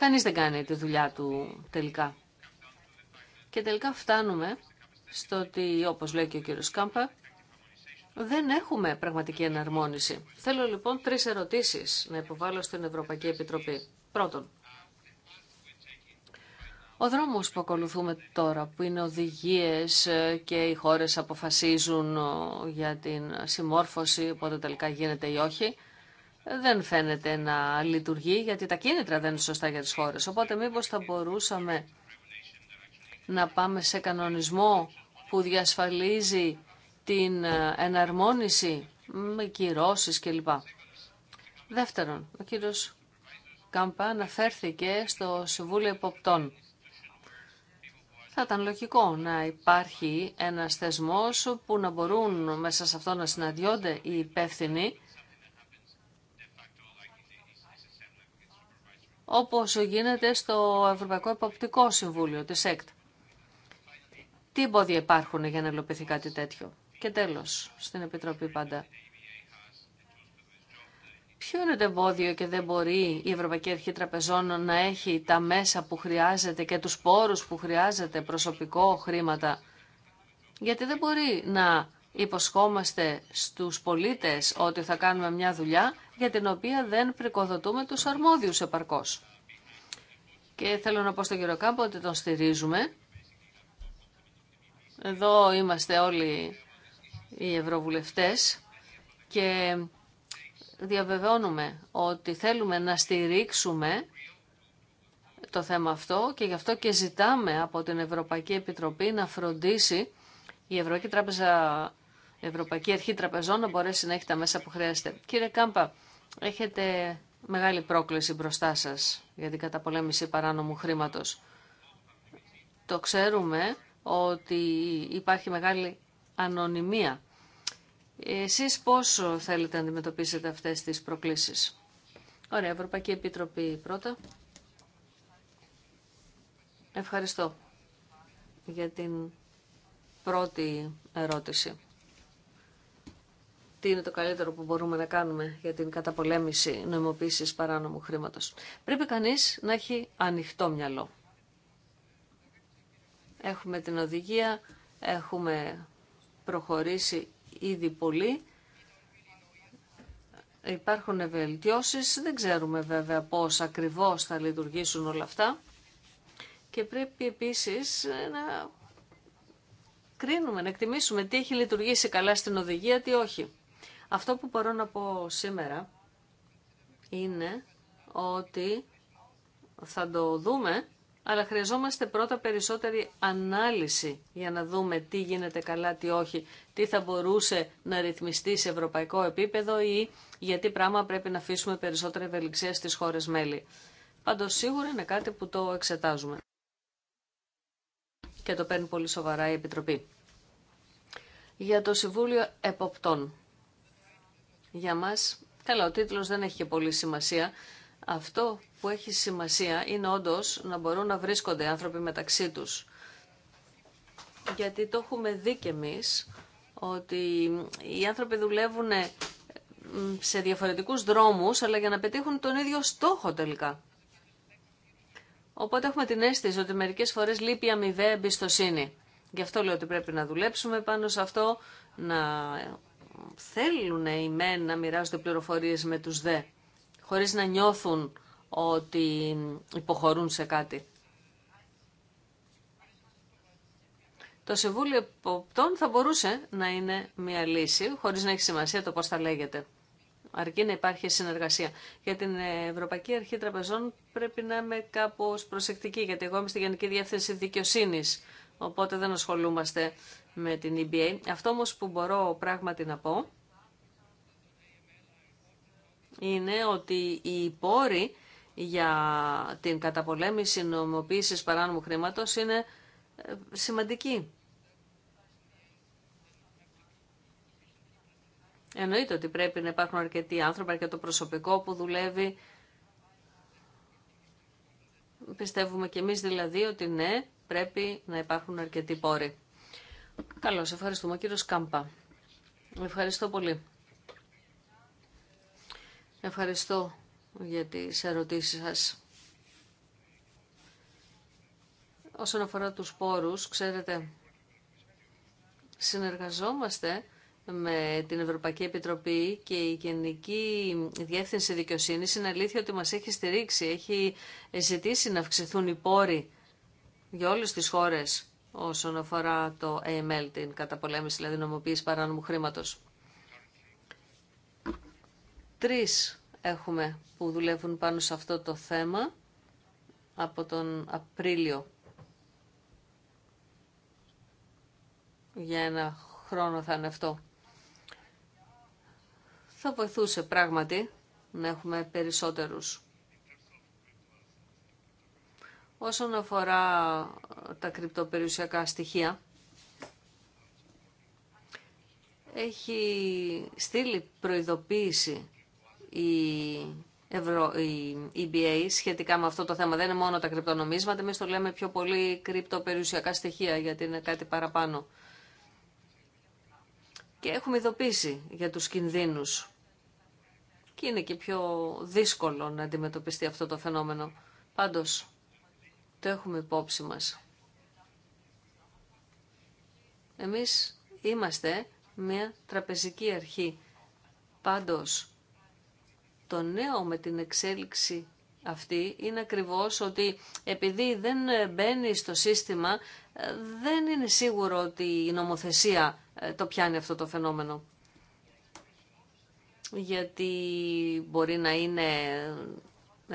κανείς δεν κάνει τη δουλειά του τελικά. Και τελικά φτάνουμε στο ότι, όπως λέει και ο κύριος Κάμπα, δεν έχουμε πραγματική εναρμόνιση. Θέλω λοιπόν τρεις ερωτήσεις να υποβάλω στην Ευρωπαϊκή Επιτροπή. Πρώτον, ο δρόμος που ακολουθούμε τώρα, που είναι οδηγίες και οι χώρες αποφασίζουν για την συμμόρφωση, πότε τελικά γίνεται ή όχι, δεν φαίνεται να λειτουργεί γιατί τα κίνητρα δεν είναι σωστά για τις χώρες. Οπότε μήπως θα μπορούσαμε να πάμε σε κανονισμό που διασφαλίζει την ε, εναρμόνιση με κυρώσεις κλπ. Δεύτερον, ο κύριος Κάμπα αναφέρθηκε στο Συμβούλιο Εποπτών. Θα ήταν λογικό να υπάρχει ένας θεσμός που να μπορούν μέσα σε αυτό να συναντιόνται οι υπεύθυνοι όπως γίνεται στο Ευρωπαϊκό Εποπτικό Συμβούλιο της ΕΚΤ. Τι εμπόδια υπάρχουν για να ελοπιθεί κάτι τέτοιο. Και τέλος, στην Επιτροπή πάντα. Ποιο είναι το εμπόδιο και δεν μπορεί η Ευρωπαϊκή Αρχή Τραπεζών να έχει τα μέσα που χρειάζεται και τους πόρους που χρειάζεται, προσωπικό, χρήματα. Γιατί δεν μπορεί να υποσχόμαστε στους πολίτες ότι θα κάνουμε μια δουλειά για την οποία δεν πρικοδοτούμε τους αρμόδιους επαρκώς. Και θέλω να πω στον κύριο Κάμπο ότι τον στηρίζουμε. Εδώ είμαστε όλοι οι ευρωβουλευτές και διαβεβαιώνουμε ότι θέλουμε να στηρίξουμε το θέμα αυτό και γι' αυτό και ζητάμε από την Ευρωπαϊκή Επιτροπή να φροντίσει η Ευρωπαϊκή Τράπεζα, Ευρωπαϊκή Αρχή Τραπεζών να μπορέσει να έχει τα μέσα που χρειάζεται. Κύριε Κάμπα, έχετε μεγάλη πρόκληση μπροστά σας για την καταπολέμηση παράνομου χρήματος. Το ξέρουμε ότι υπάρχει μεγάλη ανωνυμία. Εσείς πώς θέλετε να αντιμετωπίσετε αυτές τις προκλήσεις. Ωραία, Ευρωπαϊκή Επίτροπη πρώτα. Ευχαριστώ για την πρώτη ερώτηση τι είναι το καλύτερο που μπορούμε να κάνουμε για την καταπολέμηση νομιμοποίηση παράνομου χρήματος. Πρέπει κανείς να έχει ανοιχτό μυαλό. Έχουμε την οδηγία, έχουμε προχωρήσει ήδη πολύ. Υπάρχουν βελτιώσεις, δεν ξέρουμε βέβαια πώς ακριβώς θα λειτουργήσουν όλα αυτά. Και πρέπει επίσης να κρίνουμε, να εκτιμήσουμε τι έχει λειτουργήσει καλά στην οδηγία, τι όχι. Αυτό που μπορώ να πω σήμερα είναι ότι θα το δούμε, αλλά χρειαζόμαστε πρώτα περισσότερη ανάλυση για να δούμε τι γίνεται καλά, τι όχι, τι θα μπορούσε να ρυθμιστεί σε ευρωπαϊκό επίπεδο ή γιατί πράγμα πρέπει να αφήσουμε περισσότερη ευελιξία στις χώρες μέλη. Πάντως σίγουρα είναι κάτι που το εξετάζουμε και το παίρνει πολύ σοβαρά η Επιτροπή. Για το Συμβούλιο Εποπτών. Για μας, καλά, ο τίτλος δεν έχει και πολύ σημασία. Αυτό που έχει σημασία είναι όντω να μπορούν να βρίσκονται άνθρωποι μεταξύ τους. Γιατί το έχουμε δει και εμείς, ότι οι άνθρωποι δουλεύουν ε, σε διαφορετικούς δρόμους, αλλά για να πετύχουν τον ίδιο στόχο τελικά. Οπότε έχουμε την αίσθηση ότι μερικές φορές λείπει αμοιβαία εμπιστοσύνη. Γι' αυτό λέω ότι πρέπει να δουλέψουμε πάνω σε αυτό, να θέλουν οι μεν να μοιράζονται πληροφορίες με τους δε, χωρίς να νιώθουν ότι υποχωρούν σε κάτι. Το Συμβούλιο Εποπτών θα μπορούσε να είναι μια λύση, χωρίς να έχει σημασία το πώς θα λέγεται. Αρκεί να υπάρχει συνεργασία. Για την Ευρωπαϊκή Αρχή Τραπεζών πρέπει να είμαι κάπως προσεκτική, γιατί εγώ είμαι στη Γενική Διεύθυνση Δικαιοσύνης, οπότε δεν ασχολούμαστε με την EBA. Αυτό όμως που μπορώ πράγματι να πω είναι ότι οι πόροι για την καταπολέμηση νομοποίησης παράνομου χρήματος είναι ε, σημαντικοί. Εννοείται ότι πρέπει να υπάρχουν αρκετοί άνθρωποι, αρκετό προσωπικό που δουλεύει. Πιστεύουμε και εμείς δηλαδή ότι ναι, πρέπει να υπάρχουν αρκετοί πόροι. Καλώς, ευχαριστούμε. Κύριο Κάμπα. Ευχαριστώ πολύ. Ευχαριστώ για τις ερωτήσεις σας. Όσον αφορά τους πόρους, ξέρετε, συνεργαζόμαστε με την Ευρωπαϊκή Επιτροπή και η Γενική Διεύθυνση δικαιοσύνη Είναι αλήθεια ότι μας έχει στηρίξει, έχει ζητήσει να αυξηθούν οι πόροι για όλες τις χώρες όσον αφορά το AML, την καταπολέμηση δηλαδή νομοποίηση παράνομου χρήματος. Τρεις έχουμε που δουλεύουν πάνω σε αυτό το θέμα από τον Απρίλιο. Για ένα χρόνο θα είναι αυτό. Θα βοηθούσε πράγματι να έχουμε περισσότερους Όσον αφορά ε, τα κρυπτοπεριουσιακά στοιχεία, έχει στείλει προειδοποίηση η, EBA σχετικά με αυτό το θέμα. Δεν είναι μόνο τα κρυπτονομίσματα, εμείς το λέμε πιο πολύ κρυπτοπεριουσιακά στοιχεία, γιατί είναι κάτι παραπάνω. Και έχουμε ειδοποίηση για τους κινδύνους. Και είναι και πιο δύσκολο να αντιμετωπιστεί αυτό το φαινόμενο. Πάντως, το έχουμε υπόψη μας. Εμείς είμαστε μια τραπεζική αρχή. Πάντως, το νέο με την εξέλιξη αυτή είναι ακριβώς ότι επειδή δεν μπαίνει στο σύστημα, δεν είναι σίγουρο ότι η νομοθεσία ε, το πιάνει αυτό το φαινόμενο. Γιατί μπορεί να είναι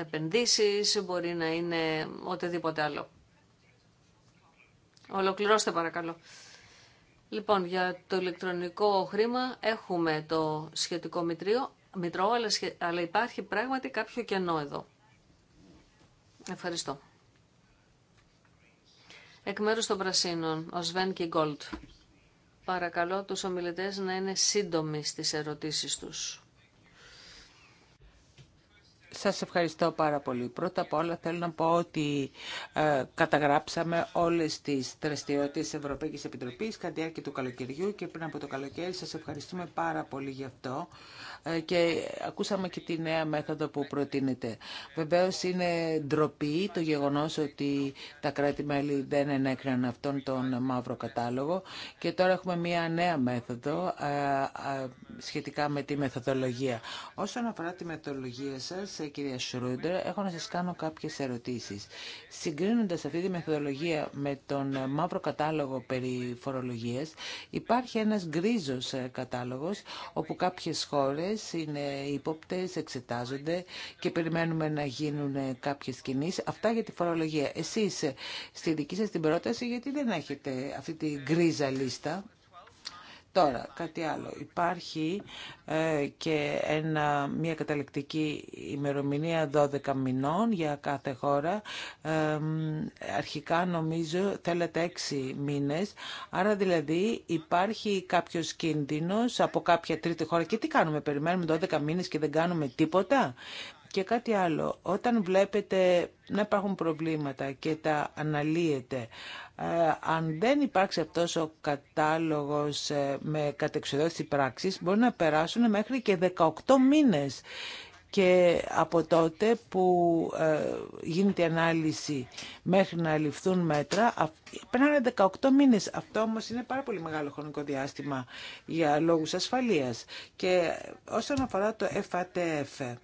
επενδύσεις, μπορεί να είναι οτιδήποτε άλλο. Ολοκληρώστε παρακαλώ. Λοιπόν, για το ηλεκτρονικό χρήμα έχουμε το σχετικό μητρίο, μητρό, αλλά υπάρχει πράγματι κάποιο κενό εδώ. Ευχαριστώ. Εκ μέρου των Πρασίνων, ο Σβέν και Γκόλτ. Παρακαλώ τους ομιλητές να είναι σύντομοι στις ερωτήσεις τους. Σας ευχαριστώ πάρα πολύ. Πρώτα απ' όλα θέλω να πω ότι ε, καταγράψαμε όλες τις δραστηριότητε της Ευρωπαϊκής Επιτροπής κατά τη διάρκεια του καλοκαιριού και πριν από το καλοκαίρι σας ευχαριστούμε πάρα πολύ γι' αυτό ε, και ακούσαμε και τη νέα μέθοδο που προτείνεται. Βεβαίως είναι ντροπή το γεγονός ότι τα κράτη-μέλη δεν ενέκριναν αυτόν τον μαύρο κατάλογο και τώρα έχουμε μια νέα μέθοδο ε, σχετικά με τη μεθοδολογία. Όσον αφορά τη μεθοδολογία σας, κυρία Σρούντερ, έχω να σας κάνω κάποιες ερωτήσεις. Συγκρίνοντας αυτή τη μεθοδολογία με τον μαύρο κατάλογο περί φορολογίας, υπάρχει ένας γκρίζος ε, κατάλογος, όπου κάποιες χώρες είναι ύποπτες, εξετάζονται και περιμένουμε να γίνουν ε, κάποιες κινήσεις. Αυτά για τη φορολογία. Εσείς ε, στη δική σας την πρόταση, γιατί δεν έχετε αυτή τη γκρίζα λίστα Τώρα, κάτι άλλο. Υπάρχει ε, και ένα, μια καταληκτική ημερομηνία 12 μηνών για κάθε χώρα. Ε, αρχικά, νομίζω, θέλετε 6 μήνες. Άρα, δηλαδή, υπάρχει κάποιος κίνδυνος από κάποια τρίτη χώρα. Και τι κάνουμε, περιμένουμε 12 μήνες και δεν κάνουμε τίποτα. Και κάτι άλλο, όταν βλέπετε να υπάρχουν προβλήματα και τα αναλύετε, ε, αν δεν υπάρξει αυτός ο κατάλογος ε, με κατεξοδότηση πράξης, μπορεί να περάσουν μέχρι και 18 μήνες. Και από τότε που ε, γίνεται η ανάλυση μέχρι να ληφθούν μέτρα, περνάνε 18 μήνες. Αυτό όμω είναι πάρα πολύ μεγάλο χρονικό διάστημα για λόγους ασφαλείας. Και όσον αφορά το FATF,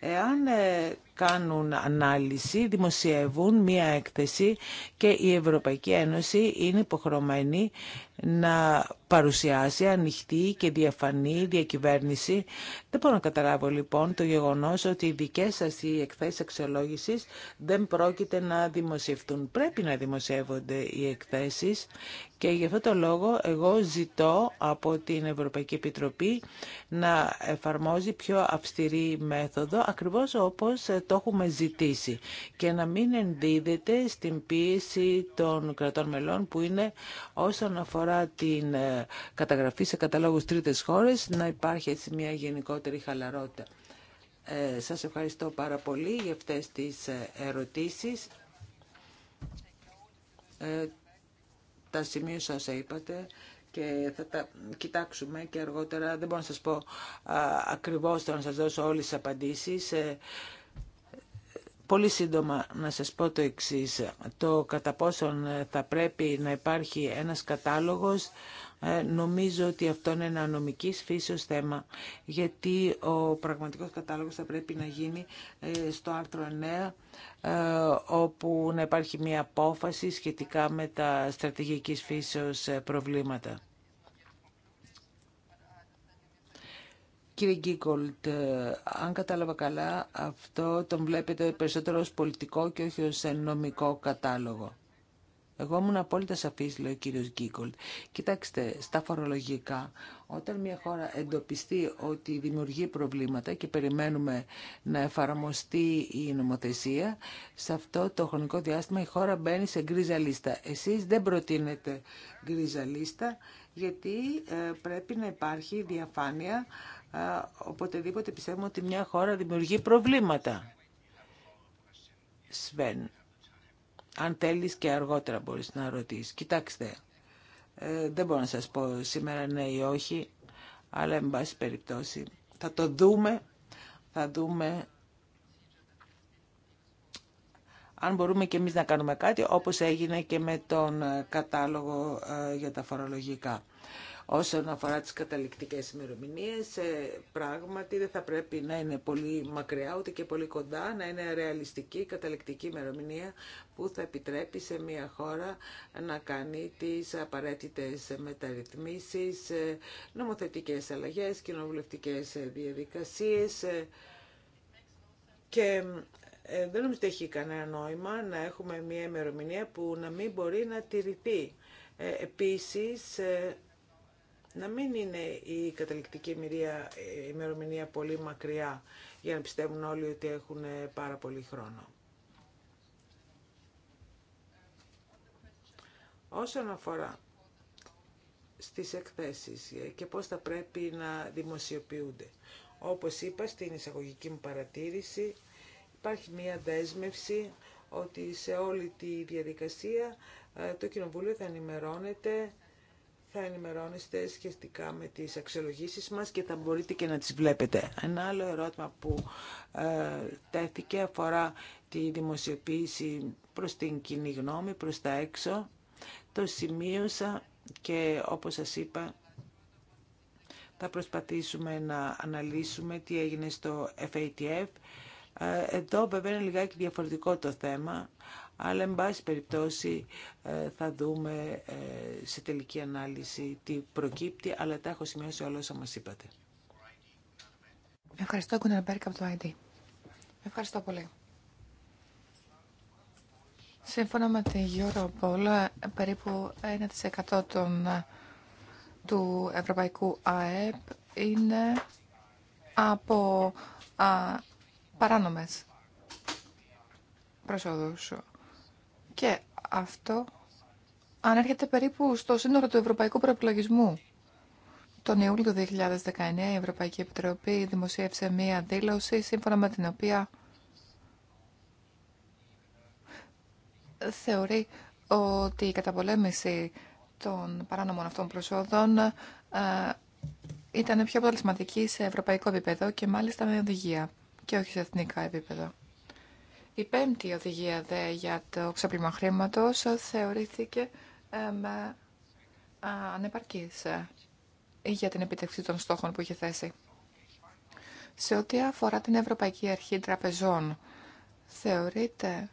εάν ε, κάνουν ανάλυση, δημοσιεύουν μία έκθεση και η Ευρωπαϊκή Ένωση είναι υποχρεωμένη να παρουσιάσει ανοιχτή και διαφανή διακυβέρνηση. Δεν μπορώ να καταλάβω λοιπόν το γεγονός ότι οι δικές σας οι εκθέσεις αξιολόγησης δεν πρόκειται να δημοσιευτούν. Πρέπει να δημοσιεύονται οι εκθέσεις και γι' αυτό το λόγο εγώ ζητώ από την Ευρωπαϊκή Επιτροπή να εφαρμόζει πιο αυστηρή μέθοδο, ακριβώς όπως το έχουμε ζητήσει και να μην ενδίδεται στην πίεση των κρατών μελών που είναι όσον αφορά την ε, καταγραφή σε καταλόγους τρίτες χώρες να υπάρχει έτσι μια γενικότερη χαλαρότητα. Ε, σας ευχαριστώ πάρα πολύ για αυτές τις ε, ερωτήσεις. Ε, τα σημείωσα σας είπατε και θα τα κοιτάξουμε και αργότερα. Δεν μπορώ να σας πω α, ακριβώς, θα να σας δώσω όλες τις απαντήσεις. Ε, πολύ σύντομα να σας πω το εξής. Το κατά πόσον θα πρέπει να υπάρχει ένας κατάλογος ε, νομίζω ότι αυτό είναι ένα νομικής φύσεως θέμα, γιατί ο πραγματικός κατάλογος θα πρέπει να γίνει ε, στο άρθρο 9, ε, όπου να υπάρχει μια απόφαση σχετικά με τα στρατηγικής φύσεως προβλήματα. Κύριε Γκίκολτ, αν κατάλαβα καλά, αυτό τον βλέπετε περισσότερο ως πολιτικό και όχι ως νομικό κατάλογο. Εγώ ήμουν απόλυτα σαφή, λέει ο κύριο Γκίκολτ. Κοιτάξτε, στα φορολογικά, όταν μια χώρα εντοπιστεί ότι δημιουργεί προβλήματα και περιμένουμε να εφαρμοστεί η νομοθεσία, σε αυτό το χρονικό διάστημα η χώρα μπαίνει σε γκρίζα λίστα. Εσεί δεν προτείνετε γκρίζα λίστα, γιατί ε, πρέπει να υπάρχει διαφάνεια ε, οποτεδήποτε πιστεύουμε ότι μια χώρα δημιουργεί προβλήματα. Σβέν, αν θέλεις και αργότερα μπορείς να ρωτήσεις. Κοιτάξτε, ε, δεν μπορώ να σας πω σήμερα ναι ή όχι, αλλά εν πάση περιπτώσει θα το δούμε, θα δούμε αν μπορούμε και εμείς να κάνουμε κάτι, όπως έγινε και με τον ε, κατάλογο ε, για τα φορολογικά. Όσον αφορά τις καταληκτικές ημερομηνίε, ε, πράγματι δεν θα πρέπει να είναι πολύ μακριά ούτε και πολύ κοντά, να είναι ρεαλιστική καταληκτική ημερομηνία που θα επιτρέπει σε μια χώρα να κάνει τις απαραίτητες μεταρρυθμίσεις, ε, νομοθετικές αλλαγές, κοινοβουλευτικές διαδικασίες ε, και δεν νομίζω ότι έχει κανένα νόημα να έχουμε μια ημερομηνία που να μην μπορεί να τηρηθεί. Επίσης, να μην είναι η καταληκτική ημερία, ε, ημερομηνία πολύ μακριά για να πιστεύουν όλοι ότι έχουν ε, πάρα πολύ χρόνο. Όσον αφορά στις εκθέσεις ε, και πώς θα πρέπει να δημοσιοποιούνται. Όπως είπα στην εισαγωγική μου παρατήρηση, υπάρχει μία δέσμευση ότι σε όλη τη διαδικασία το Κοινοβούλιο θα ενημερώνεται θα ενημερώνεστε σχετικά με τις αξιολογήσεις μας και θα μπορείτε και να τις βλέπετε. Ένα άλλο ερώτημα που ε, τέθηκε αφορά τη δημοσιοποίηση προς την κοινή γνώμη, προς τα έξω. Το σημείωσα και όπως σας είπα θα προσπαθήσουμε να αναλύσουμε τι έγινε στο FATF. Ε, εδώ βέβαια είναι λιγάκι διαφορετικό το θέμα αλλά εν πάση περιπτώσει ε, θα δούμε ε, σε τελική ανάλυση τι προκύπτει, αλλά τα έχω σημειώσει όλα όσα μας είπατε. Ευχαριστώ, Μπέρκ, από το ID. Ευχαριστώ πολύ. Σύμφωνα με την Europol, περίπου 1% του ευρωπαϊκού ΑΕΠ είναι από παράνομες προσόδους. Και αυτό ανέρχεται περίπου στο σύνορο του Ευρωπαϊκού Προεπιλογισμού. Τον Ιούλιο του 2019 η Ευρωπαϊκή Επιτροπή δημοσίευσε μία δήλωση σύμφωνα με την οποία θεωρεί ότι η καταπολέμηση των παράνομων αυτών προσόδων ε, ήταν πιο αποτελεσματική σε ευρωπαϊκό επίπεδο και μάλιστα με οδηγία και όχι σε εθνικά επίπεδο. Η πέμπτη οδηγία για το ξέπλυμα χρήματο θεωρήθηκε εμ, ανεπαρκής ε, για την επιτευχή των στόχων που είχε θέσει. Σε ό,τι αφορά την Ευρωπαϊκή Αρχή Τραπεζών, θεωρείται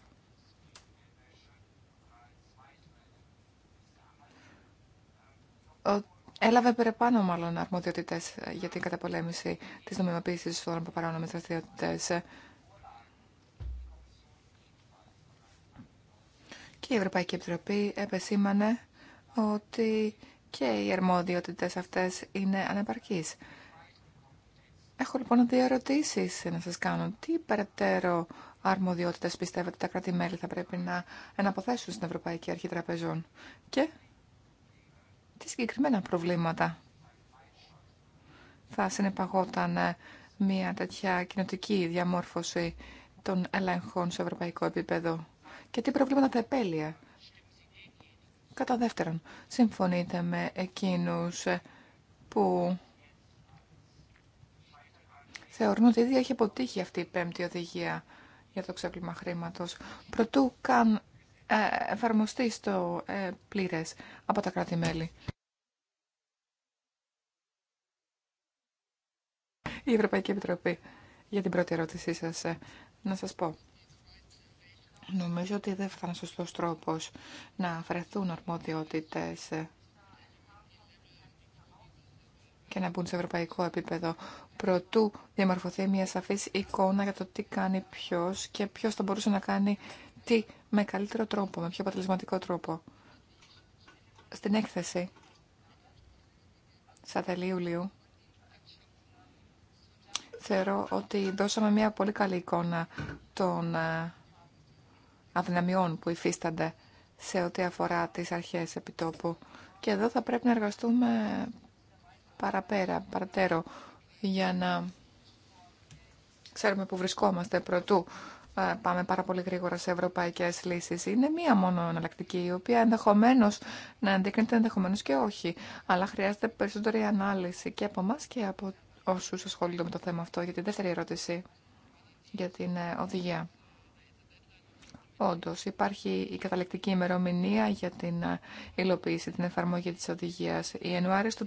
ότι έλαβε περαιπάνω, μάλλον αρμοδιότητες ε, για την καταπολέμηση της νομιμοποίησης των με Και η Ευρωπαϊκή Επιτροπή επεσήμανε ότι και οι αρμόδιοτητες αυτές είναι ανεπαρκείς. Έχω λοιπόν δύο ερωτήσει να σας κάνω. Τι περαιτέρω αρμοδιότητες πιστεύετε τα κράτη-μέλη θα πρέπει να εναποθέσουν στην Ευρωπαϊκή Αρχή Τραπεζών και τι συγκεκριμένα προβλήματα θα συνεπαγόταν ε, μια τέτοια κοινοτική διαμόρφωση των ελέγχων σε ευρωπαϊκό επίπεδο και τι προβλήματα επέλυε. Κατά δεύτερον, συμφωνείτε με εκείνους που θεωρούν ότι ήδη έχει αποτύχει αυτή η πέμπτη οδηγία για το ξέπλυμα χρήματος, προτού καν ε, εφαρμοστεί στο ε, πλήρες από τα κράτη-μέλη. Η Ευρωπαϊκή Επιτροπή για την πρώτη ερώτησή σας ε, να σας πω Νομίζω ότι δεν θα είναι σωστός τρόπος να αφαιρεθούν αρμοδιότητες και να μπουν σε ευρωπαϊκό επίπεδο προτού διαμορφωθεί μια σαφής εικόνα για το τι κάνει ποιος και ποιος θα μπορούσε να κάνει τι με καλύτερο τρόπο, με πιο αποτελεσματικό τρόπο. Στην έκθεση, σαν τέλη Ιουλίου, θεωρώ ότι δώσαμε μια πολύ καλή εικόνα των ε, αδυναμιών που υφίστανται σε ό,τι αφορά τις αρχές επιτόπου. Και εδώ θα πρέπει να εργαστούμε παραπέρα, παρατέρω, για να ξέρουμε που βρισκόμαστε πρωτού. Ε, πάμε πάρα πολύ γρήγορα σε ευρωπαϊκές λύσεις. Είναι μία μόνο εναλλακτική, η οποία ενδεχομένω να αντίκρινεται ενδεχομένω και όχι. Αλλά χρειάζεται περισσότερη ανάλυση και από εμά και από όσου ασχολούνται με το θέμα αυτό. Για την δεύτερη ερώτηση, για την ε, οδηγία. Όντω, υπάρχει η καταληκτική ημερομηνία για την ε, υλοποίηση, την εφαρμογή τη οδηγία. Ιανουάριο του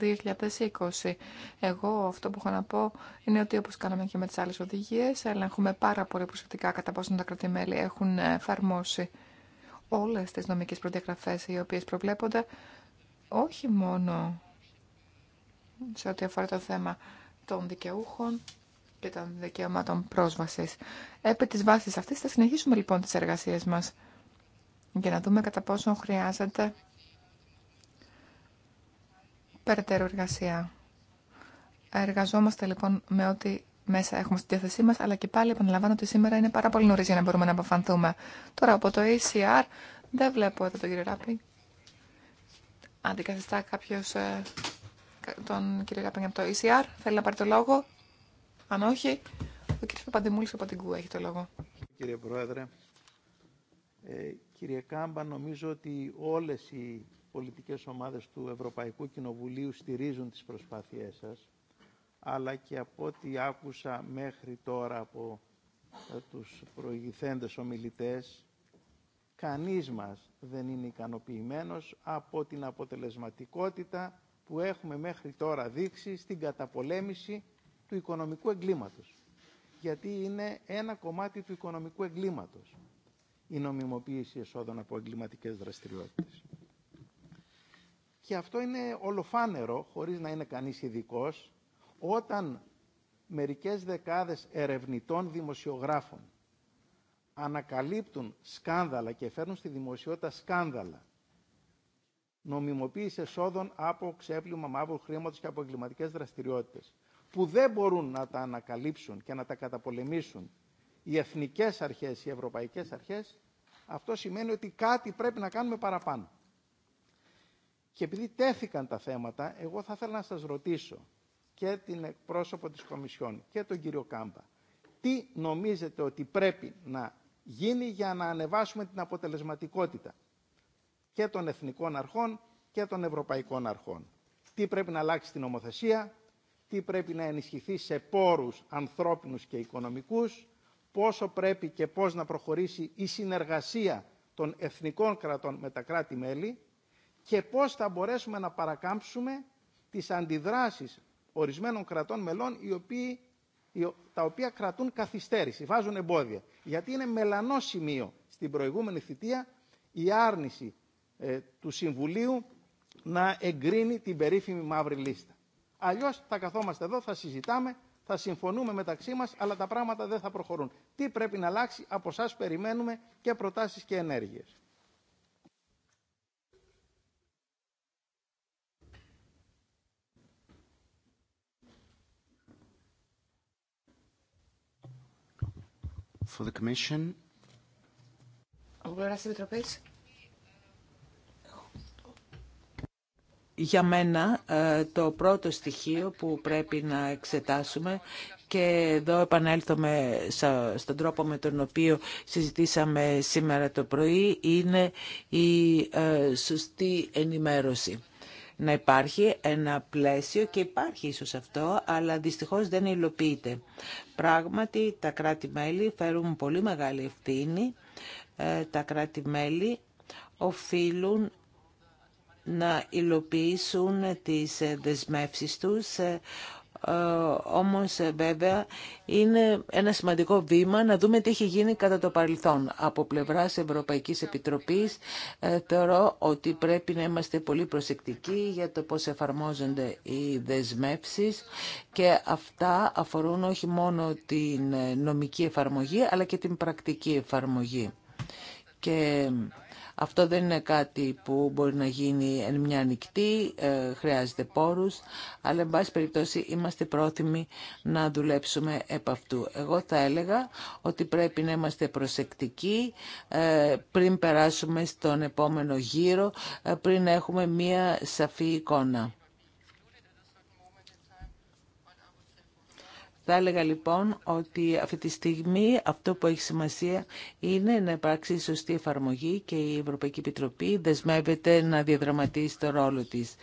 2020. Εγώ αυτό που έχω να πω είναι ότι όπω κάναμε και με τι άλλε οδηγίε, ελέγχουμε πάρα πολύ προσεκτικά κατά πόσο τα κρατημέλη έχουν ε, εφαρμόσει όλε τι νομικέ προδιαγραφέ οι οποίε προβλέπονται όχι μόνο σε ό,τι αφορά το θέμα των δικαιούχων, και των δικαιωμάτων πρόσβασης. Επί τη βάση αυτή, θα συνεχίσουμε λοιπόν τις εργασίες μας για να δούμε κατά πόσο χρειάζεται περαιτέρω εργασία. Εργαζόμαστε λοιπόν με ό,τι μέσα έχουμε στη διάθεσή μα, αλλά και πάλι επαναλαμβάνω ότι σήμερα είναι πάρα πολύ νωρίς για να μπορούμε να αποφανθούμε. Τώρα από το ECR δεν βλέπω εδώ τον κύριο Ράπη. Αντικαθιστά κάποιο ε, τον κύριο Ράπη από το ECR. Θέλει να πάρει το λόγο. Αν όχι, ο κ. Παπαντεμούλης από την ΚΟΥ έχει το λόγο. Κύριε Πρόεδρε, ε, κύριε Κάμπα, νομίζω ότι όλες οι πολιτικές ομάδες του Ευρωπαϊκού Κοινοβουλίου στηρίζουν τις προσπάθειές σας, αλλά και από ό,τι άκουσα μέχρι τώρα από ε, τους προηγηθέντες ομιλητές, κανείς μας δεν είναι ικανοποιημένος από την αποτελεσματικότητα που έχουμε μέχρι τώρα δείξει στην καταπολέμηση του οικονομικού εγκλήματος. Γιατί είναι ένα κομμάτι του οικονομικού εγκλήματος η νομιμοποίηση εσόδων από εγκληματικές δραστηριότητες. Και αυτό είναι ολοφάνερο, χωρίς να είναι κανείς ειδικό, όταν μερικές δεκάδες ερευνητών δημοσιογράφων ανακαλύπτουν σκάνδαλα και φέρνουν στη δημοσιότητα σκάνδαλα νομιμοποίηση εσόδων από ξέπλυμα μαύρου χρήματος και από εγκληματικές δραστηριότητες που δεν μπορούν να τα ανακαλύψουν και να τα καταπολεμήσουν οι εθνικές αρχές, οι ευρωπαϊκές αρχές, αυτό σημαίνει ότι κάτι πρέπει να κάνουμε παραπάνω. Και επειδή τέθηκαν τα θέματα, εγώ θα ήθελα να σας ρωτήσω και την εκπρόσωπο της Κομισιόν και τον κύριο Κάμπα, τι νομίζετε ότι πρέπει να γίνει για να ανεβάσουμε την αποτελεσματικότητα και των εθνικών αρχών και των ευρωπαϊκών αρχών. Τι πρέπει να αλλάξει στην νομοθεσία, τι πρέπει να ενισχυθεί σε πόρους ανθρώπινους και οικονομικούς, πόσο πρέπει και πώς να προχωρήσει η συνεργασία των εθνικών κρατών με τα κράτη-μέλη και πώς θα μπορέσουμε να παρακάμψουμε τις αντιδράσεις ορισμένων κρατών μελών οι τα οποία κρατούν καθυστέρηση, βάζουν εμπόδια. Γιατί είναι μελανό σημείο στην προηγούμενη θητεία η άρνηση ε, του Συμβουλίου να εγκρίνει την περίφημη μαύρη λίστα. Αλλιώ, θα καθόμαστε εδώ, θα συζητάμε, θα συμφωνούμε μεταξύ μα, αλλά τα πράγματα δεν θα προχωρούν. Τι πρέπει να αλλάξει, από εσά περιμένουμε και προτάσεις και ενέργειες. For the Commission. Ο για μένα ε, το πρώτο στοιχείο που πρέπει να εξετάσουμε και εδώ επανέλθουμε στον τρόπο με τον οποίο συζητήσαμε σήμερα το πρωί είναι η ε, σωστή ενημέρωση. Να υπάρχει ένα πλαίσιο και υπάρχει ίσως αυτό, αλλά δυστυχώς δεν υλοποιείται. Πράγματι, τα κράτη-μέλη φέρουν πολύ μεγάλη ευθύνη. Ε, τα κράτη-μέλη οφείλουν να υλοποιήσουν τις δεσμεύσεις τους ε, ε, όμως ε, βέβαια είναι ένα σημαντικό βήμα να δούμε τι έχει γίνει κατά το παρελθόν. Από πλευράς Ευρωπαϊκής Επιτροπής θεωρώ ότι πρέπει να είμαστε πολύ προσεκτικοί για το πώς εφαρμόζονται οι δεσμεύσεις και αυτά αφορούν όχι μόνο την νομική εφαρμογή αλλά και την πρακτική εφαρμογή. Και αυτό δεν είναι κάτι που μπορεί να γίνει εν μια νυχτή, ε, χρειάζεται πόρους, αλλά εν πάση περιπτώσει είμαστε πρόθυμοι να δουλέψουμε επ' αυτού. Εγώ θα έλεγα ότι πρέπει να είμαστε προσεκτικοί ε, πριν περάσουμε στον επόμενο γύρο, ε, πριν έχουμε μια σαφή εικόνα. Θα έλεγα λοιπόν ότι αυτή τη στιγμή αυτό που έχει σημασία είναι να υπάρξει σωστή εφαρμογή και η Ευρωπαϊκή Επιτροπή δεσμεύεται να διαδραματίσει το ρόλο της.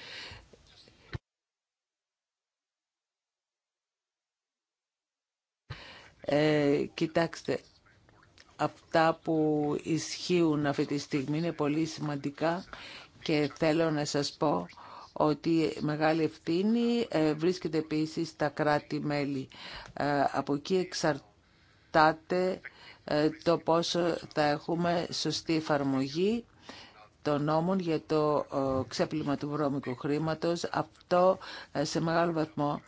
Ε, κοιτάξτε, αυτά που ισχύουν αυτή τη στιγμή είναι πολύ σημαντικά και θέλω να σας πω ότι μεγάλη ευθύνη ε, βρίσκεται επίσης στα κράτη-μέλη. Ε, από εκεί εξαρτάται ε, το πόσο θα έχουμε σωστή εφαρμογή των νόμων για το ξέπλυμα του βρώμικου χρήματος. Αυτό σε μεγάλο βαθμό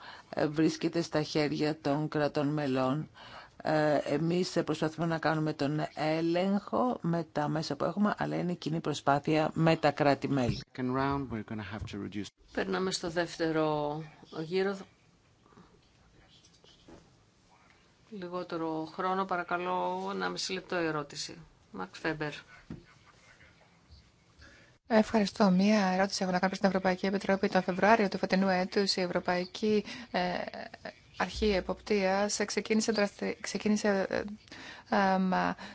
βρίσκεται στα χέρια των κρατών μελών ε, εμείς προσπαθούμε να κάνουμε τον έλεγχο με τα μέσα που έχουμε, αλλά είναι κοινή προσπάθεια με τα κράτη-μέλη. Περνάμε στο δεύτερο γύρο. Λιγότερο χρόνο, παρακαλώ, να μισή λεπτό ερώτηση. Μαξ Φέμπερ. Ευχαριστώ. Μία ερώτηση έχω να κάνω στην Ευρωπαϊκή Επιτροπή. Τον Φεβρουάριο του φετινού έτου η Ευρωπαϊκή ε, αρχή εποπτεία ξεκίνησε, δραστη... ξεκίνησε ε,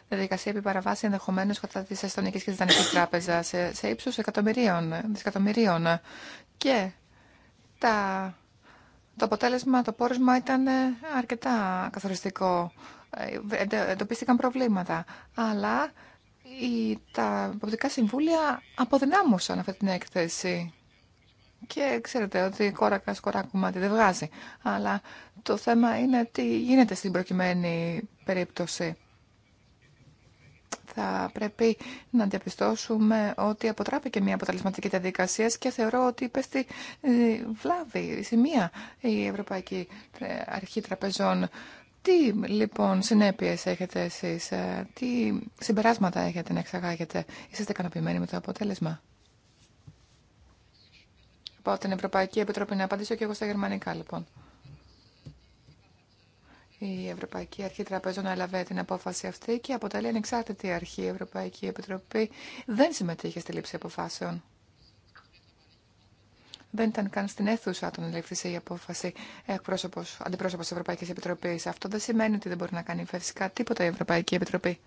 διαδικασία επί ενδεχομένω ενδεχομένως κατά τη Εστονικής και τη Δανική Τράπεζα σε, σε ύψους εκατομμυρίων, δισεκατομμυρίων. Και τα, το αποτέλεσμα, το πόρισμα ήταν αρκετά καθοριστικό. Ε, εντοπίστηκαν προβλήματα. Αλλά η, τα υποπτικά συμβούλια αποδυνάμωσαν αυτή την έκθεση. Και ξέρετε ότι κόρακα σκορά δεν βγάζει. Αλλά το θέμα είναι τι γίνεται στην προκειμένη περίπτωση. Θα πρέπει να διαπιστώσουμε ότι αποτράπηκε μια αποτελεσματική διαδικασία και θεωρώ ότι υπέστη ε, βλάβη, σημεία η Ευρωπαϊκή Αρχή Τραπεζών. Τι λοιπόν συνέπειες έχετε εσείς, ε, τι συμπεράσματα έχετε να εξαγάγετε, είσαστε ικανοποιημένοι με το αποτέλεσμα πάω την Ευρωπαϊκή Επιτροπή να απαντήσω και εγώ στα γερμανικά λοιπόν. Η Ευρωπαϊκή Αρχή Τραπεζών έλαβε την απόφαση αυτή και αποτελεί ανεξάρτητη αρχή. Η Ευρωπαϊκή Επιτροπή δεν συμμετείχε στη λήψη αποφάσεων. Δεν ήταν καν στην αίθουσα όταν ελήφθησε η απόφαση εκπρόσωπος, αντιπρόσωπος της Ευρωπαϊκής Επιτροπής. Αυτό δεν σημαίνει ότι δεν μπορεί να κάνει φυσικά τίποτα η Ευρωπαϊκή Επιτροπή.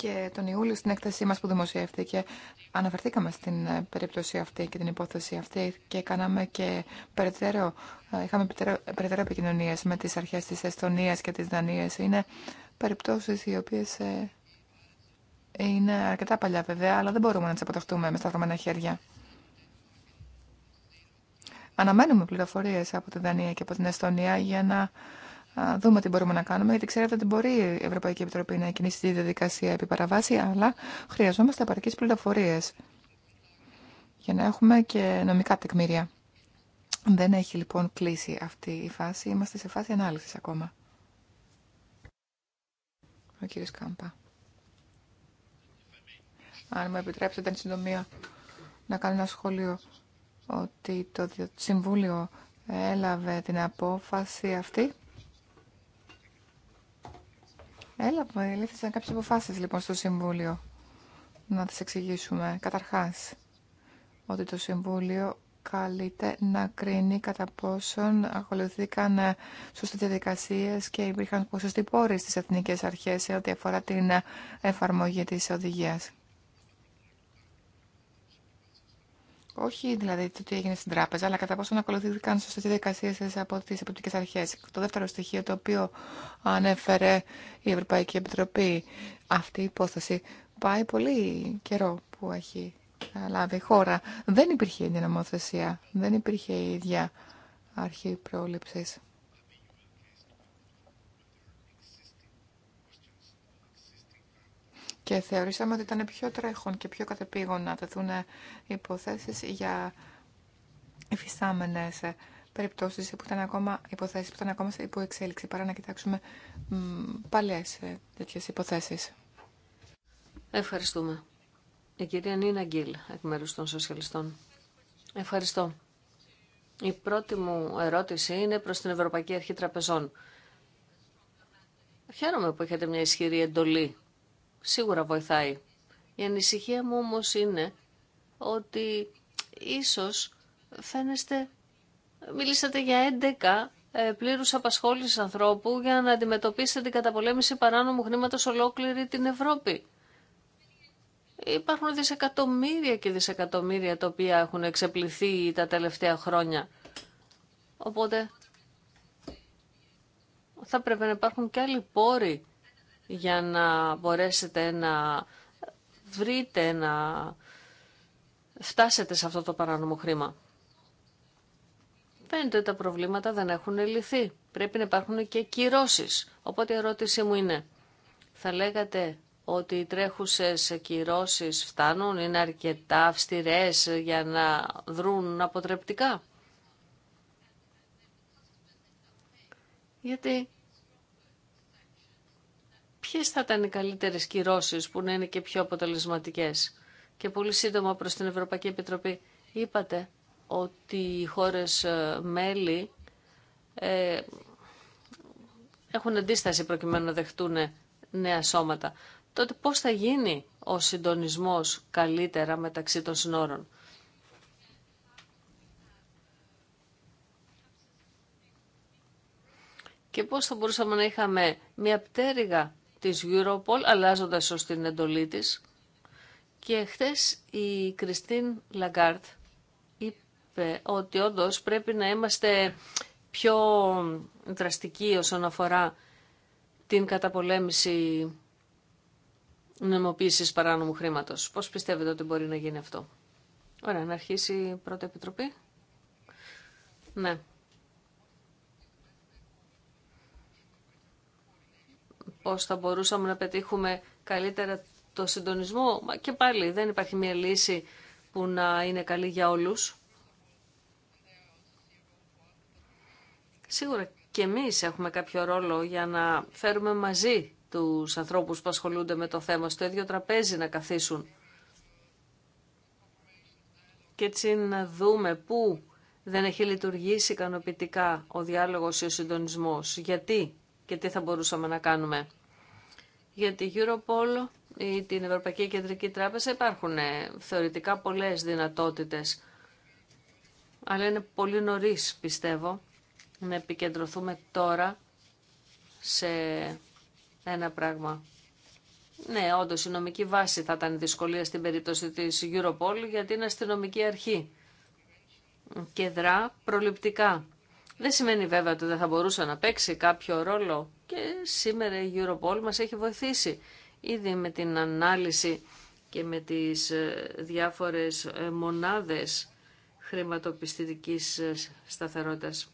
και τον Ιούλιο στην έκθεσή μας που δημοσιεύτηκε αναφερθήκαμε στην ε, περίπτωση αυτή και την υπόθεση αυτή και κάναμε και περαιτέρω, ε, είχαμε περαιτέρω επικοινωνίε με τις αρχές της Εστονίας και της Δανίας. Είναι περιπτώσεις οι οποίες ε, είναι αρκετά παλιά βέβαια, αλλά δεν μπορούμε να τις αποταχτούμε με σταυρωμένα χέρια. Αναμένουμε πληροφορίες από τη Δανία και από την Εστονία για να δούμε τι μπορούμε να κάνουμε, γιατί ξέρετε ότι μπορεί η Ευρωπαϊκή Επιτροπή να κινήσει τη διαδικασία επί παραβάση, αλλά χρειαζόμαστε επαρκείς πληροφορίε για να έχουμε και νομικά τεκμήρια. Δεν έχει λοιπόν κλείσει αυτή η φάση, είμαστε σε φάση ανάλυσης ακόμα. Ο κύριο Κάμπα. Αν μου επιτρέψετε, την συντομία, να κάνω ένα σχόλιο ότι το Συμβούλιο έλαβε την απόφαση αυτή Έλαβε, λήφθησαν κάποιες αποφάσεις λοιπόν στο Συμβούλιο. Να τις εξηγήσουμε. Καταρχάς, ότι το Συμβούλιο καλείται να κρίνει κατά πόσον ακολουθήκαν σωστέ διαδικασίε και υπήρχαν ποσοστοί πόροι στι εθνικέ αρχέ σε ό,τι αφορά την εφαρμογή τη οδηγία. Όχι δηλαδή το τι έγινε στην τράπεζα, αλλά κατά πόσο ακολουθήθηκαν σωστέ διαδικασίε από τι εποπτικέ αρχέ. Το δεύτερο στοιχείο το οποίο ανέφερε η Ευρωπαϊκή Επιτροπή, αυτή η υπόθεση πάει πολύ καιρό που έχει λάβει η χώρα. Δεν υπήρχε η νομοθεσία, δεν υπήρχε η ίδια αρχή πρόληψης. και θεωρήσαμε ότι ήταν πιο τρέχον και πιο κατεπήγον να τεθούν υποθέσεις για υφιστάμενες περιπτώσεις που ήταν ακόμα, υποθέσεις που ήταν ακόμα σε υποεξέλιξη παρά να κοιτάξουμε παλιές ε, τέτοιες υποθέσεις. Ευχαριστούμε. Η κυρία Νίνα Γκίλ, εκ μέρου των Σοσιαλιστών. Ευχαριστώ. Η πρώτη μου ερώτηση είναι προς την Ευρωπαϊκή Αρχή Τραπεζών. Χαίρομαι που έχετε μια ισχυρή εντολή σίγουρα βοηθάει. Η ανησυχία μου όμως είναι ότι ίσως φαίνεστε, μιλήσατε για 11 ε, πλήρου απασχόληση ανθρώπου για να αντιμετωπίσετε την καταπολέμηση παράνομου χρήματος ολόκληρη την Ευρώπη. Υπάρχουν δισεκατομμύρια και δισεκατομμύρια τα οποία έχουν εξεπληθεί τα τελευταία χρόνια. Οπότε θα πρέπει να υπάρχουν και άλλοι πόροι για να μπορέσετε να βρείτε, να φτάσετε σε αυτό το παράνομο χρήμα. Φαίνεται ότι τα προβλήματα δεν έχουν λυθεί. Πρέπει να υπάρχουν και κυρώσεις. Οπότε η ερώτησή μου είναι, θα λέγατε ότι οι τρέχουσες κυρώσεις φτάνουν, είναι αρκετά αυστηρές για να δρουν αποτρεπτικά. Γιατί ποιες θα ήταν οι καλύτερες κυρώσεις που να είναι και πιο αποτελεσματικές. Και πολύ σύντομα προς την Ευρωπαϊκή Επιτροπή είπατε ότι οι χώρες ε, μέλη ε, έχουν αντίσταση προκειμένου να δεχτούν νέα σώματα. Τότε πώς θα γίνει ο συντονισμός καλύτερα μεταξύ των συνόρων. Και πώς θα μπορούσαμε να είχαμε μια πτέρυγα της Europol, αλλάζοντας ως την εντολή της. Και χθες η Κριστίν Λαγκάρτ είπε ότι όντω πρέπει να είμαστε πιο δραστικοί όσον αφορά την καταπολέμηση νομοποίησης παράνομου χρήματος. Πώς πιστεύετε ότι μπορεί να γίνει αυτό. Ωραία, να αρχίσει η πρώτη επιτροπή. Ναι. ώστε θα μπορούσαμε να πετύχουμε καλύτερα το συντονισμό. και πάλι δεν υπάρχει μια λύση που να είναι καλή για όλους. Σίγουρα και εμείς έχουμε κάποιο ρόλο για να φέρουμε μαζί τους ανθρώπους που ασχολούνται με το θέμα στο ίδιο τραπέζι να καθίσουν. Και έτσι να δούμε πού δεν έχει λειτουργήσει ικανοποιητικά ο διάλογος ή ο συντονισμός. Γιατί και τι θα μπορούσαμε να κάνουμε. Για την Europol ή την Ευρωπαϊκή Κεντρική Τράπεζα υπάρχουν ε, θεωρητικά πολλές δυνατότητες, αλλά είναι πολύ νωρίς πιστεύω να επικεντρωθούμε τώρα σε ένα πράγμα. Ναι, όντω η νομική βάση θα ήταν δυσκολία στην περίπτωση τη Europol γιατί είναι αστυνομική αρχή και δρά προληπτικά. Δεν σημαίνει βέβαια ότι δεν θα μπορούσε να παίξει κάποιο ρόλο και σήμερα η Europol μας έχει βοηθήσει ήδη με την ανάλυση και με τις ε, διάφορες ε, μονάδες χρηματοπιστητικής ε, σταθερότητας.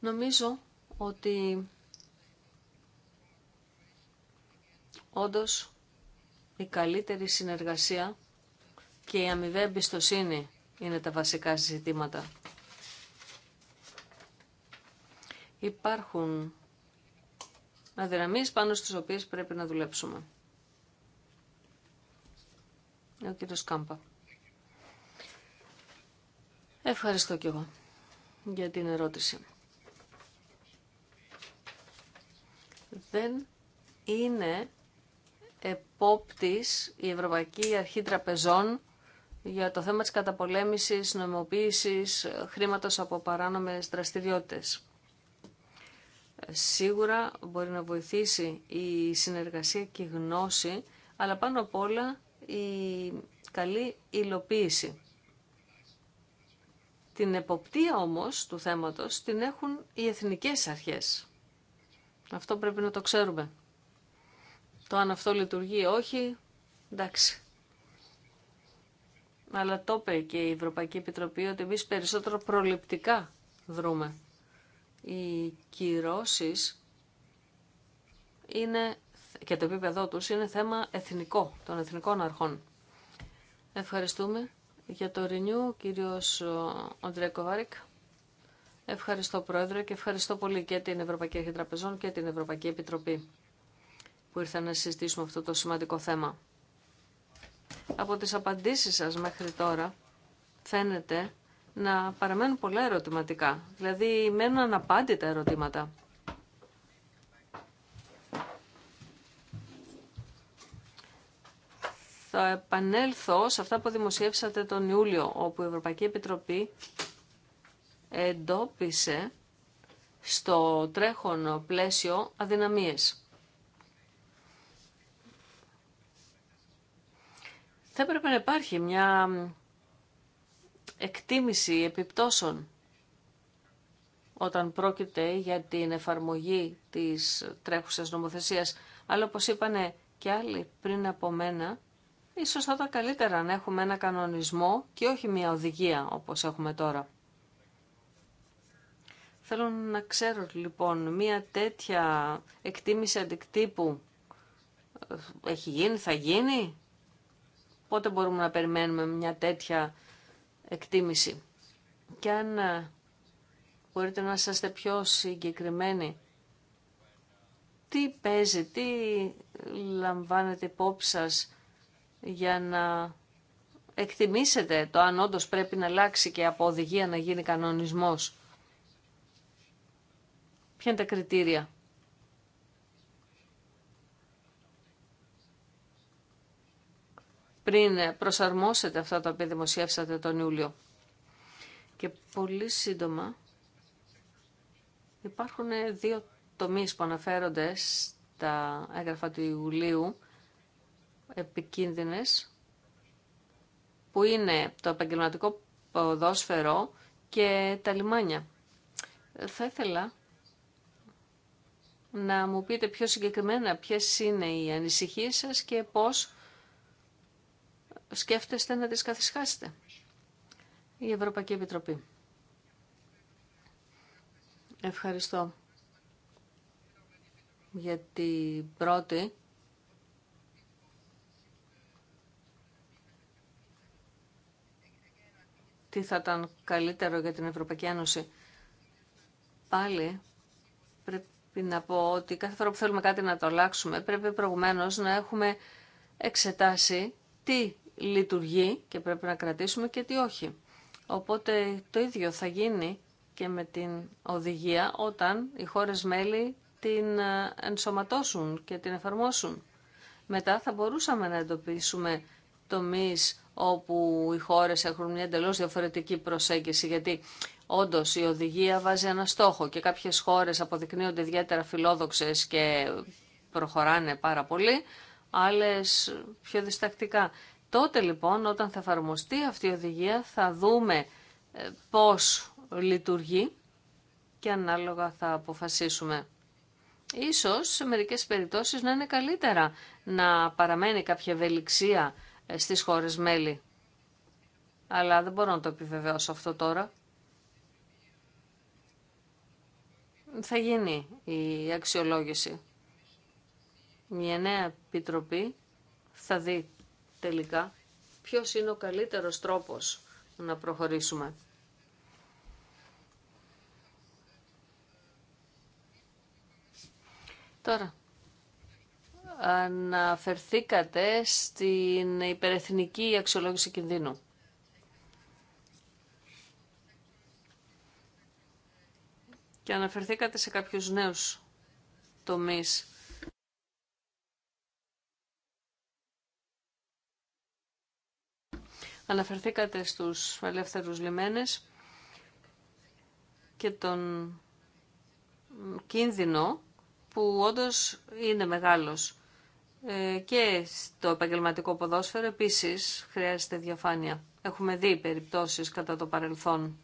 Νομίζω ότι όντως η καλύτερη συνεργασία και η αμοιβή εμπιστοσύνη είναι τα βασικά ζητήματα. Υπάρχουν αδυναμίες πάνω στις οποίες πρέπει να δουλέψουμε. Ο κύριος Κάμπα. Ευχαριστώ κι εγώ για την ερώτηση. Δεν είναι επόπτης η Ευρωπαϊκή Αρχή Τραπεζών για το θέμα της καταπολέμησης, νομιμοποίησης χρήματος από παράνομες δραστηριότητες. Ε, σίγουρα μπορεί να βοηθήσει η συνεργασία και η γνώση, αλλά πάνω απ' όλα η καλή υλοποίηση. Την εποπτεία όμως του θέματος την έχουν οι εθνικές αρχές. Αυτό πρέπει να το ξέρουμε. Το αν αυτό λειτουργεί ή όχι, εντάξει, αλλά το είπε και η Ευρωπαϊκή Επιτροπή ότι εμεί περισσότερο προληπτικά δρούμε. Οι κυρώσει είναι και το επίπεδό τους είναι θέμα εθνικό, των εθνικών αρχών. Ευχαριστούμε για το ο κύριος Αντρέ Κοβάρικ. Ευχαριστώ Πρόεδρε και ευχαριστώ πολύ και την Ευρωπαϊκή Αρχή Τραπεζών και την Ευρωπαϊκή Επιτροπή που ήρθαν να συζητήσουμε αυτό το σημαντικό θέμα. Από τις απαντήσεις σας μέχρι τώρα φαίνεται να παραμένουν πολλά ερωτηματικά. Δηλαδή μένουν αναπάντητα ερωτήματα. Θα επανέλθω σε αυτά που δημοσιεύσατε τον Ιούλιο, όπου η Ευρωπαϊκή Επιτροπή εντόπισε στο τρέχον πλαίσιο αδυναμίες. θα έπρεπε να υπάρχει μια εκτίμηση επιπτώσεων όταν πρόκειται για την εφαρμογή της τρέχουσας νομοθεσίας. Αλλά όπως είπανε και άλλοι πριν από μένα, ίσως θα ήταν καλύτερα να έχουμε ένα κανονισμό και όχι μια οδηγία όπως έχουμε τώρα. Θέλω να ξέρω λοιπόν μια τέτοια εκτίμηση αντικτύπου έχει γίνει, θα γίνει Πότε μπορούμε να περιμένουμε μια τέτοια εκτίμηση. Και αν ε, μπορείτε να είστε πιο συγκεκριμένοι, τι παίζει, τι λαμβάνετε υπόψη σας για να εκτιμήσετε το αν όντως πρέπει να αλλάξει και από οδηγία να γίνει κανονισμός. Ποια είναι τα κριτήρια. πριν προσαρμόσετε αυτά τα οποία δημοσιεύσατε τον Ιούλιο. Και πολύ σύντομα υπάρχουν δύο τομείς που αναφέρονται στα έγγραφα του Ιουλίου επικίνδυνες που είναι το επαγγελματικό ποδόσφαιρο και τα λιμάνια. Θα ήθελα να μου πείτε πιο συγκεκριμένα ποιες είναι οι ανησυχίες σας και πώς σκέφτεστε να τις καθισχάσετε. Η Ευρωπαϊκή Επιτροπή. Ευχαριστώ για την πρώτη τι θα ήταν καλύτερο για την Ευρωπαϊκή Ένωση. Πάλι πρέπει να πω ότι κάθε φορά που θέλουμε κάτι να το αλλάξουμε πρέπει προηγουμένως να έχουμε εξετάσει τι λειτουργεί και πρέπει να κρατήσουμε και τι όχι. Οπότε το ίδιο θα γίνει και με την οδηγία όταν οι χώρες μέλη την ε, ενσωματώσουν και την εφαρμόσουν. Μετά θα μπορούσαμε να εντοπίσουμε τομείς όπου οι χώρες έχουν μια εντελώ διαφορετική προσέγγιση γιατί Όντω, η οδηγία βάζει ένα στόχο και κάποιε χώρε αποδεικνύονται ιδιαίτερα φιλόδοξε και προχωράνε πάρα πολύ, άλλε πιο διστακτικά. Τότε λοιπόν όταν θα εφαρμοστεί αυτή η οδηγία θα δούμε ε, πώς λειτουργεί και ανάλογα θα αποφασίσουμε. Ίσως σε μερικές περιπτώσεις να είναι καλύτερα να παραμένει κάποια ευελιξία ε, στις χώρες μέλη. Αλλά δεν μπορώ να το επιβεβαιώσω αυτό τώρα. Θα γίνει η αξιολόγηση. Μια νέα επιτροπή θα δει τελικά ποιος είναι ο καλύτερος τρόπος να προχωρήσουμε. Τώρα, αναφερθήκατε στην υπερεθνική αξιολόγηση κινδύνου. Και αναφερθήκατε σε κάποιους νέους τομείς Αναφερθήκατε στους ελεύθερους λιμένες και τον κίνδυνο που όντως είναι μεγάλος. Ε, και στο επαγγελματικό ποδόσφαιρο επίσης χρειάζεται διαφάνεια. Έχουμε δει περιπτώσεις κατά το παρελθόν.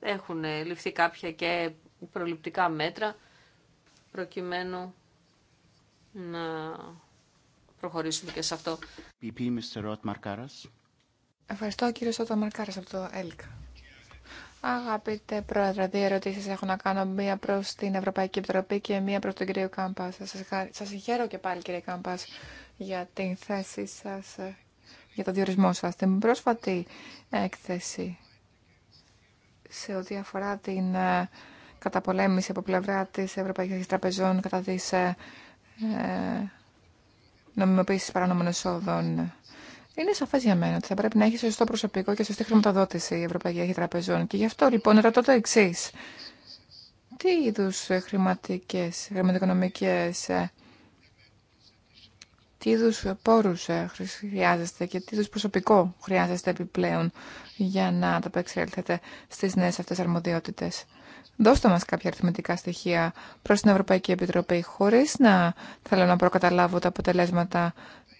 Έχουν ληφθεί κάποια και προληπτικά μέτρα προκειμένου να προχωρήσουμε και σε αυτό. Ευχαριστώ κύριε Σώτα Μαρκάρας από το ΕΛΚ. Αγαπητέ Πρόεδρε, δύο ερωτήσει έχω να κάνω. Μία προ την Ευρωπαϊκή Επιτροπή και μία προ τον κύριο Κάμπα. Σα συγχαίρω και πάλι, κύριε Κάμπα, για την θέση σα, για τον διορισμό σα. Την πρόσφατη έκθεση σε ό,τι αφορά την ε, καταπολέμηση από πλευρά τη Ευρωπαϊκή Τραπεζών κατά τη ε, ε, νομιμοποίηση νομιμοποίησης παράνομων εσόδων. Είναι σαφέ για μένα ότι θα πρέπει να έχει σωστό προσωπικό και σωστή χρηματοδότηση η Ευρωπαϊκή Αρχή Τραπεζών. Και γι' αυτό λοιπόν ρωτώ το εξή. Τι είδου χρηματικέ, χρηματοοικονομικέ, ε, τι είδου πόρου ε, χρειάζεστε και τι είδου προσωπικό χρειάζεστε επιπλέον για να ανταπεξελθέτε στι νέε αυτέ αρμοδιότητε. Δώστε μας κάποια αριθμητικά στοιχεία προς την Ευρωπαϊκή Επιτροπή χωρίς να θέλω να προκαταλάβω τα αποτελέσματα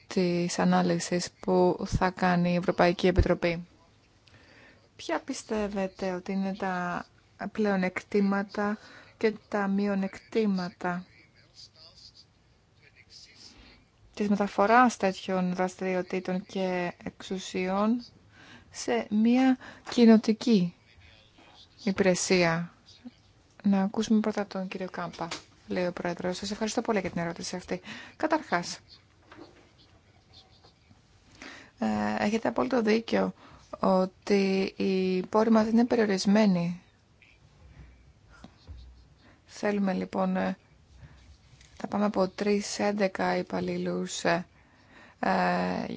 της ανάλυσης που θα κάνει η Ευρωπαϊκή Επιτροπή. Ποια πιστεύετε ότι είναι τα πλεονεκτήματα και τα μειονεκτήματα της μεταφοράς τέτοιων δραστηριοτήτων και εξουσιών σε μια κοινοτική υπηρεσία να ακούσουμε πρώτα τον κύριο Κάμπα, λέει ο Πρόεδρος. Σας ευχαριστώ πολύ για την ερώτηση αυτή. Καταρχάς, ε, έχετε απόλυτο δίκιο ότι η πόροι μας είναι περιορισμένοι. Θέλουμε λοιπόν, θα ε, πάμε από 3-11 υπαλλήλου ε,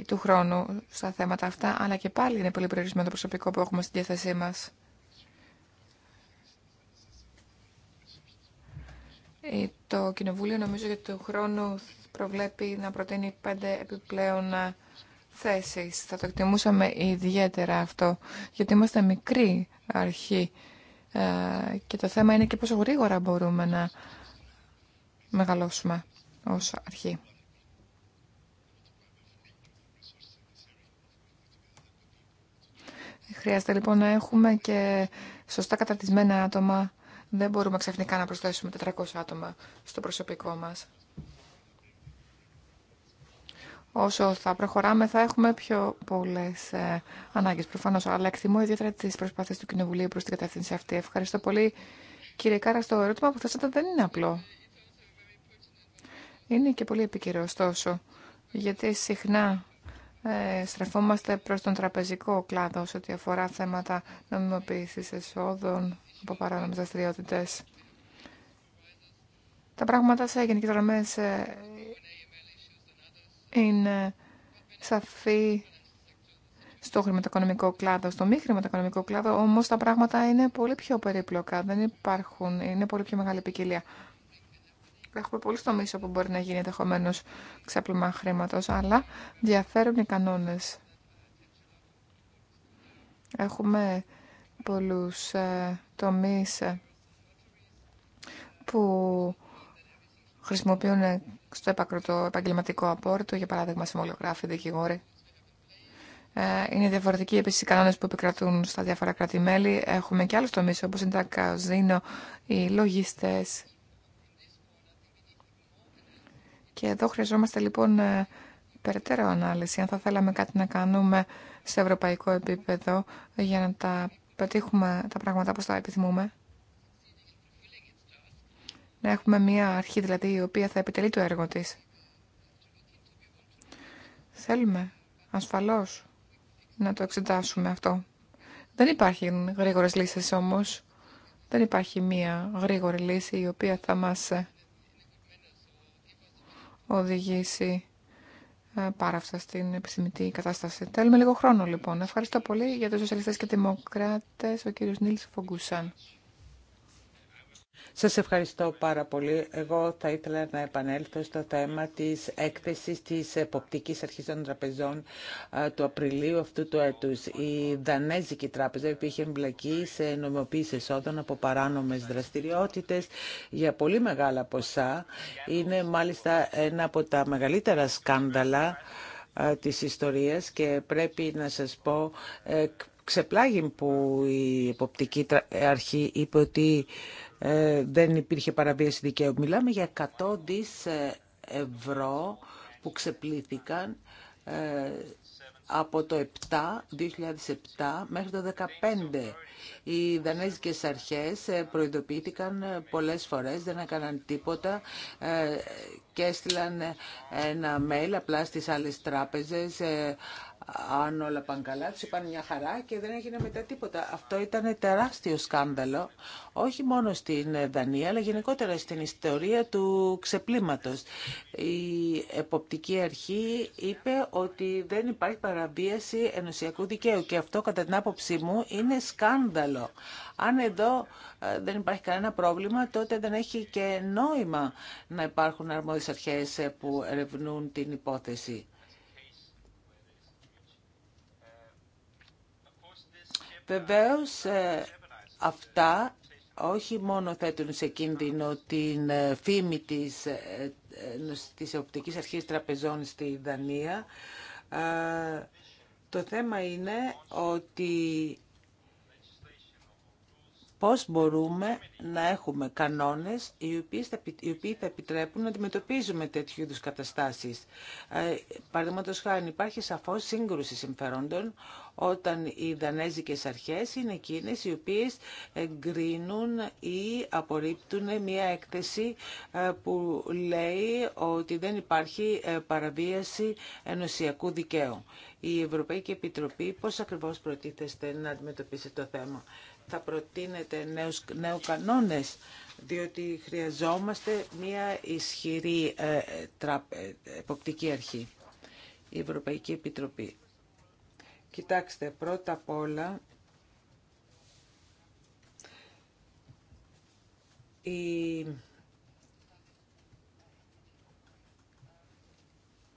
του χρόνου στα θέματα αυτά, αλλά και πάλι είναι πολύ περιορισμένο το προσωπικό που έχουμε στη διάθεσή μας. Ε, το Κοινοβούλιο νομίζω για του χρόνο προβλέπει να προτείνει πέντε επιπλέον ε, θέσεις. Θα το εκτιμούσαμε ιδιαίτερα αυτό, γιατί είμαστε μικρή αρχή ε, και το θέμα είναι και πόσο γρήγορα μπορούμε να μεγαλώσουμε ως αρχή. Χρειάζεται λοιπόν να έχουμε και σωστά καταρτισμένα άτομα δεν μπορούμε ξαφνικά να προσθέσουμε 400 άτομα στο προσωπικό μας. Όσο θα προχωράμε θα έχουμε πιο πολλές ε, ανάγκες προφανώς, αλλά εκτιμώ ιδιαίτερα τις προσπάθειες του Κοινοβουλίου προς την κατεύθυνση αυτή. Ευχαριστώ πολύ. Κύριε Κάρα, το ερώτημα που θέσατε δεν είναι απλό. Είναι και πολύ επίκαιρο, ωστόσο, γιατί συχνά ε, στρεφόμαστε προς τον τραπεζικό κλάδο σε ό,τι αφορά θέματα νομιμοποίησης εσόδων από παράνομε δραστηριότητε. Τα πράγματα σε γενικέ γραμμέ ε, είναι σαφή στο χρηματοοικονομικό κλάδο, στο μη χρηματοοικονομικό κλάδο, όμω τα πράγματα είναι πολύ πιο περίπλοκα, δεν υπάρχουν, είναι πολύ πιο μεγάλη ποικιλία. Έχουμε πολλού τομεί που μπορεί να γίνει ενδεχομένω ξέπλυμα χρήματο, αλλά διαφέρουν οι κανόνε. Έχουμε πολλούς ε, τομείς ε, που χρησιμοποιούν ε, στο έπακρο επαγγελματικό απόρριτο, για παράδειγμα συμβολιογράφοι, δικηγόροι. Ε, είναι διαφορετικοί επίση οι κανόνε που επικρατούν στα διάφορα κράτη-μέλη. Έχουμε και άλλου τομεί όπως είναι τα καζίνο, οι λογιστέ. Και εδώ χρειαζόμαστε λοιπόν περαιτέρω ανάλυση, αν θα θέλαμε κάτι να κάνουμε σε ευρωπαϊκό επίπεδο για να τα πετύχουμε τα πράγματα όπως τα επιθυμούμε. Να έχουμε μία αρχή δηλαδή η οποία θα επιτελεί το έργο της. Θέλουμε ασφαλώς να το εξετάσουμε αυτό. Δεν υπάρχουν γρήγορες λύσεις όμως. Δεν υπάρχει μία γρήγορη λύση η οποία θα μας ε, οδηγήσει ε, πάραυσα στην επιθυμητή κατάσταση. Θέλουμε λίγο χρόνο λοιπόν. Ευχαριστώ πολύ για τους σοσιαλιστές και δημοκράτες, ο κύριος Νίλς Φογκουσάν. Σας ευχαριστώ πάρα πολύ. Εγώ θα ήθελα να επανέλθω στο θέμα της έκθεσης της Εποπτικής Αρχής των Τραπεζών του Απριλίου αυτού του έτους. Η Δανέζικη Τράπεζα υπήρχε είχε εμπλακεί σε νομιμοποίηση εσόδων από παράνομες δραστηριότητες για πολύ μεγάλα ποσά. Είναι μάλιστα ένα από τα μεγαλύτερα σκάνδαλα της ιστορίας και πρέπει να σας πω ε, ξεπλάγει που η Εποπτική Αρχή είπε ότι ε, δεν υπήρχε παραβίαση δικαίου. Μιλάμε για 100 δις ε, ευρώ που ξεπλήθηκαν ε, από το 7, 2007 μέχρι το 2015. Οι δανέζικες αρχές προειδοποιήθηκαν πολλές φορές, δεν έκαναν τίποτα και έστειλαν ένα mail απλά στις άλλες τράπεζες αν όλα πάνε καλά, τους είπαν μια χαρά και δεν έγινε μετά τίποτα. Αυτό ήταν τεράστιο σκάνδαλο, όχι μόνο στην Δανία, αλλά γενικότερα στην ιστορία του ξεπλήματος. Η εποπτική αρχή είπε ότι δεν υπάρχει παραβίαση ενωσιακού δικαίου και αυτό κατά την άποψή μου είναι σκάνδαλο. Αν εδώ ε, δεν υπάρχει κανένα πρόβλημα, τότε δεν έχει και νόημα να υπάρχουν αρμόδιες αρχές ε, που ερευνούν την υπόθεση. Βεβαίως ε, αυτά όχι μόνο θέτουν σε κίνδυνο την ε, φήμη της, ε, της Οπτικής Αρχής Τραπεζών στη Δανία. Το θέμα είναι ότι πώς μπορούμε να έχουμε κανόνες οι οποίοι θα επιτρέπουν να αντιμετωπίζουμε τέτοιου είδους καταστάσεις. Ε, παραδείγματος χάρη υπάρχει σαφώς σύγκρουση συμφερόντων όταν οι δανέζικες αρχές είναι εκείνες οι οποίες εγκρίνουν ή απορρίπτουν μια έκθεση ε, που λέει ότι δεν υπάρχει ε, παραβίαση ενωσιακού δικαίου. Η Ευρωπαϊκή Επιτροπή πώς ακριβώς προτίθεστε να αντιμετωπίσει το θέμα θα προτείνετε νέους, νέους κανόνες, διότι χρειαζόμαστε μια ισχυρή ε, ε, εποπτική αρχή, η Ευρωπαϊκή Επιτροπή. Κοιτάξτε, πρώτα απ' όλα η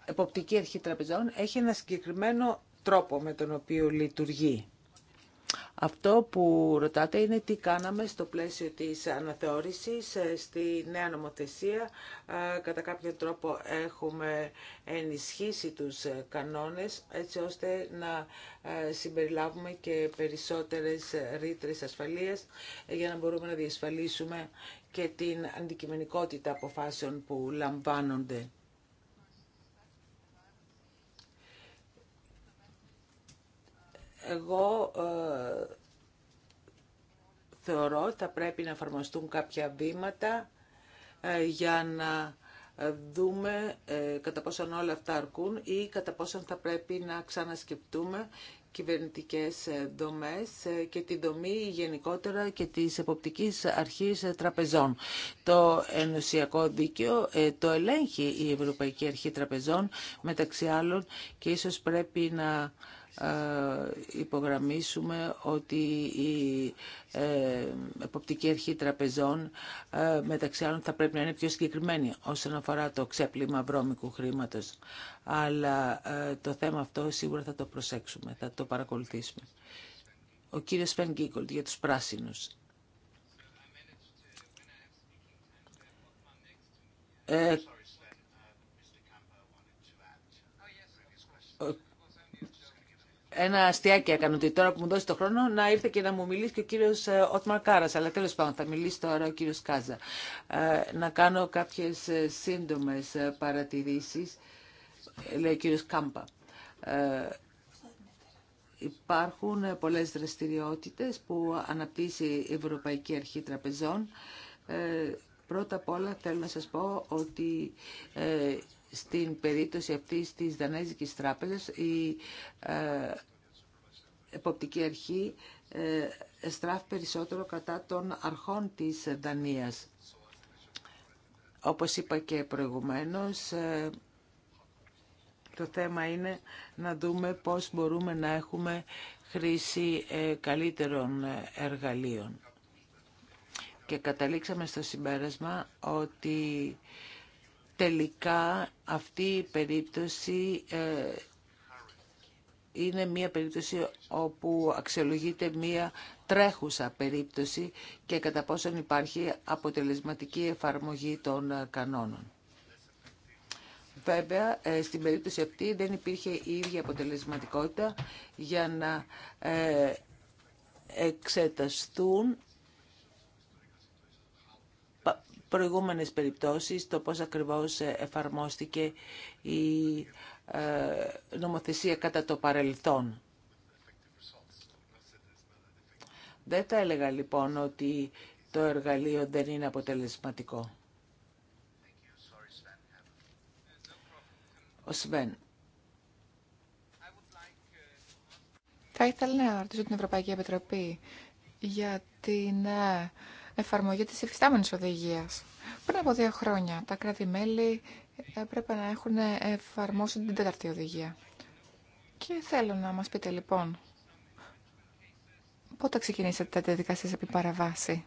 εποπτική αρχή τραπεζών έχει ένα συγκεκριμένο τρόπο με τον οποίο λειτουργεί. Αυτό που ρωτάτε είναι τι κάναμε στο πλαίσιο της αναθεώρησης ε, στη νέα νομοθεσία. Ε, κατά κάποιο τρόπο έχουμε ενισχύσει τους ε, κανόνες έτσι ώστε να συμπεριλάβουμε και περισσότερες ρήτρες ασφαλείας για να μπορούμε να διασφαλίσουμε και την αντικειμενικότητα αποφάσεων που λαμβάνονται. Εγώ ε, θεωρώ ότι θα πρέπει να εφαρμοστούν κάποια βήματα ε, για να ε, δούμε κατά πόσον όλα αυτά αρκούν ή κατά πόσον θα πρέπει να ξανασκεπτούμε κυβερνητικές δομές και τη δομή γενικότερα και της εποπτικής αρχής τραπεζών. Το ενωσιακό δίκαιο το ελέγχει η Ευρωπαϊκή Αρχή Τραπεζών μεταξύ άλλων και ίσως πρέπει να ε, υπογραμμίσουμε ότι η ε, εποπτική αρχή τραπεζών ε, μεταξύ άλλων θα πρέπει να είναι πιο συγκεκριμένη όσον αφορά το ξέπλυμα βρώμικου χρήματος. Αλλά το θέμα αυτό σίγουρα θα το προσέξουμε, θα το παρακολουθήσουμε. Ο κύριος Φεν για τους πράσινους. ο ένα αστιάκι έκανε ότι τώρα που μου δώσει το χρόνο να ήρθε και να μου μιλήσει και ο κύριος ε, Ότμαρ Κάρας, αλλά τέλος πάντων θα μιλήσει τώρα ο κύριος Κάζα. Ε, να κάνω κάποιες ε, σύντομε παρατηρήσεις, λέει ο κύριο Κάμπα. Υπάρχουν πολλές δραστηριότητες που αναπτύσσει η Ευρωπαϊκή Αρχή Τραπεζών. Πρώτα απ' όλα θέλω να σας πω ότι στην περίπτωση αυτή της Δανέζικης Τράπεζας η ε, εποπτική αρχή ε, στράφει περισσότερο κατά των αρχών της Δανίας. Όπως είπα και προηγουμένως, ε, το θέμα είναι να δούμε πώς μπορούμε να έχουμε χρήση καλύτερων εργαλείων. Και καταλήξαμε στο συμπέρασμα ότι τελικά αυτή η περίπτωση ε, είναι μια περίπτωση όπου αξιολογείται μια τρέχουσα περίπτωση και κατά πόσον υπάρχει αποτελεσματική εφαρμογή των ε, κανόνων. Βέβαια, ε, στην περίπτωση αυτή δεν υπήρχε η ίδια αποτελεσματικότητα για να εξεταστούν προηγούμενες περιπτώσεις, το πώς ακριβώς ε, εφαρμόστηκε η ε, νομοθεσία κατά το παρελθόν. Δεν θα έλεγα λοιπόν ότι το εργαλείο δεν είναι αποτελεσματικό. Ο Σβέν. Θα ήθελα να ρωτήσω την Ευρωπαϊκή Επιτροπή για την ε, εφαρμογή της υφιστάμενης οδηγίας. Πριν από δύο χρόνια τα κράτη-μέλη έπρεπε να έχουν εφαρμόσει την τέταρτη οδηγία. Και θέλω να μας πείτε λοιπόν, πότε ξεκινήσατε τα διαδικασίες επί παραβάση.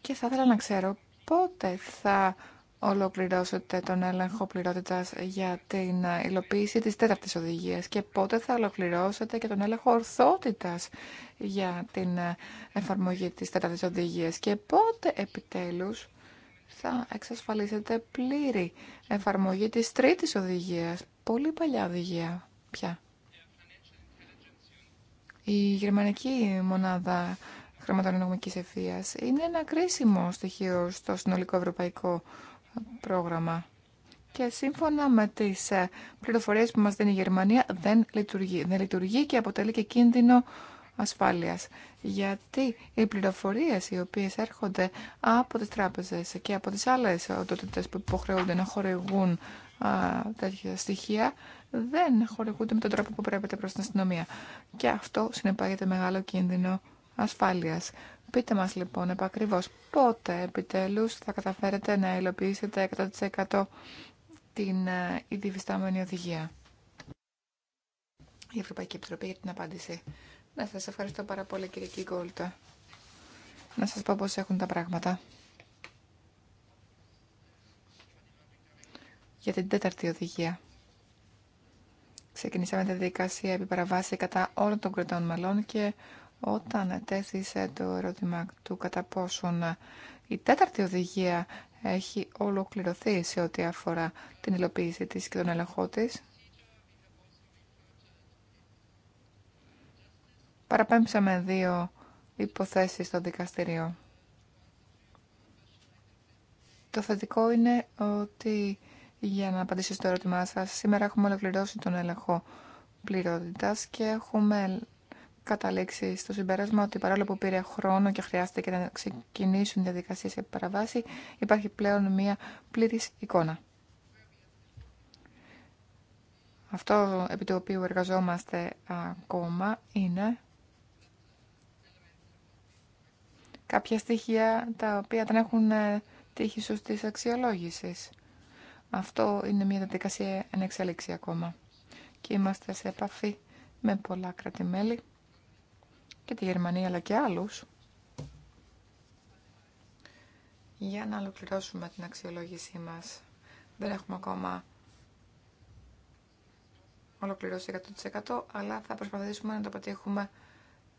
Και θα ήθελα να ξέρω πότε θα ολοκληρώσετε τον έλεγχο πληρότητα για την υλοποίηση της τέταρτη οδηγίας και πότε θα ολοκληρώσετε και τον έλεγχο ορθότητα για την εφαρμογή της τέταρτη οδηγία. και πότε επιτέλους θα εξασφαλίσετε πλήρη εφαρμογή της τρίτης οδηγίας, πολύ παλιά οδηγία πια. Η γερμανική μονάδα χρηματονομικής ευθείας είναι ένα κρίσιμο στοιχείο στο συνολικό ευρωπαϊκό πρόγραμμα. Και σύμφωνα με τις ε, πληροφορίες που μας δίνει η Γερμανία δεν λειτουργεί. Δεν λειτουργεί και αποτελεί και κίνδυνο ασφάλειας. Γιατί οι πληροφορίες οι οποίες έρχονται από τις τράπεζες και από τις άλλες οντότητε που υποχρεούνται να χορηγούν α, τέτοια στοιχεία δεν χορηγούνται με τον τρόπο που πρέπει προ την αστυνομία. Και αυτό συνεπάγεται μεγάλο κίνδυνο ασφάλειας. Πείτε μας λοιπόν επακριβώς πότε επιτέλους θα καταφέρετε να υλοποιήσετε 100% την ε, ήδη φυστάμενη οδηγία. Η Ευρωπαϊκή Επιτροπή για την απάντηση. Να σας ευχαριστώ πάρα πολύ κύριε Κίγκολτα. Να σας πω πώς έχουν τα πράγματα. Για την τέταρτη οδηγία. Ξεκινήσαμε τη διαδικασία επί παραβάση κατά όλων των κρετών μελών και όταν τέθησε το ερώτημα του κατά πόσον η τέταρτη οδηγία έχει ολοκληρωθεί σε ό,τι αφορά την υλοποίηση της και τον ελεγχό της. Παραπέμψαμε δύο υποθέσεις στο δικαστήριο. Το θετικό είναι ότι, για να απαντήσω στο ερώτημά σας, σήμερα έχουμε ολοκληρώσει τον έλεγχο πληρότητας και έχουμε καταλήξει στο συμπέρασμα ότι παρόλο που πήρε χρόνο και χρειάστηκε να ξεκινήσουν διαδικασίες επί παραβάση, υπάρχει πλέον μία πλήρης εικόνα. Αυτό επί το οποίο εργαζόμαστε ακόμα είναι κάποια στοιχεία τα οποία δεν έχουν ε, τύχει σωστή αξιολόγηση. Αυτό είναι μια διαδικασία εν εξέλιξη ακόμα. Και είμαστε σε επαφή με πολλά κρατημέλη και τη Γερμανία αλλά και άλλους για να ολοκληρώσουμε την αξιολόγησή μας. Δεν έχουμε ακόμα ολοκληρώσει 100% αλλά θα προσπαθήσουμε να το πετύχουμε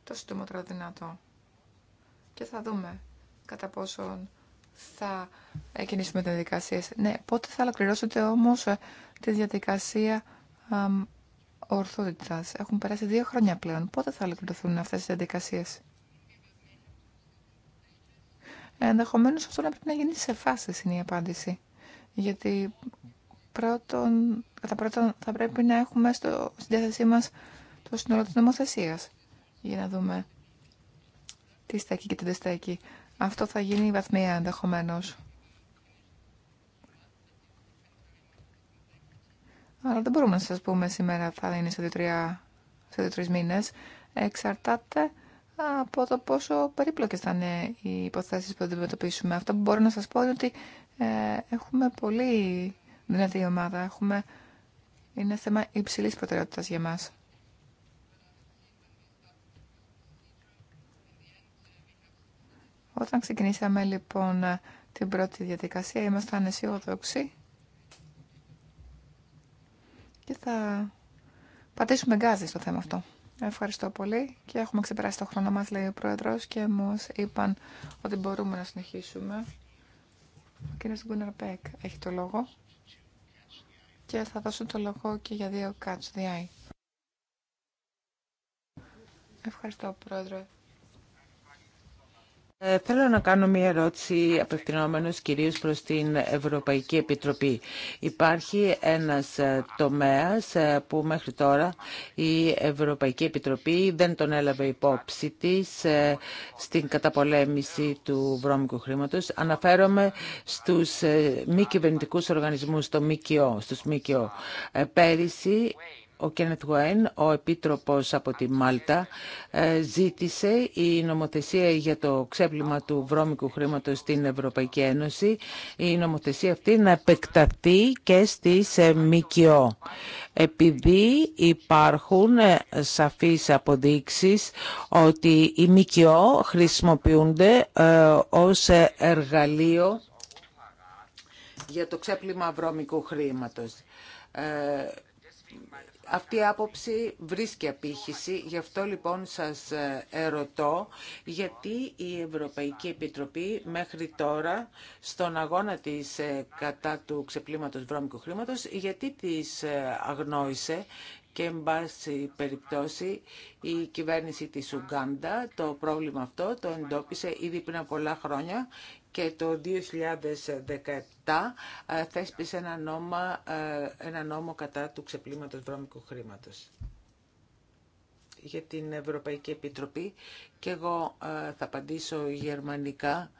το σύντομο δυνατό. Και θα δούμε κατά πόσον θα κινήσουμε τις διαδικασία. Ναι, πότε θα ολοκληρώσετε όμως ε, τη διαδικασία ορθότητας. Έχουν περάσει δύο χρόνια πλέον. Πότε θα ολοκληρωθούν αυτές οι διαδικασίε. Ενδεχομένω αυτό να πρέπει να γίνει σε φάσεις είναι η απάντηση. Γιατί πρώτον, κατά πρώτον θα πρέπει να έχουμε στο, στην διάθεσή μας το σύνολο της νομοθεσίας για να δούμε τι στέκει και τι δεν στέκει. Αυτό θα γίνει βαθμία ενδεχομένω. Αλλά δεν μπορούμε να σας πούμε σήμερα θα είναι σε δυο τρει μήνες. Εξαρτάται από το πόσο περίπλοκες θα είναι οι υποθέσεις που αντιμετωπίσουμε. Αυτό που μπορώ να σας πω είναι ότι ε, έχουμε πολύ δυνατή ομάδα. Έχουμε, είναι θέμα υψηλής προτεραιότητας για μας. Όταν ξεκινήσαμε λοιπόν την πρώτη διαδικασία ήμασταν αισιόδοξοι θα πατήσουμε γκάζι στο θέμα αυτό. Ευχαριστώ πολύ και έχουμε ξεπεράσει το χρόνο μας, λέει ο Πρόεδρος, και μας είπαν ότι μπορούμε να συνεχίσουμε. Ο κ. Γκούναρ Πέκ έχει το λόγο και θα δώσω το λόγο και για δύο catch the Ευχαριστώ, Πρόεδρε. Ε, θέλω να κάνω μία ερώτηση απευθυνόμενος κυρίως προς την Ευρωπαϊκή Επιτροπή. Υπάρχει ένας ε, τομέας ε, που μέχρι τώρα η Ευρωπαϊκή Επιτροπή δεν τον έλαβε υπόψη της στην καταπολέμηση του βρώμικου χρήματος. Αναφέρομαι στους μη κυβερνητικού οργανισμούς, στο ΜΚΟ, στους ΜΚΟ. Πέρυσι ο Κένετ Γουέν, ο επίτροπος από τη Μάλτα, ε, ζήτησε η νομοθεσία για το ξέπλυμα του βρώμικου χρήματος στην Ευρωπαϊκή Ένωση, η νομοθεσία αυτή να επεκταθεί και στη ε, ΜΚΟ. Επειδή υπάρχουν ε, σαφείς αποδείξεις ότι οι ΜΚΟ χρησιμοποιούνται ως εργαλείο για το ξέπλυμα βρώμικου χρήματος. Αυτή η άποψη βρίσκει απήχηση, γι' αυτό λοιπόν σας ε, ερωτώ γιατί η Ευρωπαϊκή Επιτροπή μέχρι τώρα στον αγώνα της ε, κατά του ξεπλήματος βρώμικου χρήματος, γιατί της ε, αγνόησε, και εν πάση περιπτώσει η κυβέρνηση της Ουγκάντα το πρόβλημα αυτό το εντόπισε ήδη πριν από πολλά χρόνια και το 2017 ε, θέσπισε ένα νόμο, ε, ένα νόμο κατά του ξεπλήματος βρώμικου χρήματος για την Ευρωπαϊκή Επιτροπή και εγώ ε, θα απαντήσω γερμανικά.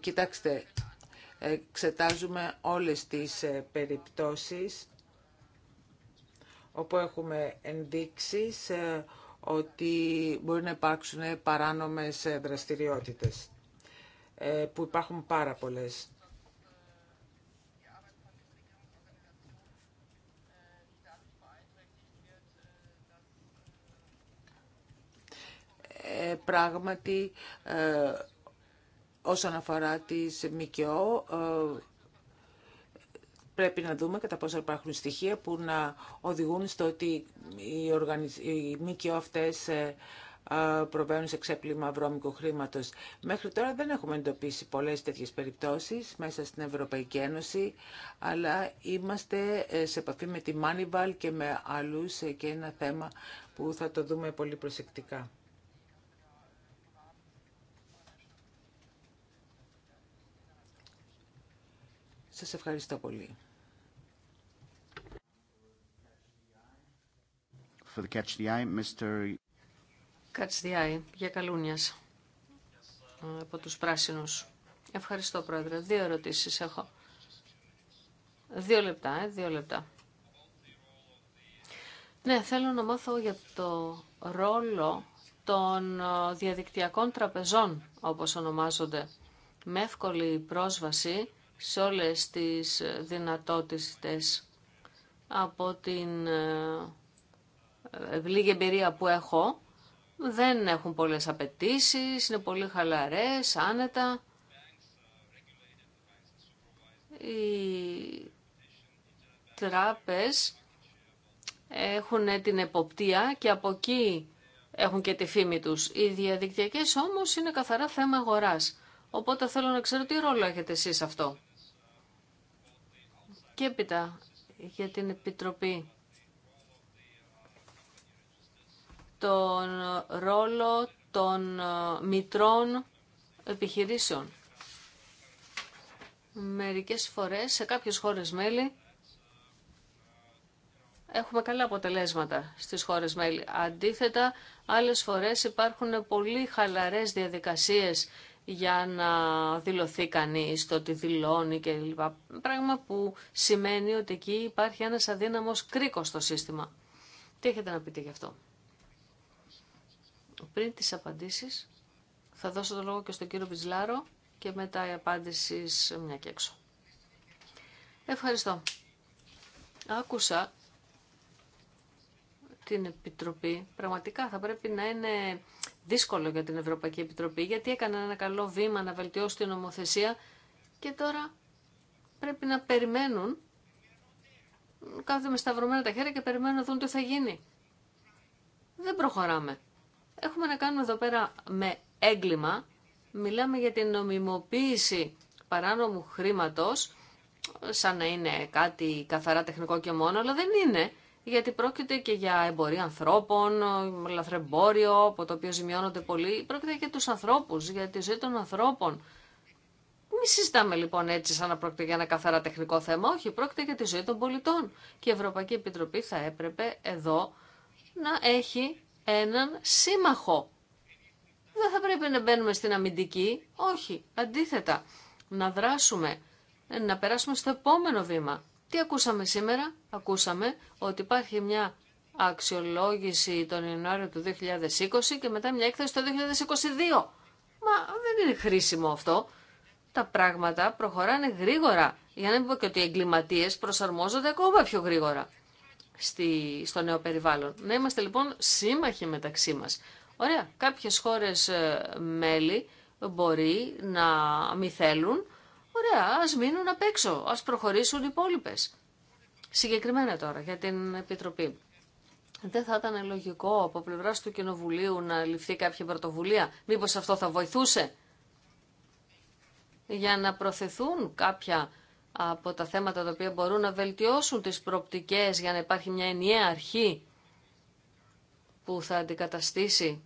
Κοιτάξτε, εξετάζουμε όλες τις περιπτώσεις όπου έχουμε ενδείξεις ε, ότι μπορεί να υπάρξουν παράνομες ε, δραστηριότητες, ε, που υπάρχουν πάρα πολλές. Πράγματι, όσον αφορά τις ΜΚΟ, πρέπει να δούμε κατά πόσο υπάρχουν στοιχεία που να οδηγούν στο ότι οι, οργανισ... οι ΜΚΟ ε, προβαίνουν σε ξέπλυμα βρώμικου χρήματο. Μέχρι τώρα δεν έχουμε εντοπίσει πολλές τέτοιες περιπτώσεις μέσα στην Ευρωπαϊκή Ένωση, αλλά είμαστε ε, σε επαφή με τη Μάνιβαλ και με άλλους ε, και ένα θέμα που θα το δούμε πολύ προσεκτικά. Σας ευχαριστώ πολύ. For the catch the eye, Mr. για καλούνιας, από τους πράσινους. Ευχαριστώ, Πρόεδρε. Δύο ερωτήσεις έχω. Δύο λεπτά, ε, δύο λεπτά. Ναι, θέλω να μάθω για το ρόλο των ε, διαδικτυακών τραπεζών, όπως ονομάζονται, με εύκολη πρόσβαση σε όλες τις δυνατότητες από την ε, λίγη εμπειρία που έχω. Δεν έχουν πολλές απαιτήσει, είναι πολύ χαλαρές, άνετα. Οι τράπες έχουν την εποπτεία και από εκεί έχουν και τη φήμη τους. Οι διαδικτυακές όμως είναι καθαρά θέμα αγοράς. Οπότε θέλω να ξέρω τι ρόλο έχετε εσείς αυτό. Και έπειτα για την Επιτροπή τον ρόλο των ε, μητρών επιχειρήσεων. Μερικές φορές σε κάποιες χώρες μέλη έχουμε καλά αποτελέσματα στις χώρες μέλη. Αντίθετα, άλλες φορές υπάρχουν πολύ χαλαρές διαδικασίες για να δηλωθεί κανείς το ότι δηλώνει και λοιπά. Πράγμα που σημαίνει ότι εκεί υπάρχει ένας αδύναμος κρίκος στο σύστημα. Τι έχετε να πείτε γι' αυτό. Πριν τις απαντήσεις θα δώσω το λόγο και στον κύριο Βυζλάρο και μετά η απάντηση μια και έξω. Ευχαριστώ. Άκουσα την Επιτροπή. Πραγματικά θα πρέπει να είναι δύσκολο για την Ευρωπαϊκή Επιτροπή, γιατί έκανε ένα καλό βήμα να βελτιώσει την νομοθεσία και τώρα πρέπει να περιμένουν, κάθονται με σταυρωμένα τα χέρια και περιμένουν να δουν τι θα γίνει. Δεν προχωράμε. Έχουμε να κάνουμε εδώ πέρα με έγκλημα, μιλάμε για την νομιμοποίηση παράνομου χρήματος, σαν να είναι κάτι καθαρά τεχνικό και μόνο, αλλά δεν είναι γιατί πρόκειται και για εμπορία ανθρώπων, λαθρεμπόριο, από το οποίο ζημιώνονται πολλοί. Πρόκειται και για τους ανθρώπους, για τη ζωή των ανθρώπων. Μη συζητάμε λοιπόν έτσι σαν να πρόκειται για ένα καθαρά τεχνικό θέμα. Όχι, πρόκειται για τη ζωή των πολιτών. Και η Ευρωπαϊκή Επιτροπή θα έπρεπε εδώ να έχει έναν σύμμαχο. Δεν θα πρέπει να μπαίνουμε στην αμυντική. Όχι, αντίθετα. Να δράσουμε, να περάσουμε στο επόμενο βήμα. Τι ακούσαμε σήμερα. Ακούσαμε ότι υπάρχει μια αξιολόγηση τον Ιανουάριο του 2020 και μετά μια έκθεση το 2022. Μα δεν είναι χρήσιμο αυτό. Τα πράγματα προχωράνε γρήγορα. Για να μην πω και ότι οι εγκληματίες προσαρμόζονται ακόμα πιο γρήγορα στη, στο νέο περιβάλλον. Να είμαστε λοιπόν σύμμαχοι μεταξύ μας. Ωραία, κάποιες χώρες ε, μέλη μπορεί να μη θέλουν Ωραία, ας μείνουν απ' έξω, ας προχωρήσουν οι υπόλοιπε. Συγκεκριμένα τώρα για την Επιτροπή. Δεν θα ήταν λογικό από πλευρά του Κοινοβουλίου να ληφθεί κάποια πρωτοβουλία. Μήπως αυτό θα βοηθούσε για να προθεθούν κάποια από τα θέματα τα οποία μπορούν να βελτιώσουν τις προπτικές για να υπάρχει μια ενιαία αρχή που θα αντικαταστήσει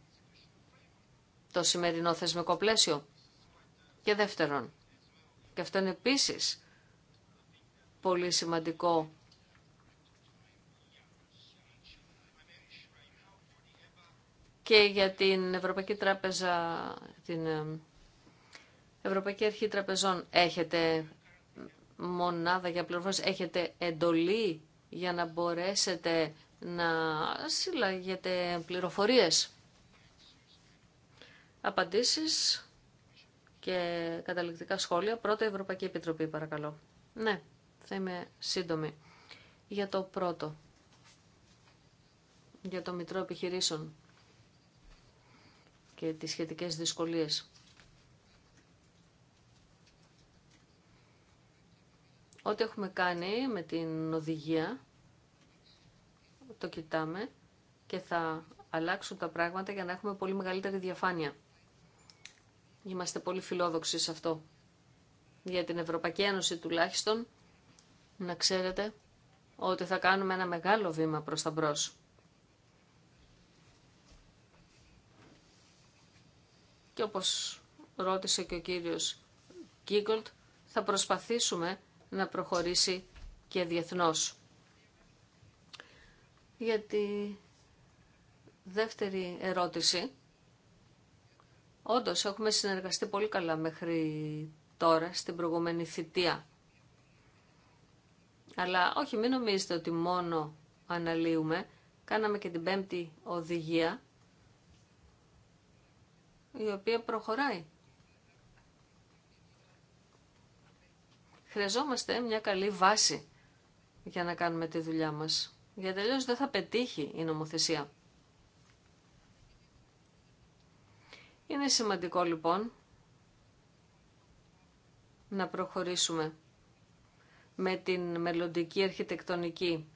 το σημερινό θεσμικό πλαίσιο. Και δεύτερον, και αυτό είναι επίσης πολύ σημαντικό. Και για την Ευρωπαϊκή Τράπεζα, την ε, Ευρωπαϊκή Αρχή Τραπεζών, έχετε μονάδα για πληροφορίες, έχετε εντολή για να μπορέσετε να συλλαγετε πληροφορίες. Απαντήσεις και καταληκτικά σχόλια. Πρώτα η Ευρωπαϊκή Επιτροπή, παρακαλώ. Ναι, θα είμαι σύντομη. Για το πρώτο, για το Μητρό Επιχειρήσεων και τις σχετικές δυσκολίες. Ό,τι έχουμε κάνει με την οδηγία, το κοιτάμε και θα αλλάξουν τα πράγματα για να έχουμε πολύ μεγαλύτερη διαφάνεια. Είμαστε πολύ φιλόδοξοι σε αυτό. Για την Ευρωπαϊκή Ένωση τουλάχιστον, να ξέρετε ότι θα κάνουμε ένα μεγάλο βήμα προς τα μπρος. Και όπως ρώτησε και ο κύριος Κίγκολτ, θα προσπαθήσουμε να προχωρήσει και διεθνώς. Για τη δεύτερη ερώτηση, Όντω έχουμε συνεργαστεί πολύ καλά μέχρι τώρα στην προηγούμενη θητεία. Αλλά όχι μην νομίζετε ότι μόνο αναλύουμε. Κάναμε και την πέμπτη οδηγία η οποία προχωράει. Χρειαζόμαστε μια καλή βάση για να κάνουμε τη δουλειά μας. Για τελείως δεν θα πετύχει η νομοθεσία. Είναι σημαντικό λοιπόν να προχωρήσουμε με την μελλοντική αρχιτεκτονική,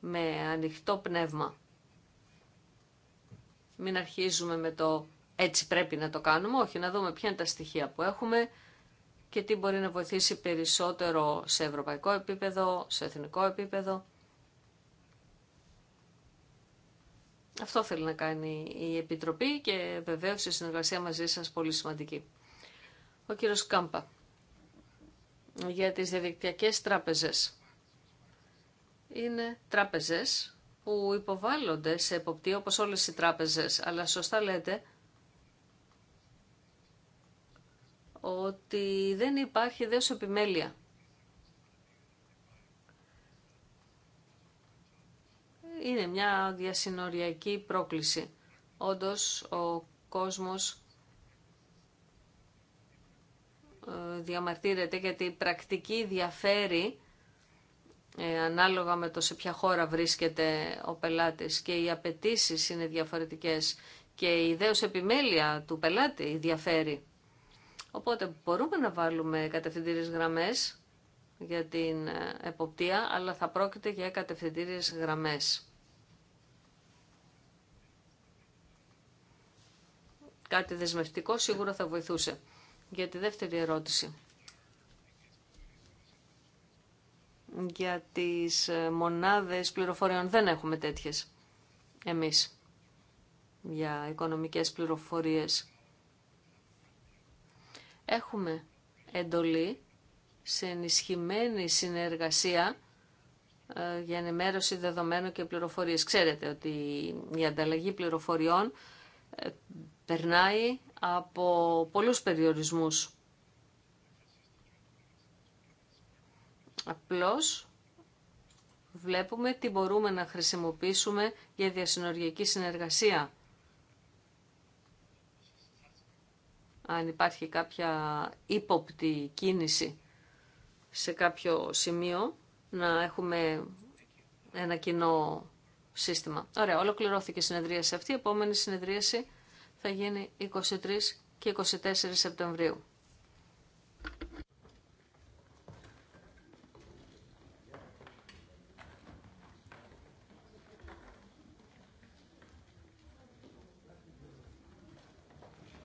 με ανοιχτό πνεύμα. Μην αρχίζουμε με το έτσι πρέπει να το κάνουμε, όχι να δούμε ποια είναι τα στοιχεία που έχουμε και τι μπορεί να βοηθήσει περισσότερο σε ευρωπαϊκό επίπεδο, σε εθνικό επίπεδο. Αυτό θέλει να κάνει η Επιτροπή και βεβαίω η συνεργασία μαζί σας πολύ σημαντική. Ο κύριος Κάμπα για τις διαδικτυακές τράπεζες. Είναι τράπεζες που υποβάλλονται σε εποπτεία όπως όλες οι τράπεζες, αλλά σωστά λέτε ότι δεν υπάρχει δέος επιμέλεια. είναι μια διασυνοριακή πρόκληση. Όντως ο κόσμος ε, διαμαρτύρεται γιατί η πρακτική διαφέρει ε, ανάλογα με το σε ποια χώρα βρίσκεται ο πελάτης και οι απαιτήσει είναι διαφορετικές και η ιδέως επιμέλεια του πελάτη διαφέρει. Οπότε μπορούμε να βάλουμε κατευθυντήριες γραμμές για την ε, εποπτεία, αλλά θα πρόκειται για κατευθυντήριες γραμμές. κάτι δεσμευτικό σίγουρα θα βοηθούσε. Για τη δεύτερη ερώτηση. Για τις ε, μονάδες πληροφοριών δεν έχουμε τέτοιες εμείς για οικονομικές πληροφορίες. Έχουμε εντολή σε ενισχυμένη συνεργασία ε, για ενημέρωση δεδομένων και πληροφορίες. Ξέρετε ότι η ανταλλαγή πληροφοριών ε, περνάει από πολλούς περιορισμούς. Απλώς βλέπουμε τι μπορούμε να χρησιμοποιήσουμε για διασυνοριακή συνεργασία. Αν υπάρχει κάποια ύποπτη κίνηση σε κάποιο σημείο, να έχουμε ένα κοινό σύστημα. Ωραία, ολοκληρώθηκε η σε αυτή. Η επόμενη συνεδρίαση θα γίνει 23 και 24 Σεπτεμβρίου.